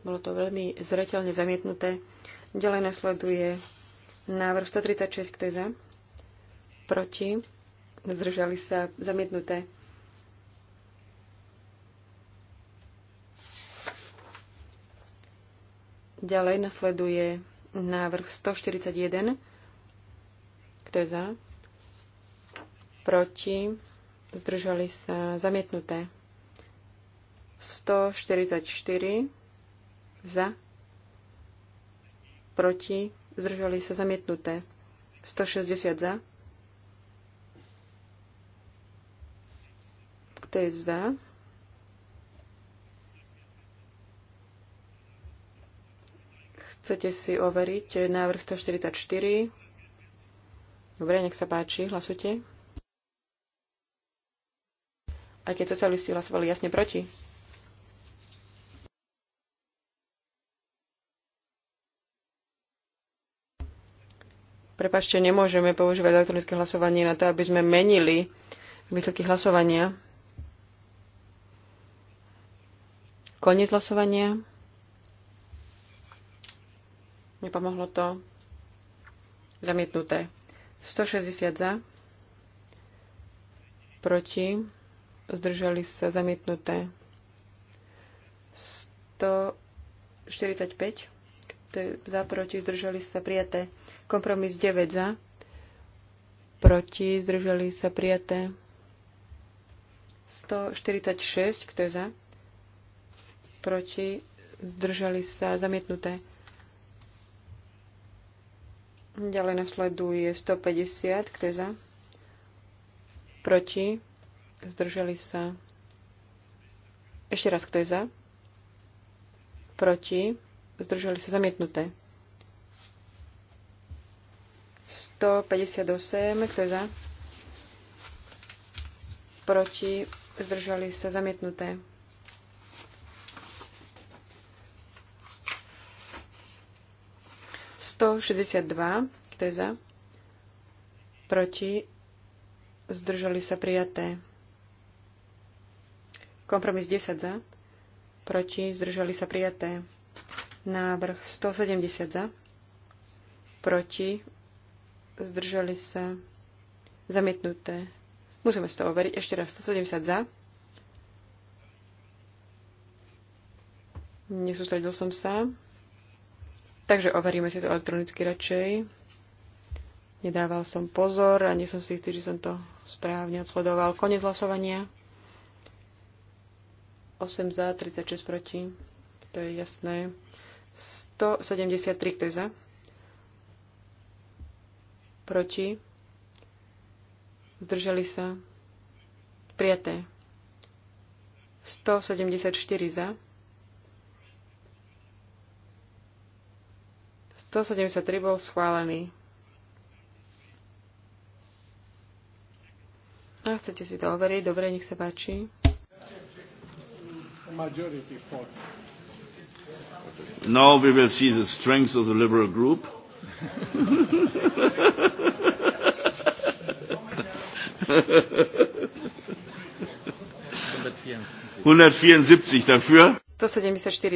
Bolo to veľmi zreteľne zamietnuté. Ďalej nasleduje návrh 136, kto je za? proti, zdržali sa zamietnuté. Ďalej nasleduje návrh 141. Kto je za? Proti? Zdržali sa zamietnuté. 144. Za? Proti? Zdržali sa zamietnuté. 160 za? Kto Chcete si overiť návrh 144? Dobre, nech sa páči, hlasujte. Aj keď socialisti hlasovali jasne proti. Prepačte, nemôžeme používať elektronické hlasovanie na to, aby sme menili výsledky hlasovania. Koniec hlasovania. Nepomohlo to. Zamietnuté. 160 za. Proti. Zdržali sa zamietnuté. 145 za, proti, zdržali sa prijaté. Kompromis 9 za, proti, zdržali sa prijaté. 146, kto je za? proti, zdržali sa zamietnuté. Ďalej nasleduje 150, kto je za, proti, zdržali sa. Ešte raz, kto je za, proti, zdržali sa zamietnuté. 158, kto je za? Proti, zdržali sa zamietnuté. 162, kto je za? Proti? Zdržali sa prijaté. Kompromis 10 za. Proti? Zdržali sa prijaté. Návrh 170 za. Proti? Zdržali sa zamietnuté. Musíme si to overiť. Ešte raz 170 za. Nesústredil som sa. Takže overíme si to elektronicky radšej. Nedával som pozor a nie som si istý, že som to správne odsledoval. Konec hlasovania. 8 za, 36 proti. To je jasné. 173, kto je za? Proti? Zdržali sa? Prijaté. 174 za. 173 bol schválený. A chcete si to overiť? Dobre, nech sa páči. Now we will see the strength of the liberal group. Hundertvierundsiebzig dafür. 174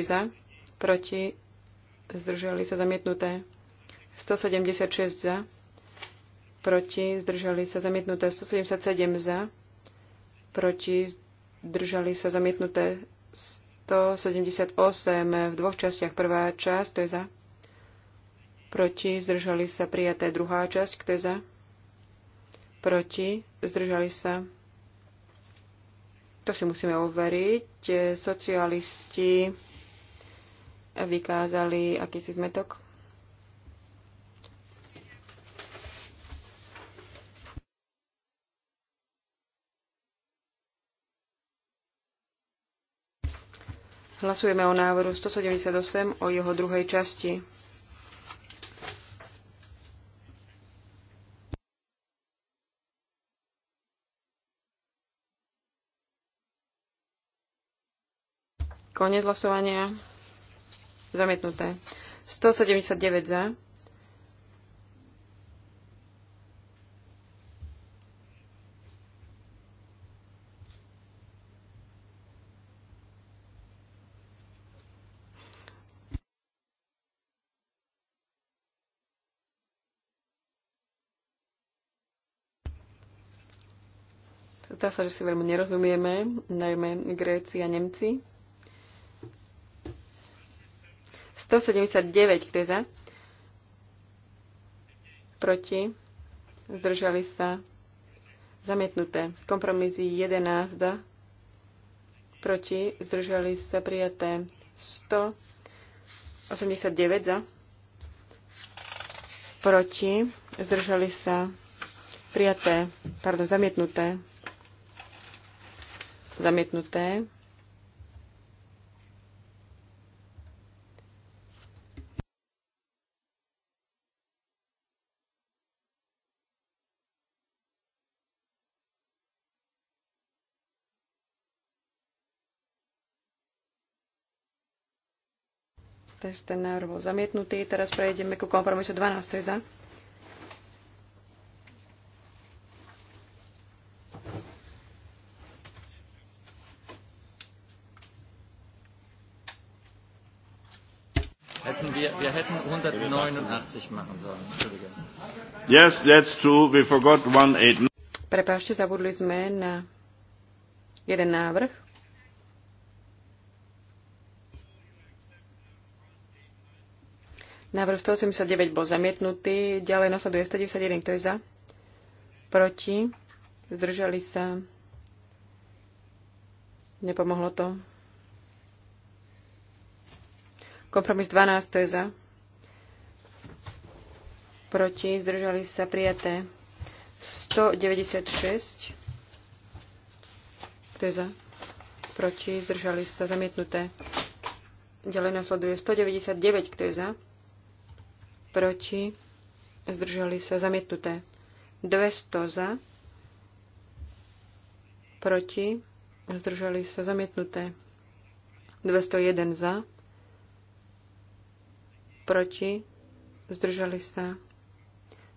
za, proti zdržali sa zamietnuté. 176 za, proti, zdržali sa zamietnuté. 177 za, proti, zdržali sa zamietnuté. 178 v dvoch častiach. Prvá časť, to je za. Proti, zdržali sa prijaté. Druhá časť, kto je za. Proti, zdržali sa to si musíme overiť. Socialisti vykázali akýsi zmetok. Hlasujeme o návrhu 178 o jeho druhej časti. Konec hlasovania. Zamietnuté. 179 za. Zdá sa, že si veľmi nerozumieme, najmä Gréci a Nemci. 179, kto je za? Proti? Zdržali sa? Zamietnuté. Kompromisy 11, da? Proti? Zdržali sa? Prijaté. 189 za? Proti? Zdržali sa? Prijaté. Pardon, zamietnuté. Zamietnuté. Takže ten návrh bol zamietnutý. Teraz prejdeme ku kompromisu 12. za. Yes, that's true. We forgot 189. Prepáčte, zabudli sme na jeden návrh. Návrh 189 bol zamietnutý. Ďalej nasleduje 191. Kto je za? Proti? Zdržali sa? Nepomohlo to. Kompromis 12. Kto je za? Proti? Zdržali sa? Prijaté. 196. Kto je za? Proti? Zdržali sa? Zamietnuté. Ďalej nasleduje 199. Kto je za? proti, zdrželi sa zamietnuté. 200 za, proti, zdrželi sa zamietnuté. 201 za, proti, zdrželi sa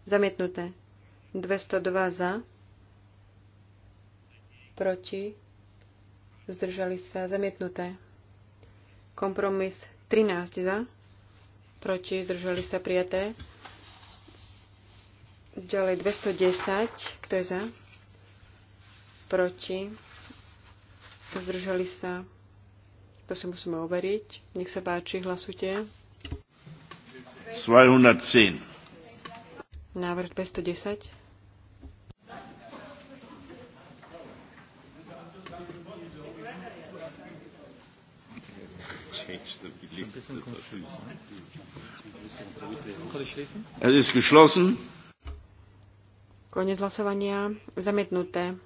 zamietnuté. 202 za, proti, zdržali sa zamietnuté. Kompromis 13 za, proti, zdržali sa prijaté. Ďalej 210, kto je za, proti, zdržali sa, to si musíme overiť. Nech sa páči, hlasujte. 210. Návrh 210. Es ist geschlossen. Konec hlasovania. Zamietnuté.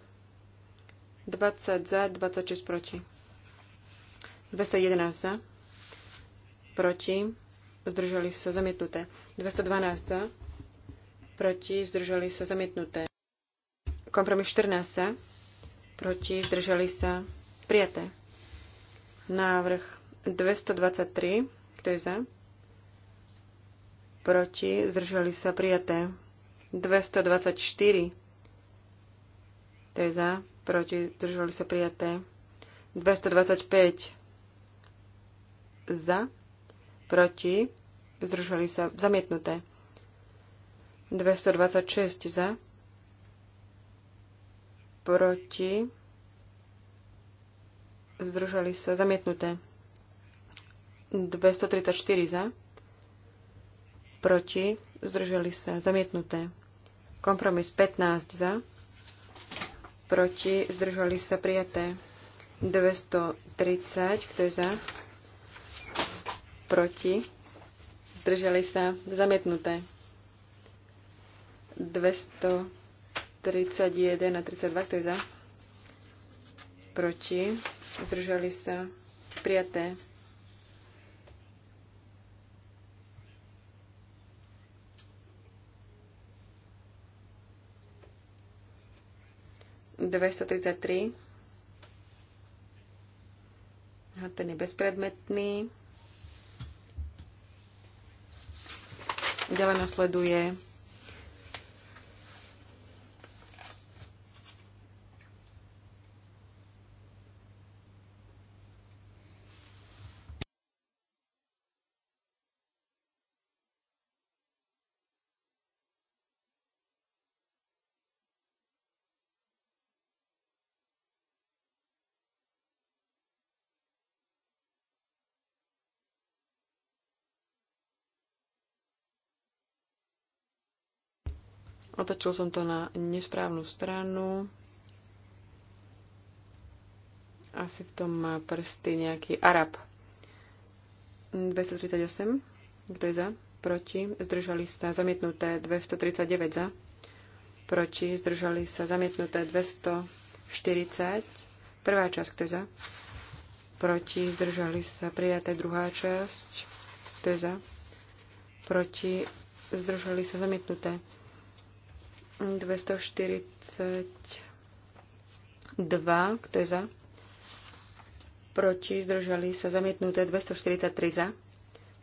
20 za, 26 proti. 211 za. Proti. Zdržali sa zamietnuté. 212 za. Proti. Zdržali sa zamietnuté. Kompromis 14 za. Proti. Zdržali sa prijaté. Návrh 223. Kto je za? Proti. Zdržali sa prijaté. 224. Kto je za? Proti. Zdržali sa prijaté. 225. Za. Proti. Zdržali sa zamietnuté. 226 za. Proti. Zdržali sa zamietnuté. 234 za, proti, zdržali sa, zamietnuté. Kompromis 15 za, proti, zdržali sa, prijaté. 230, kto je za, proti, zdržali sa, zamietnuté. 231 a 32, kto je za? Proti. Zdržali sa. Prijaté. 233. A ten je bezpredmetný. Ďalej nasleduje Otočil som to na nesprávnu stranu. Asi v tom má prsty nejaký Arab. 238. Kto je za? Proti. Zdržali sa zamietnuté 239 za. Proti. Zdržali sa zamietnuté 240. Prvá časť. Kto je za? Proti. Zdržali sa prijaté druhá časť. Kto je za? Proti. Zdržali sa zamietnuté 242, kto je za? Proti, zdržali sa zamietnuté 243 za.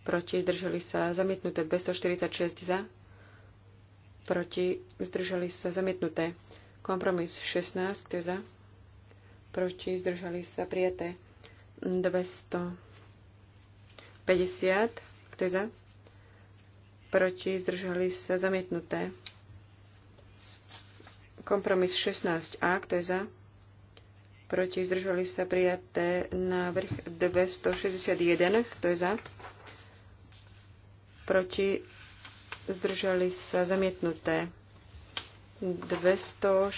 Proti, zdržali sa zamietnuté 246 za. Proti, zdržali sa zamietnuté. Kompromis 16, kto je za? Proti, zdržali sa prijaté 250, kto je za? Proti, zdržali sa zamietnuté Kompromis 16a, kto je za? Proti zdržali sa prijaté návrh 261, kto je za? Proti zdržali sa zamietnuté 266,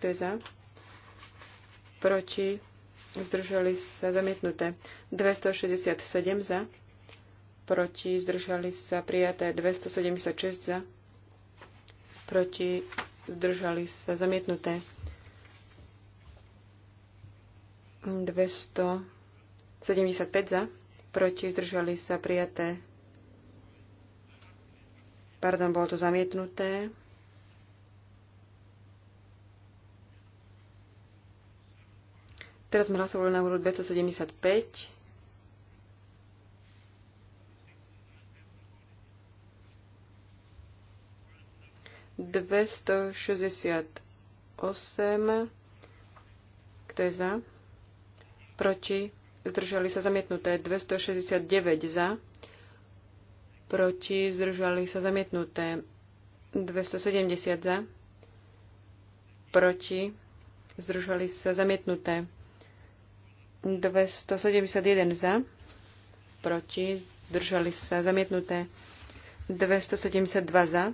kto je za? Proti zdržali sa zamietnuté 267 za proti zdržali sa prijaté 276 za, proti zdržali sa zamietnuté. 275 za, proti zdržali sa prijaté. Pardon, bolo to zamietnuté. Teraz sme hlasovali na úrod 275. 268. Kto je za? Proti? Zdržali sa zamietnuté. 269 za. Proti? Zdržali sa zamietnuté. 270 za. Proti? Zdržali sa zamietnuté. 271 za. Proti? Zdržali sa zamietnuté. 272 za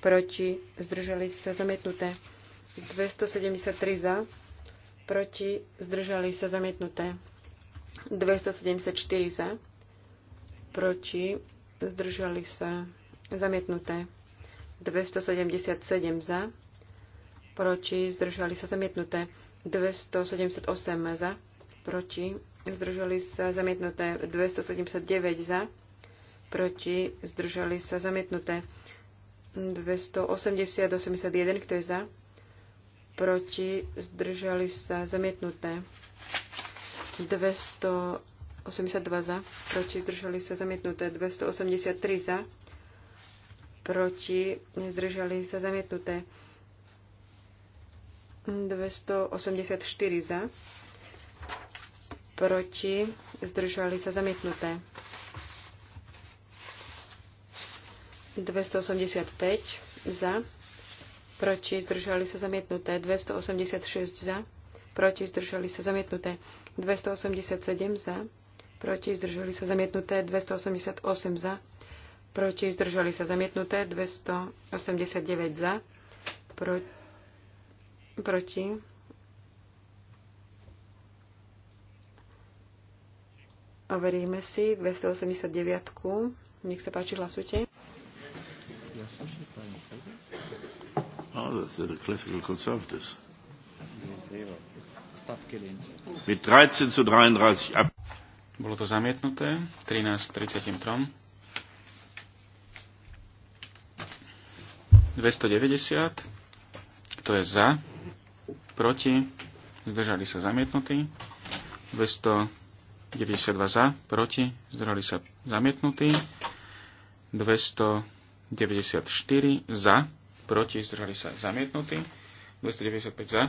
proti, zdržali sa zamietnuté. 273 za, proti, zdržali sa zamietnuté. 274 za, proti, zdržali sa zamietnuté. 277 za, proti, zdržali sa zamietnuté. 278 za, proti, zdržali sa zamietnuté. 279 za, proti, zdržali sa zamietnuté. 280 81, kto je za? Proti, zdržali sa, zamietnuté. 282 za, proti, zdržali sa, zamietnuté. 283 za, proti, zdržali sa, zamietnuté. 284 za, proti, zdržali sa, zamietnuté. 285 za, proti zdržali sa zamietnuté 286 za, proti zdržali sa zamietnuté 287 za, proti zdržali sa zamietnuté 288 za, proti zdržali sa zamietnuté 289 za, pro, proti overíme si 289. Nech sa páči, hlasujte. No, that's the classical conservatives. Mit 13 zu 33 ab. Bolo to zamietnuté, 13 k 33. 290, To je za, proti, zdržali sa zamietnutí, 292 za, proti, zdržali sa zamietnutí, 294 za, proti, zdržali sa zamietnutí, 295 za,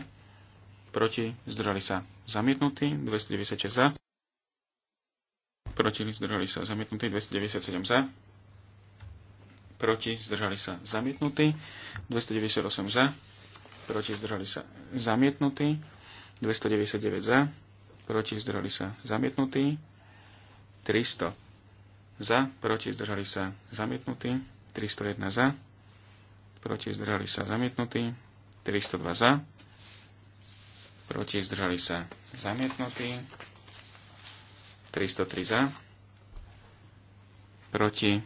proti, zdržali sa zamietnutí, 296 za, proti, zdržali sa zamietnutí, 297 za, proti, zdržali sa zamietnutí, 298 za, proti, zdržali sa zamietnutí, 299 za, proti, zdržali sa zamietnutí, 300 za, proti, zdržali sa zamietnutí, 301 za, proti zdržali sa zamietnutí, 302 za, proti zdržali sa zamietnutí, 303 za, proti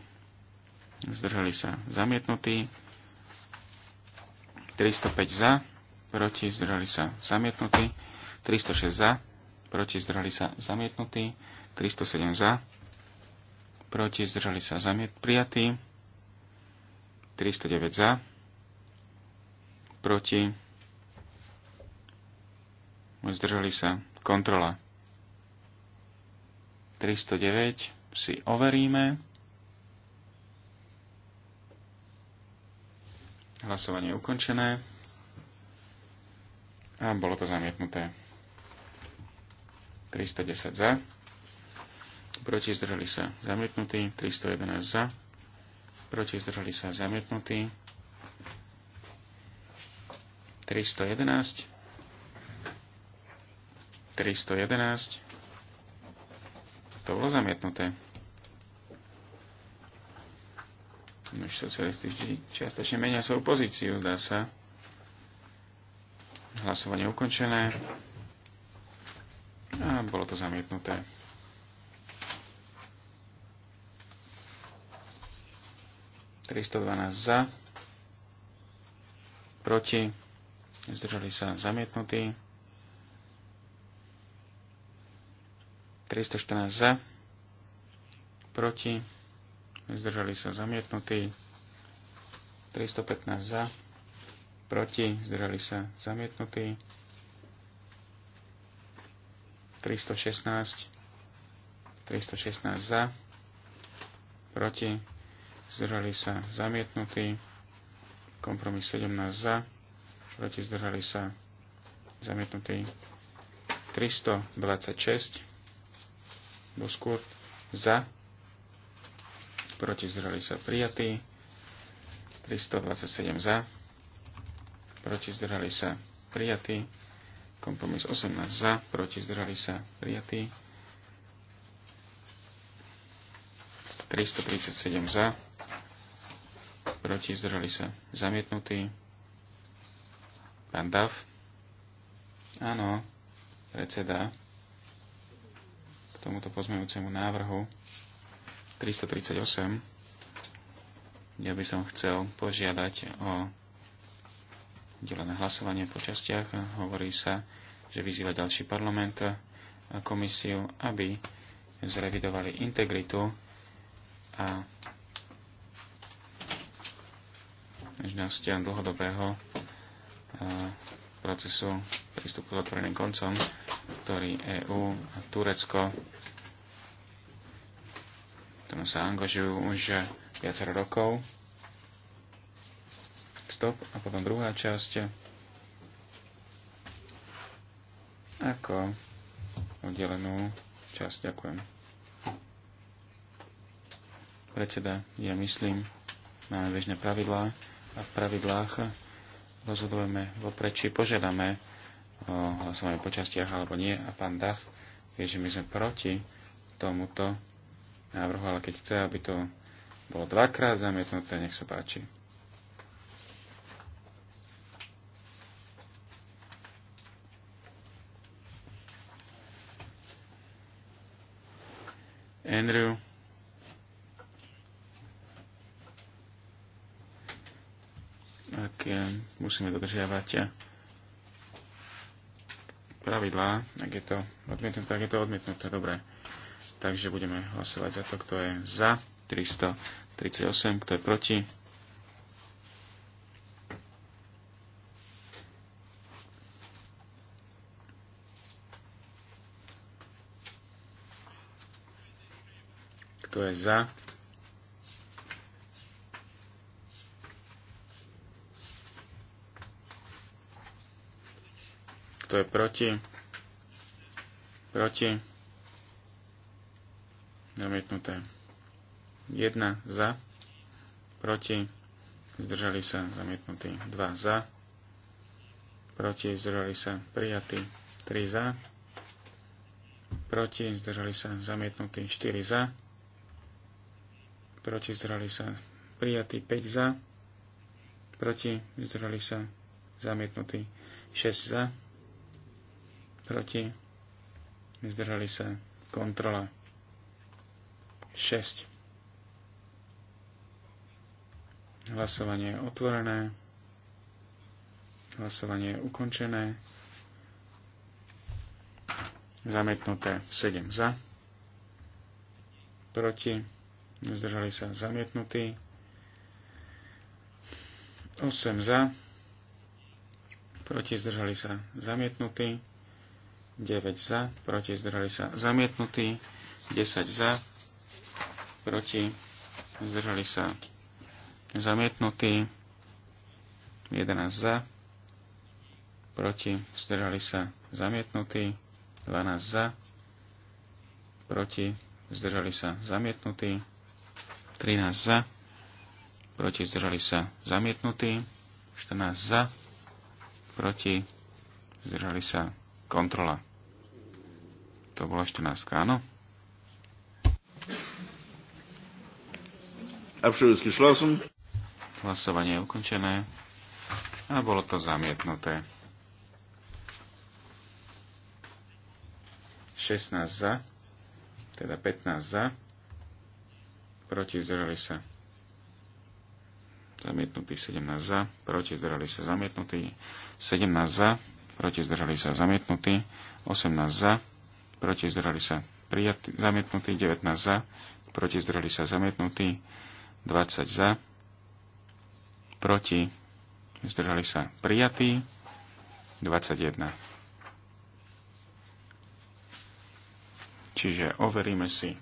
zdržali sa zamietnutí, 305 za, proti zdržali sa zamietnutí, 306 za, proti zdržali sa zamietnutí, 307 za, proti zdržali sa zamiet, prijatí, 309 za, proti, zdržali sa, kontrola. 309 si overíme. Hlasovanie je ukončené. A bolo to zamietnuté. 310 za. Proti zdržali sa zamietnutí. 311 za proti zdržali sa zamietnutí. 311, 311, to bolo zamietnuté. Už no, socialisti čiastočne menia svoju pozíciu, zdá sa. Hlasovanie ukončené. A bolo to zamietnuté. 312 za, proti, zdržali sa zamietnutí, 314 za, proti, zdržali sa zamietnutí, 315 za, proti, zdržali sa zamietnutí, 316, 316 za, proti, zdržali sa zamietnutí, kompromis 17 za, proti zdržali sa zamietnutí 326, bo skôr za, proti zdržali sa prijatí, 327 za, proti zdržali sa prijatí, kompromis 18 za, proti zdržali sa prijatí, 337 za, proti, zdržali sa zamietnutí. Pán Dav. Áno, predseda k tomuto pozmejúcemu návrhu 338. Ja by som chcel požiadať o udelené hlasovanie po častiach. Hovorí sa, že vyzýva ďalší parlament a komisiu, aby zrevidovali integritu a možnosť dlhodobého eh, procesu prístupu k otvoreným koncom, ktorý EÚ a Turecko ktorom sa angažujú už viacero rokov. Stop a potom druhá časť. Ako oddelenú časť. Ďakujem. Predseda, ja myslím, máme bežné pravidlá a v pravidlách rozhodujeme vopred, či požiadame o hlasovanie po častiach alebo nie. A pán Dach vie, že my sme proti tomuto návrhu, ale keď chce, aby to bolo dvakrát zamietnuté, nech sa páči. Andrew. Eh, musíme dodržiavať eh, pravidlá. Ak je to odmietnuté, tak je to odmietnuté. Dobre. Takže budeme hlasovať za to, kto je za 338, kto je proti. Kto je za Kto je proti? Proti? Zamietnuté. 1 za. Proti? Zdržali sa. Zamietnutí. 2 za. Proti? Zdržali sa. Prijatí. 3 za. Proti? Zdržali sa. Zamietnutí. 4 za. Proti? Zdržali sa. Prijatí. 5 za. Proti? Zdržali sa. Zamietnutí. 6 za proti, zdržali sa, kontrola 6. Hlasovanie je otvorené, hlasovanie je ukončené, zamietnuté 7 za, proti, zdržali sa zamietnutí, 8 za, proti zdržali sa zamietnutí, 9 za, proti zdržali sa zamietnutí, 10 za, proti zdržali sa zamietnutí, 11 za, proti zdržali sa zamietnutí, 12 za, proti zdržali sa zamietnutí, 13 za, proti zdržali sa zamietnutí, 14 za, proti zdržali sa Kontrola. To bola 14, áno? Hlasovanie je ukončené a bolo to zamietnuté. 16 za, teda 15 za, proti zdržali sa zamietnutý 17 za, proti zdržali sa zamietnutý 17 za, proti zdržali sa zamietnutí, 18 za, proti zdržali sa prijatí, zamietnutí, 19 za, proti zdržali sa zamietnutí, 20 za, proti zdržali sa prijatí, 21. Čiže overíme si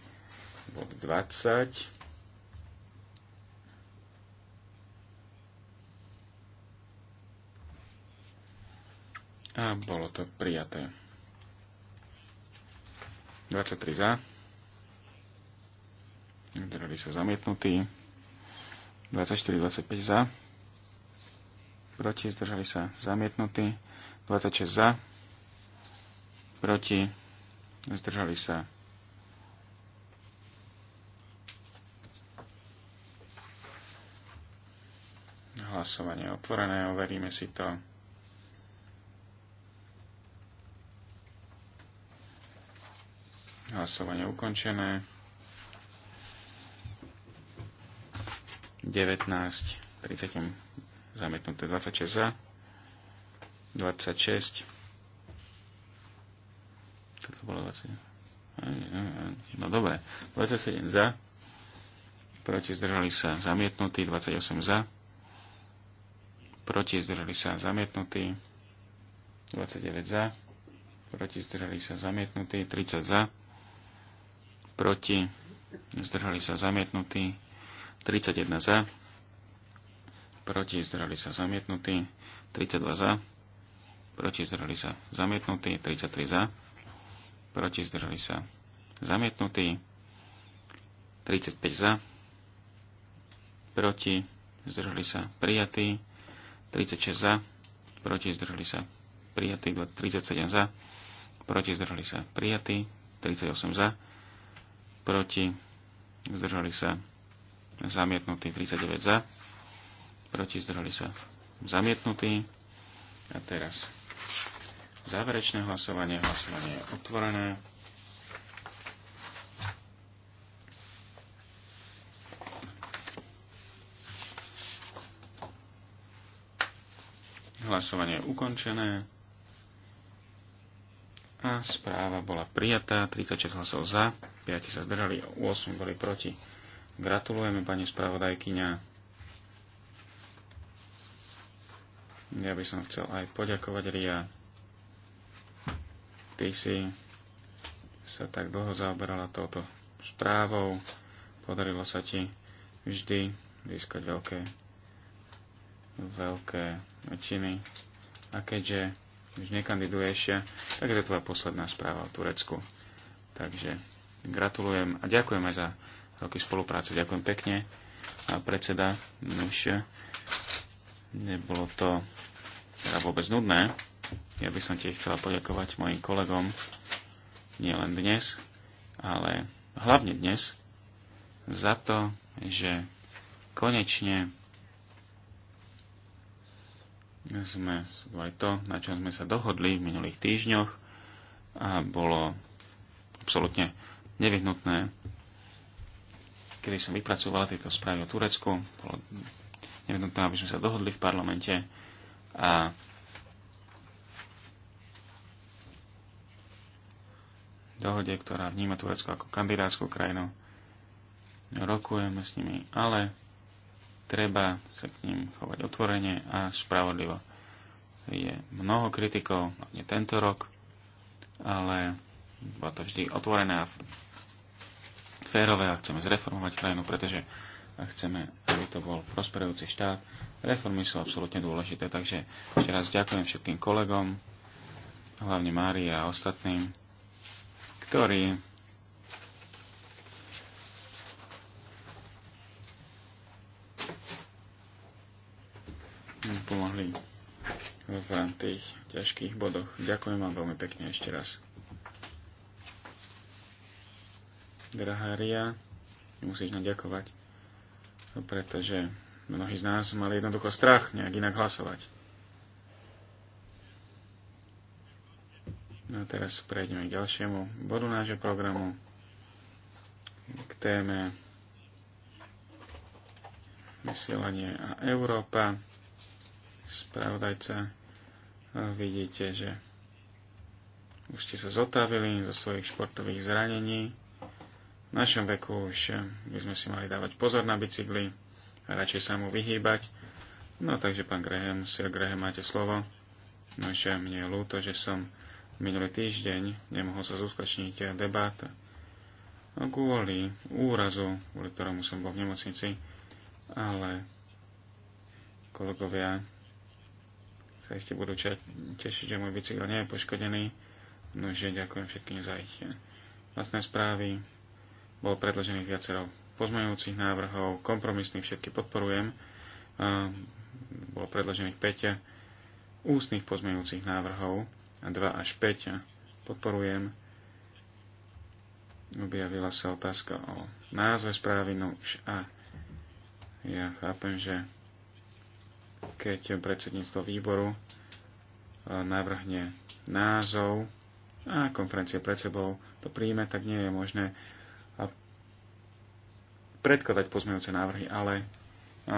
bod 20. a bolo to prijaté. 23 za. Zdrali sa zamietnutí. 24, 25 za. Proti, zdržali sa zamietnutí. 26 za. Proti, zdržali sa hlasovanie otvorené, overíme si to. Hlasovanie ukončené. 19, 30 zamietnuté, 26 za, 26. Toto bolo 20. No dobre, 27 za, proti zdržali sa zamietnutí, 28 za, proti zdržali sa zamietnutí, 29 za, proti zdržali sa zamietnutí, 30 za, proti, zdrhali sa zamietnutí, 31 za, proti, zdrhali sa zamietnutí, 32 za, proti, zdrhali sa zamietnutí, 33 za, proti, zdrhali sa zamietnutí, 35 za, proti, zdrhali sa prijatí, 36 za, proti, zdrhali sa prijatí, 37 za, proti, zdrhali sa prijatí, 38 za, proti, zdržali sa zamietnutí 39 za, proti zdržali sa zamietnutí. A teraz záverečné hlasovanie, hlasovanie je otvorené. Hlasovanie je ukončené. A správa bola prijatá, 36 hlasov za, 5 sa zdržali, 8 boli proti. Gratulujeme pani spravodajkyňa. Ja by som chcel aj poďakovať Ria. Ty si sa tak dlho zaoberala touto správou. Podarilo sa ti vždy získať veľké, veľké činy. A keďže už nekandiduješ, tak je to tvoja posledná správa o Turecku. Takže gratulujem a ďakujem aj za roky spolupráce. Ďakujem pekne. A predseda, už nebolo to teda vôbec nudné. Ja by som ti chcela poďakovať mojim kolegom, nielen dnes, ale hlavne dnes, za to, že konečne sme aj to, na čom sme sa dohodli v minulých týždňoch a bolo absolútne nevyhnutné, kedy som vypracovala tieto správy o Turecku, bolo nevyhnutné, aby sme sa dohodli v parlamente a dohode, ktorá vníma Turecko ako kandidátskú krajinu. Rokujeme s nimi, ale Treba sa k ním chovať otvorene a spravodlivo. Je mnoho kritikov, hlavne tento rok, ale bolo to vždy otvorené a férové a chceme zreformovať krajinu, pretože a chceme, aby to bol prosperujúci štát. Reformy sú absolútne dôležité, takže ešte raz ďakujem všetkým kolegom, hlavne Márii a ostatným, ktorí tých ťažkých bodoch. Ďakujem vám veľmi pekne ešte raz. Drahá Ria, musíš nám ďakovať, pretože mnohí z nás mali jednoducho strach nejak inak hlasovať. No a teraz prejdeme k ďalšiemu bodu nášho programu, k téme vysielanie a Európa, spravodajca Vidíte, že už ste sa zotavili zo svojich športových zranení. V našom veku už by sme si mali dávať pozor na bicykli a radšej sa mu vyhýbať. No takže, pán Graham, Sir Graham, máte slovo. No že mne je ľúto, že som minulý týždeň nemohol sa zúskačniť debát kvôli úrazu, kvôli ktorému som bol v nemocnici, ale kolegovia sa iste budú tešiť, že môj bicykel nie je poškodený. Nože ďakujem všetkým za ich eh, vlastné správy. Bolo predložených viacero pozmajúcich návrhov, kompromisných všetky podporujem. Bolo predložených 5 eh, ústnych pozmejúcich návrhov, a 2 až 5 eh, podporujem. Objavila sa otázka o názve správy, no už a ja chápem, že keď predsedníctvo výboru e, navrhne názov a konferencie pred sebou to príjme, tak nie je možné predkladať pozmejúce návrhy, ale e,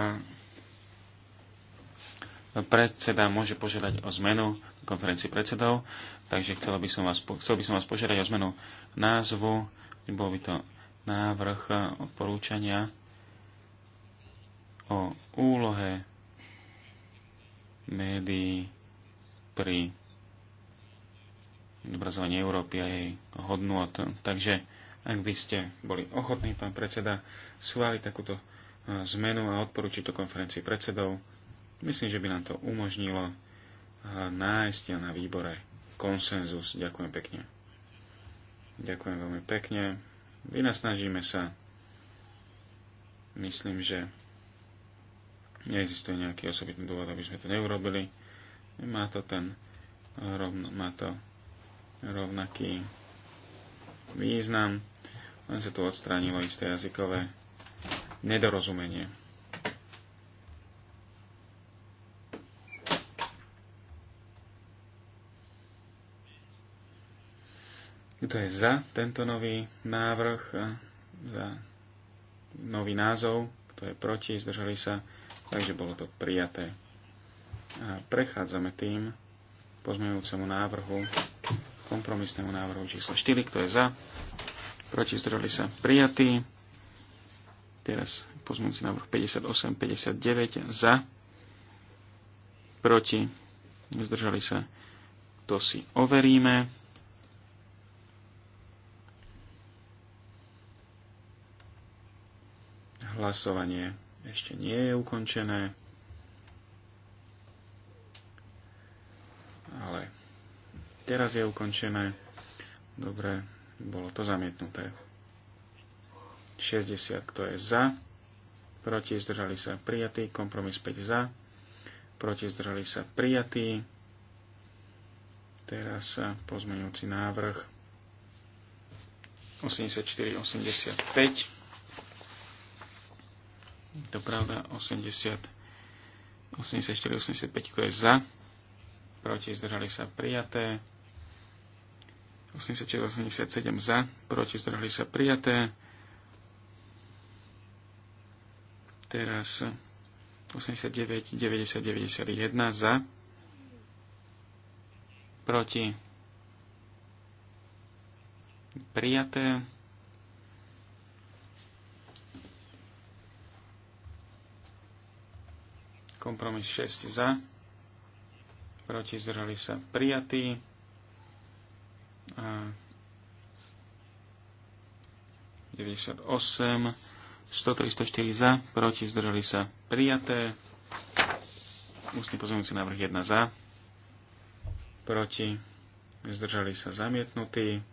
predseda môže požiadať o zmenu konferencii predsedov, takže chcel by som vás, chcel by som vás požiadať o zmenu názvu, bol by to návrh odporúčania o úlohe médií pri zobrazovaní Európy a jej hodnôt. Takže ak by ste boli ochotní, pán predseda, schváliť takúto e, zmenu a odporúčiť to konferencii predsedov, myslím, že by nám to umožnilo e, nájsť na výbore konsenzus. Ďakujem pekne. Ďakujem veľmi pekne. Vynasnažíme sa. Myslím, že Neexistuje nejaký osobitný dôvod, aby sme to neurobili. Má to ten rovn, má to rovnaký význam, len sa tu odstránilo isté jazykové nedorozumenie. Kto je za tento nový návrh, za nový názov, kto je proti, zdržali sa, Takže bolo to prijaté. A prechádzame tým pozmeňujúcemu návrhu, kompromisnému návrhu číslo 4, kto je za, proti zdroli sa prijatý. Teraz pozmeňujúci návrh 58, 59 za, proti, zdržali sa, to si overíme. hlasovanie ešte nie je ukončené, ale teraz je ukončené. Dobre, bolo to zamietnuté. 60, kto je za, proti zdržali sa prijatí, kompromis 5 za, proti zdržali sa prijatí. Teraz sa pozmeňujúci návrh 84-85 to pravda, 80, 84, 85, kto je za, proti, zdržali sa prijaté, 86, 87 za, proti, zdržali sa prijaté, teraz 89, 90, 91 za, proti, prijaté, Kompromis 6 za. Proti zdržali sa prijatí. A 98. 134 za. Proti zdržali sa prijaté. Ústny pozorujúci návrh 1 za. Proti zdržali sa zamietnutí.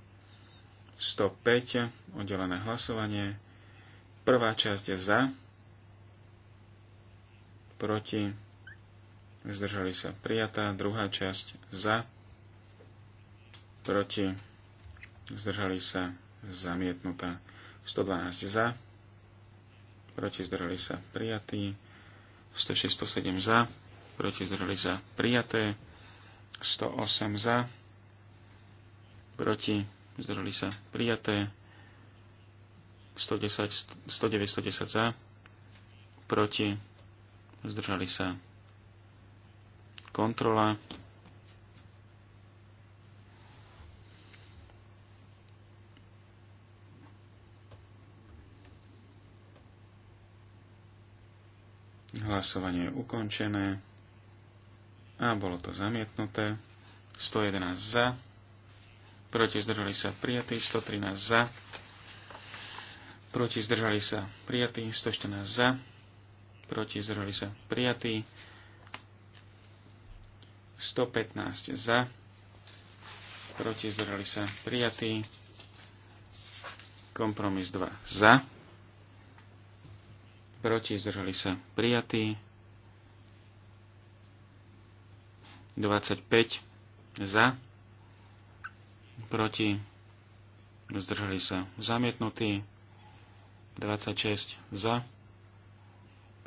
105, oddelené hlasovanie. Prvá časť je za, proti, zdržali sa prijatá, druhá časť za, proti, zdržali sa zamietnutá, 112 za, proti zdržali sa prijatí, 167 za, proti zdržali sa prijaté, 108 za, proti zdržali sa prijaté, 110, 109, 110 za, proti zdržali sa. Kontrola. Hlasovanie je ukončené a bolo to zamietnuté. 111 za, proti zdržali sa prijatí, 113 za, proti zdržali sa prijatí, 114 za proti, zdržali sa prijatí. 115 za, proti, zdržali sa prijatí. Kompromis 2 za, proti, zdržali sa prijatí. 25 za, proti, zdržali sa zamietnutí. 26 za,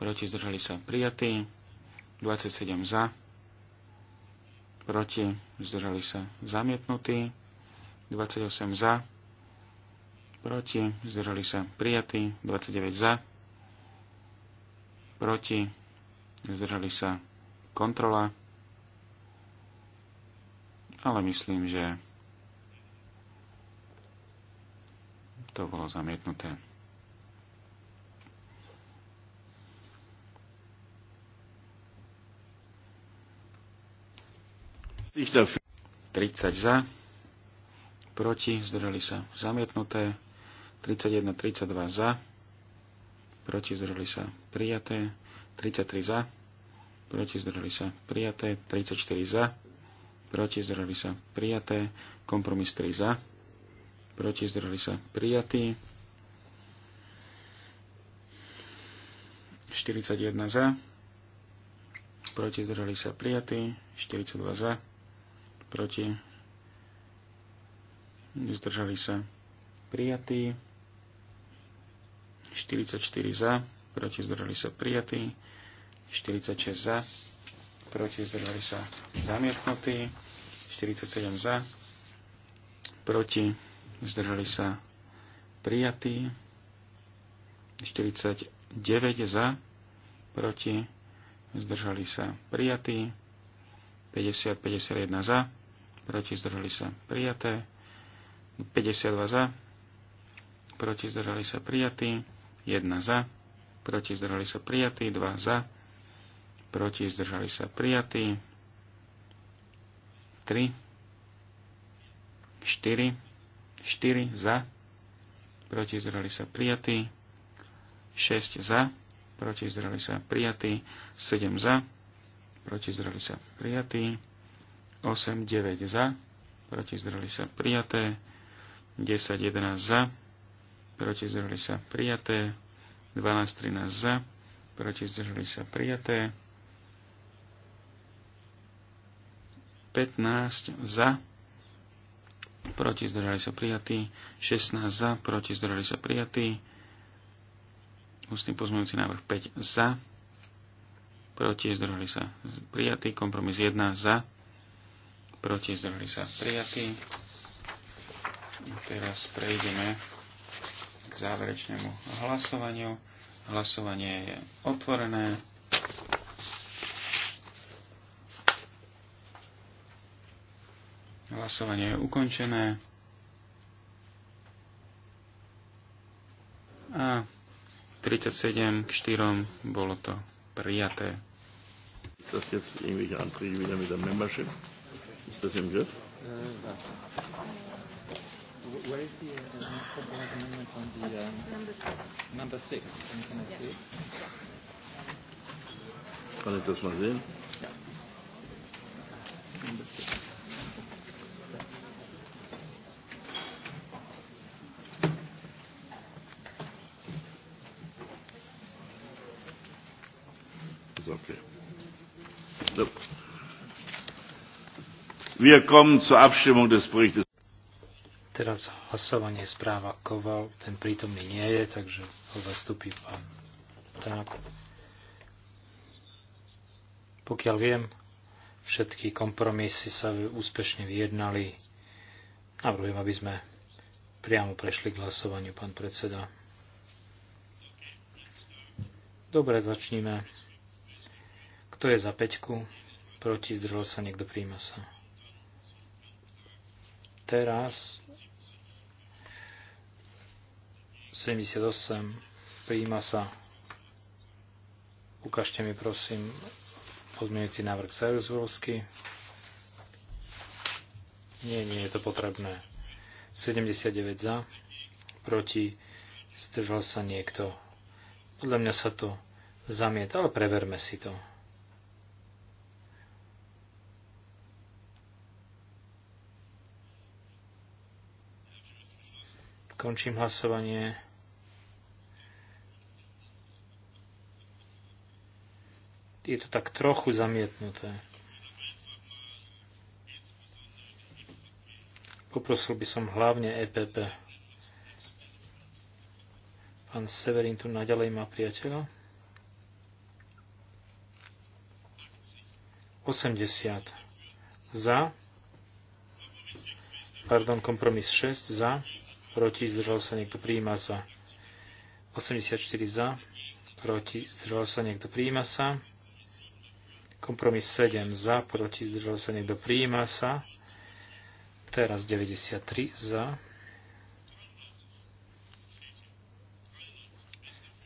proti, zdržali sa prijatí, 27 za, proti, zdržali sa zamietnutí, 28 za, proti, zdržali sa prijatí, 29 za, proti, zdržali sa kontrola, ale myslím, že to bolo zamietnuté. 30 za, proti, zdržali sa zamietnuté, 31, 32 za, proti, zdržali sa prijaté, 33 za, proti, zdržali sa prijaté, 34 za, proti, zdržali sa prijaté, kompromis 3 za, proti, zdržali sa prijatí, 41 za, proti, zdržali sa prijatí, 42 za, proti, zdržali sa prijatí, 44 za, proti zdržali sa prijatí, 46 za, proti zdržali sa zamietnutí, 47 za, proti zdržali sa prijatí, 49 za, proti zdržali sa prijatí, 50-51 za, proti zdržali sa prijaté, 52 za, proti zdržali sa prijatí, 1 za, proti zdržali sa prijatí, 2 za, proti zdržali sa prijatí, 3, 4, 4 za, proti zdržali sa prijatí, 6 za, proti zdržali sa prijatí, 7 za, proti zdržali sa prijatí, 8, 9 za, proti zdrhli sa prijaté, 10, 11 za, proti zdrhli sa prijaté, 12, 13 za, proti zdrhli sa prijaté, 15 za, proti zdržali sa prijatí, 16 za, proti zdržali sa prijatí, ústny pozmeňujúci návrh 5 za, proti zdržali sa prijatí, kompromis 1 za, proti zdrhli sa prijatí. Teraz prejdeme k záverečnému hlasovaniu. Hlasovanie je otvorené. Hlasovanie je ukončené. A 37 k 4 bolo to prijaté. Ist das jetzt irgendwelche Anträge wieder mit der Membership? das euh, im Where is the uh, amendment on the uh, number six? Can, can I see? Kann ich Wir kommen zur Abstimmung des Berichtes. Teraz hlasovanie správa Koval, ten prítomný nie je, takže ho zastupí pán tak. Pokiaľ viem, všetky kompromisy sa úspešne vyjednali. Navrhujem, aby sme priamo prešli k hlasovaniu, pán predseda. Dobre, začníme. Kto je za peťku? Proti, zdržal sa, niekto príjma sa. Teraz 78 prijíma sa. Ukážte mi prosím pozmienujúci návrh Sajusvolsky. Nie, nie je to potrebné. 79 za, proti, zdržal sa niekto. Podľa mňa sa to zamieta, ale preverme si to. Končím hlasovanie. Je to tak trochu zamietnuté. Poprosil by som hlavne EPP. Pán Severin tu naďalej má priateľa. 80 za. Pardon, kompromis 6 za proti, zdržal sa niekto, prijíma sa. 84 za, proti, zdržal sa niekto, prijíma sa. Kompromis 7 za, proti, zdržal sa niekto, prijíma sa. Teraz 93 za.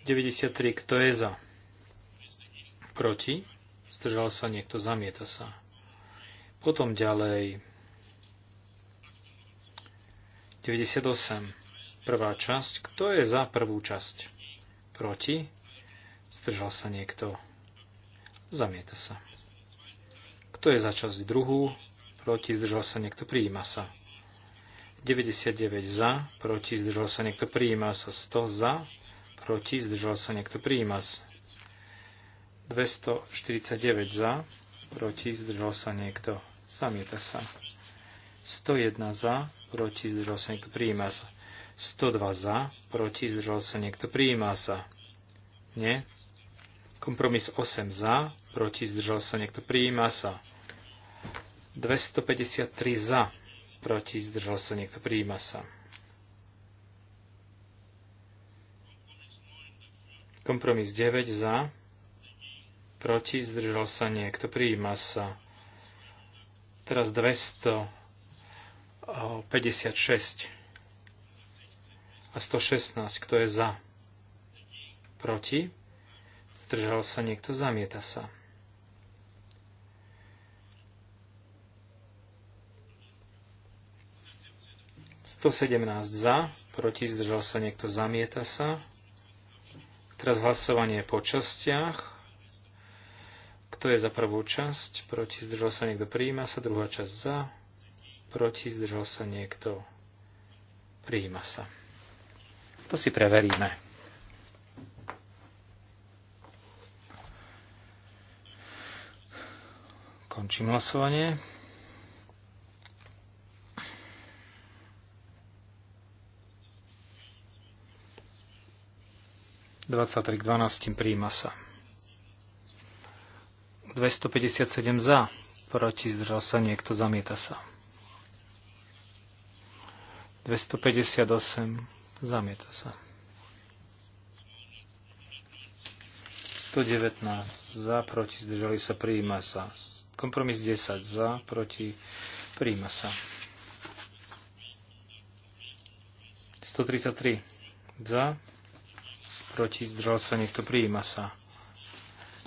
93, kto je za? Proti? Zdržal sa niekto, zamieta sa. Potom ďalej 98. Prvá časť. Kto je za prvú časť? Proti? Zdržal sa niekto? Zamieta sa. Kto je za časť druhú? Proti? Zdržal sa niekto? Prijíma sa. 99 za, proti, zdržal sa niekto, prijíma sa. 100 za, proti, zdržal sa niekto, prijíma sa. 249 za, proti, zdržal sa niekto, zamieta sa. 101 za, proti zdržal sa niekto, prijíma sa. 102 za, proti zdržal sa niekto, prijíma sa. Nie. Kompromis 8 za, proti zdržal sa niekto, prijíma sa. 253 za, proti zdržal sa niekto, prijíma sa. Kompromis 9 za, proti zdržal sa niekto, prijíma sa. Teraz 200 56 a 116, kto je za, proti, zdržal sa niekto, zamieta sa. Sto sedemnásť za, proti, zdržal sa niekto, zamieta sa. Teraz hlasovanie po častiach. Kto je za prvú časť? Proti, zdržal sa niekto, prijíma sa. Druhá časť za proti, zdržal sa niekto, prijíma sa. To si preveríme. Končím hlasovanie. Dvadsaťtri k dvanáctim príjma sa. 257 za, proti zdržal sa niekto, zamieta sa. 258. Zamieta sa. 119. Za, proti, zdržali sa, prijíma sa. Kompromis 10. Za, proti, prijíma sa. 133. Za, proti, zdržal sa, niekto prijíma sa.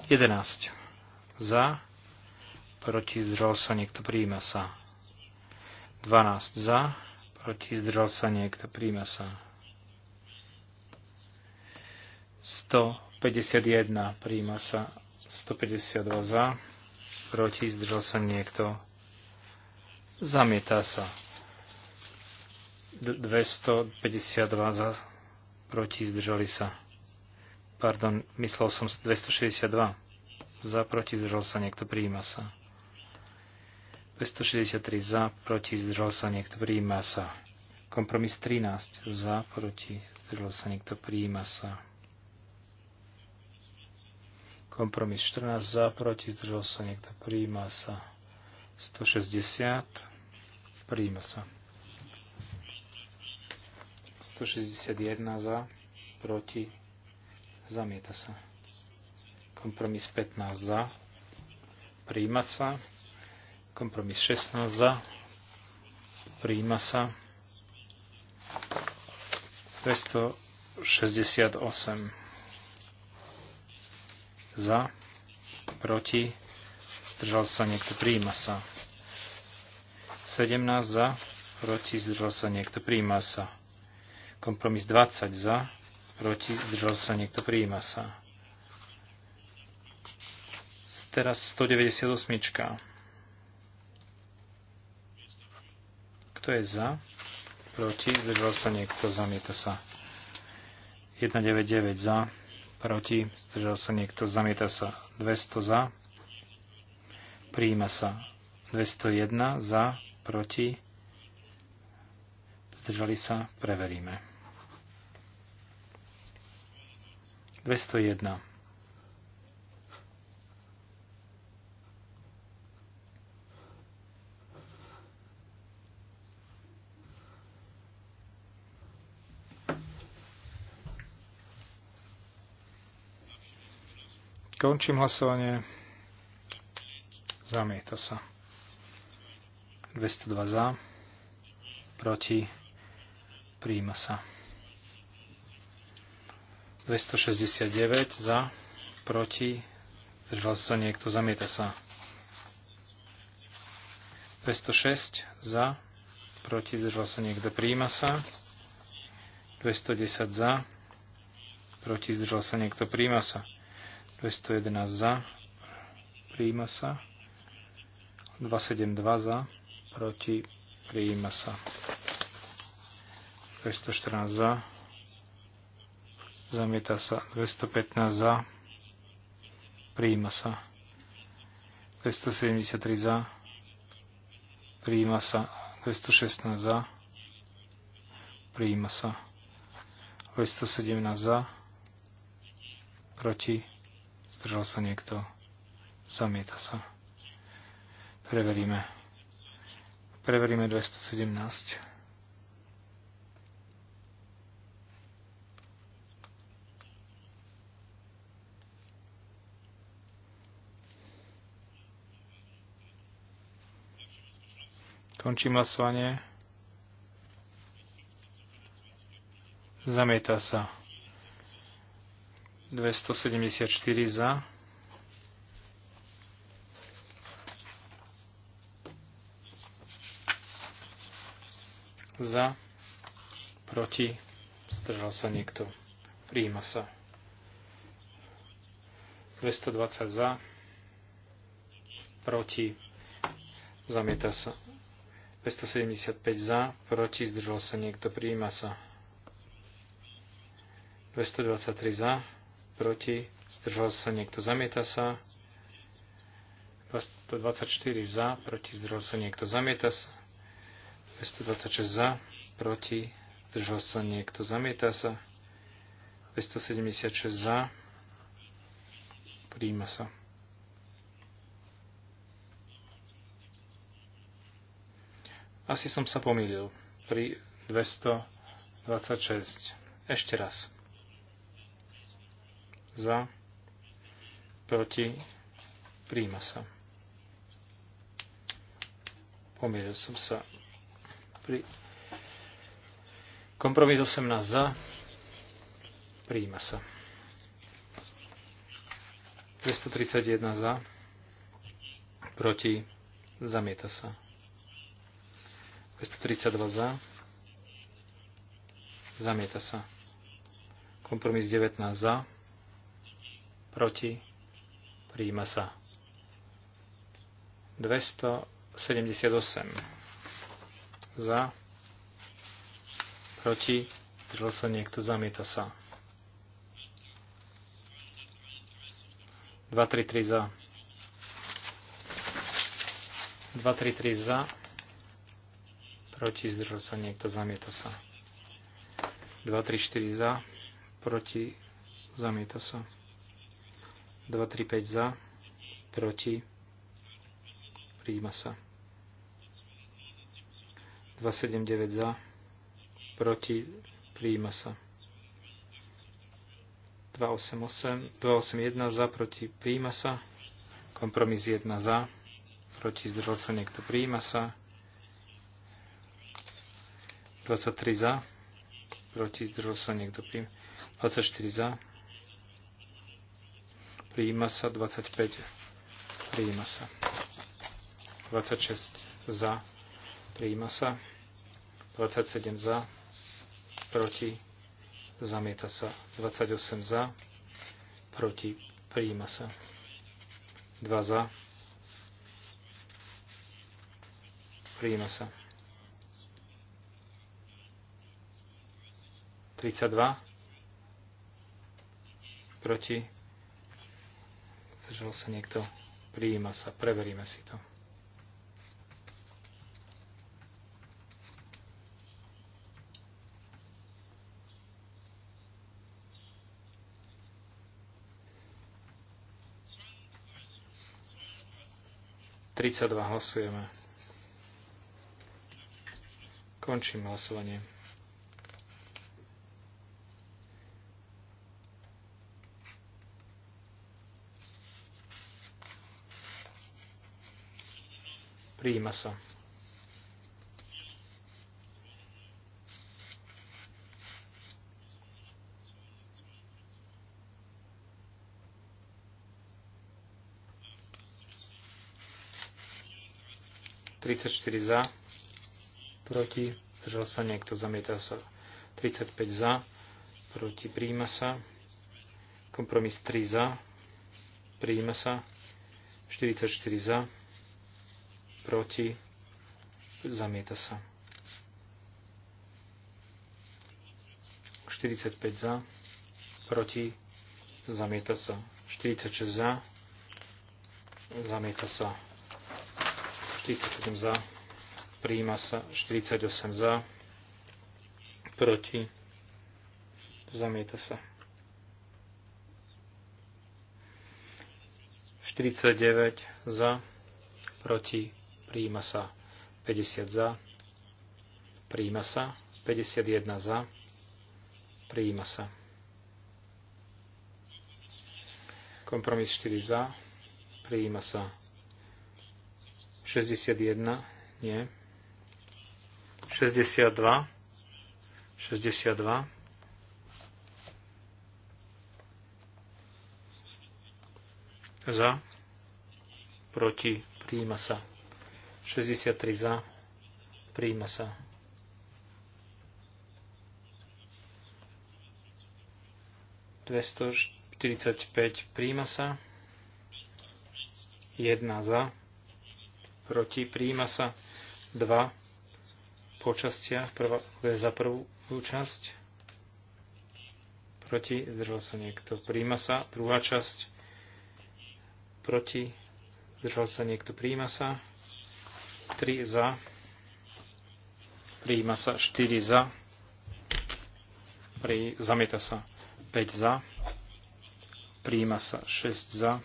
11. Za, proti, zdržal sa, niekto prijíma sa. 12. Za, Proti zdržal sa niekto. Príjma sa. 151. Príjma sa. 152 za. Proti zdržal sa niekto. Zamietá sa. 252 za. Proti zdržali sa. Pardon, myslel som 262. Za proti zdržal sa niekto. Príjma sa. 263 za, proti, zdržal sa niekto, prijíma sa. Kompromis 13 za, proti, zdržal sa niekto, prijíma sa. Kompromis 14 za, proti, zdržal sa niekto, prijíma sa. 160, prijíma sa. 161 za, proti, zamieta sa. Kompromis 15 za, prijíma sa. Kompromis 16 za. Príjima sa. 268 za. Proti. Zdržal sa niekto. Príjima sa. 17 za. Proti. Zdržal sa niekto. Príjima sa. Kompromis 20 za. Proti. Zdržal sa niekto. Príjima sa teraz 198. Kto je za? Proti? Zdržal sa niekto? Zamieta sa. 199 za. Proti? Zdržal sa niekto? Zamieta sa. 200 za. Príjima sa. 201 za. Proti? Zdržali sa. Preveríme. 201. Končím hlasovanie. Zamieta sa. 202 za. Proti. Príjima sa. 269 za. Proti. Zdržal sa niekto. Zamieta sa. 206 za. Proti. Zdržal sa niekto. Príjima sa. 210 za. Proti. Zdržal sa niekto. Príjima sa. 211 za, prijíma sa. 272 za, proti, prijíma sa. 214 za, zamieta sa. 215 za, prijíma sa. 273 za, prijíma sa. 216 za, prijíma sa. 217 za, proti, Zdržal sa niekto? Zamieta sa. Preveríme. Preveríme 217. Končím hlasovanie. Zamieta sa. 274 za. Za. Proti. Zdržal sa niekto. Príjima sa. 220 za. Proti. Zamieta sa. 275 za. Proti. Zdržal sa niekto. Príjima sa. 223 za proti, zdržal sa niekto, zamieta sa. 124 za, proti, zdržal sa niekto, zamieta sa. 226 za, proti, zdržal sa niekto, zamieta sa. 276 za, príjma sa. Asi som sa pomýlil pri 226. Ešte raz za, proti, príjma sa. Pomieril som sa. Pri... Kompromis 18 za, príjma sa. 231 za, proti, zamieta sa. 232 za. Zamieta sa. Kompromis 19 za proti, príjima sa. 278 za, proti, zdržal sa niekto, zamieta sa. 233 za. 233 za, proti, zdržal sa niekto, zamieta sa. 234 za, proti, zamieta sa. 2, 3, 5 za, proti, príjma sa. 9 za, proti, príjma sa. 288, 1 za, proti, príjma sa. Kompromis 1 za, proti, zdržal sa niekto, príjma sa. 23 za, proti, zdržal sa niekto, príjima. 24 za, Príjima sa 25. Príjima sa. 26 za. Príjima sa. 27 za. Proti. Zamieta sa. 28 za. Proti. Príjima sa. 2 za. Príjima sa. 32 proti Zdržal sa niekto? Prijíma sa. Preveríme si to. Tridsaťdva hlasujeme. Končím hlasovanie. Prijíma sa. Tridsaťštyri za, proti, zdržal sa niekto, zamieta sa. päť za, proti, príjma sa. Kompromis tri za, príjma sa. čtyri za, proti, zamieta sa. 45 za, proti, zamieta sa. 46 za, zamieta sa. 47 za, prijíma sa. 48 za, proti, zamieta sa. 49 za, proti, Príjima sa 50 za. Príjima sa 51 za. Príjima sa. Kompromis 4 za. Príjima sa 61. Nie. 62. 62. Za. Proti. príjima sa 63 za. Príjma sa. 245 sa. 1 za. Proti Príjma sa. 2 počastia. Prvá je za prvú časť. Proti zdržal sa niekto. Príjma sa. Druhá časť. Proti zdržal sa niekto. Príjma sa. 3 za. Prijíma sa 4 za. Pri, zamieta sa 5 za. Prijíma sa 6 za.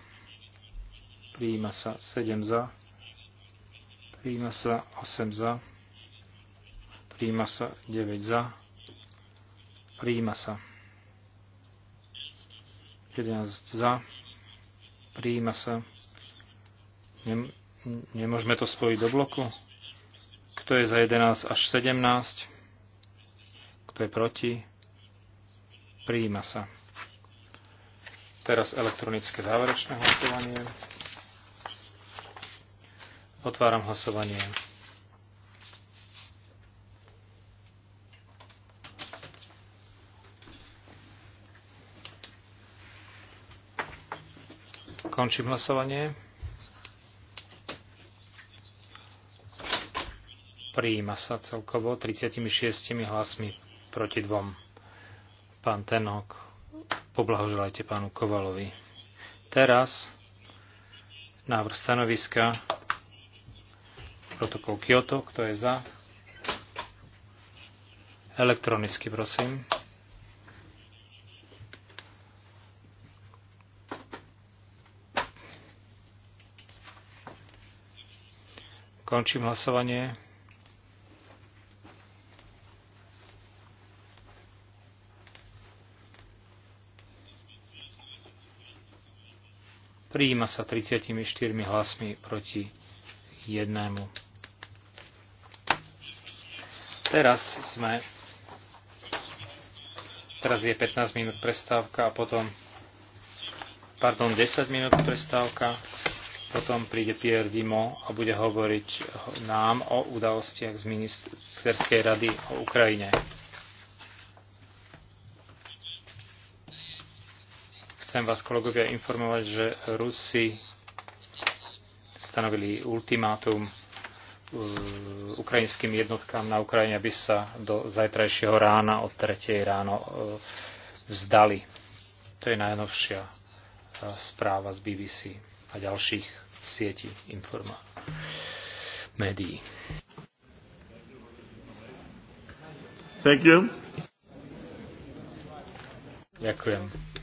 Prijíma sa 7 za. Prijíma sa 8 za. Prijíma sa 9 za. Prijíma sa 11 za. Prijíma sa. Nem- Nemôžeme to spojiť do bloku? Kto je za 11 až 17? Kto je proti? Prijíma sa. Teraz elektronické záverečné hlasovanie. Otváram hlasovanie. Končím hlasovanie. Prijíma sa celkovo 36 hlasmi proti dvom. Pán Tenok, poblahoželajte pánu Kovalovi. Teraz návrh stanoviska protokol Kyoto, kto je za. Elektronicky, prosím. Končím hlasovanie. Prijíma sa 34 hlasmi proti jednému. Teraz sme teraz je 15 minút prestávka a potom pardon, 10 minút prestávka potom príde Pierre Dimo a bude hovoriť nám o udalostiach z ministerskej rady o Ukrajine. Chcem vás, kolegovia, informovať, že Rusi stanovili ultimátum uh, ukrajinským jednotkám na Ukrajine, aby sa do zajtrajšieho rána od 3. ráno uh, vzdali. To je najnovšia uh, správa z BBC a ďalších sietí informa médií. Thank you. Ďakujem.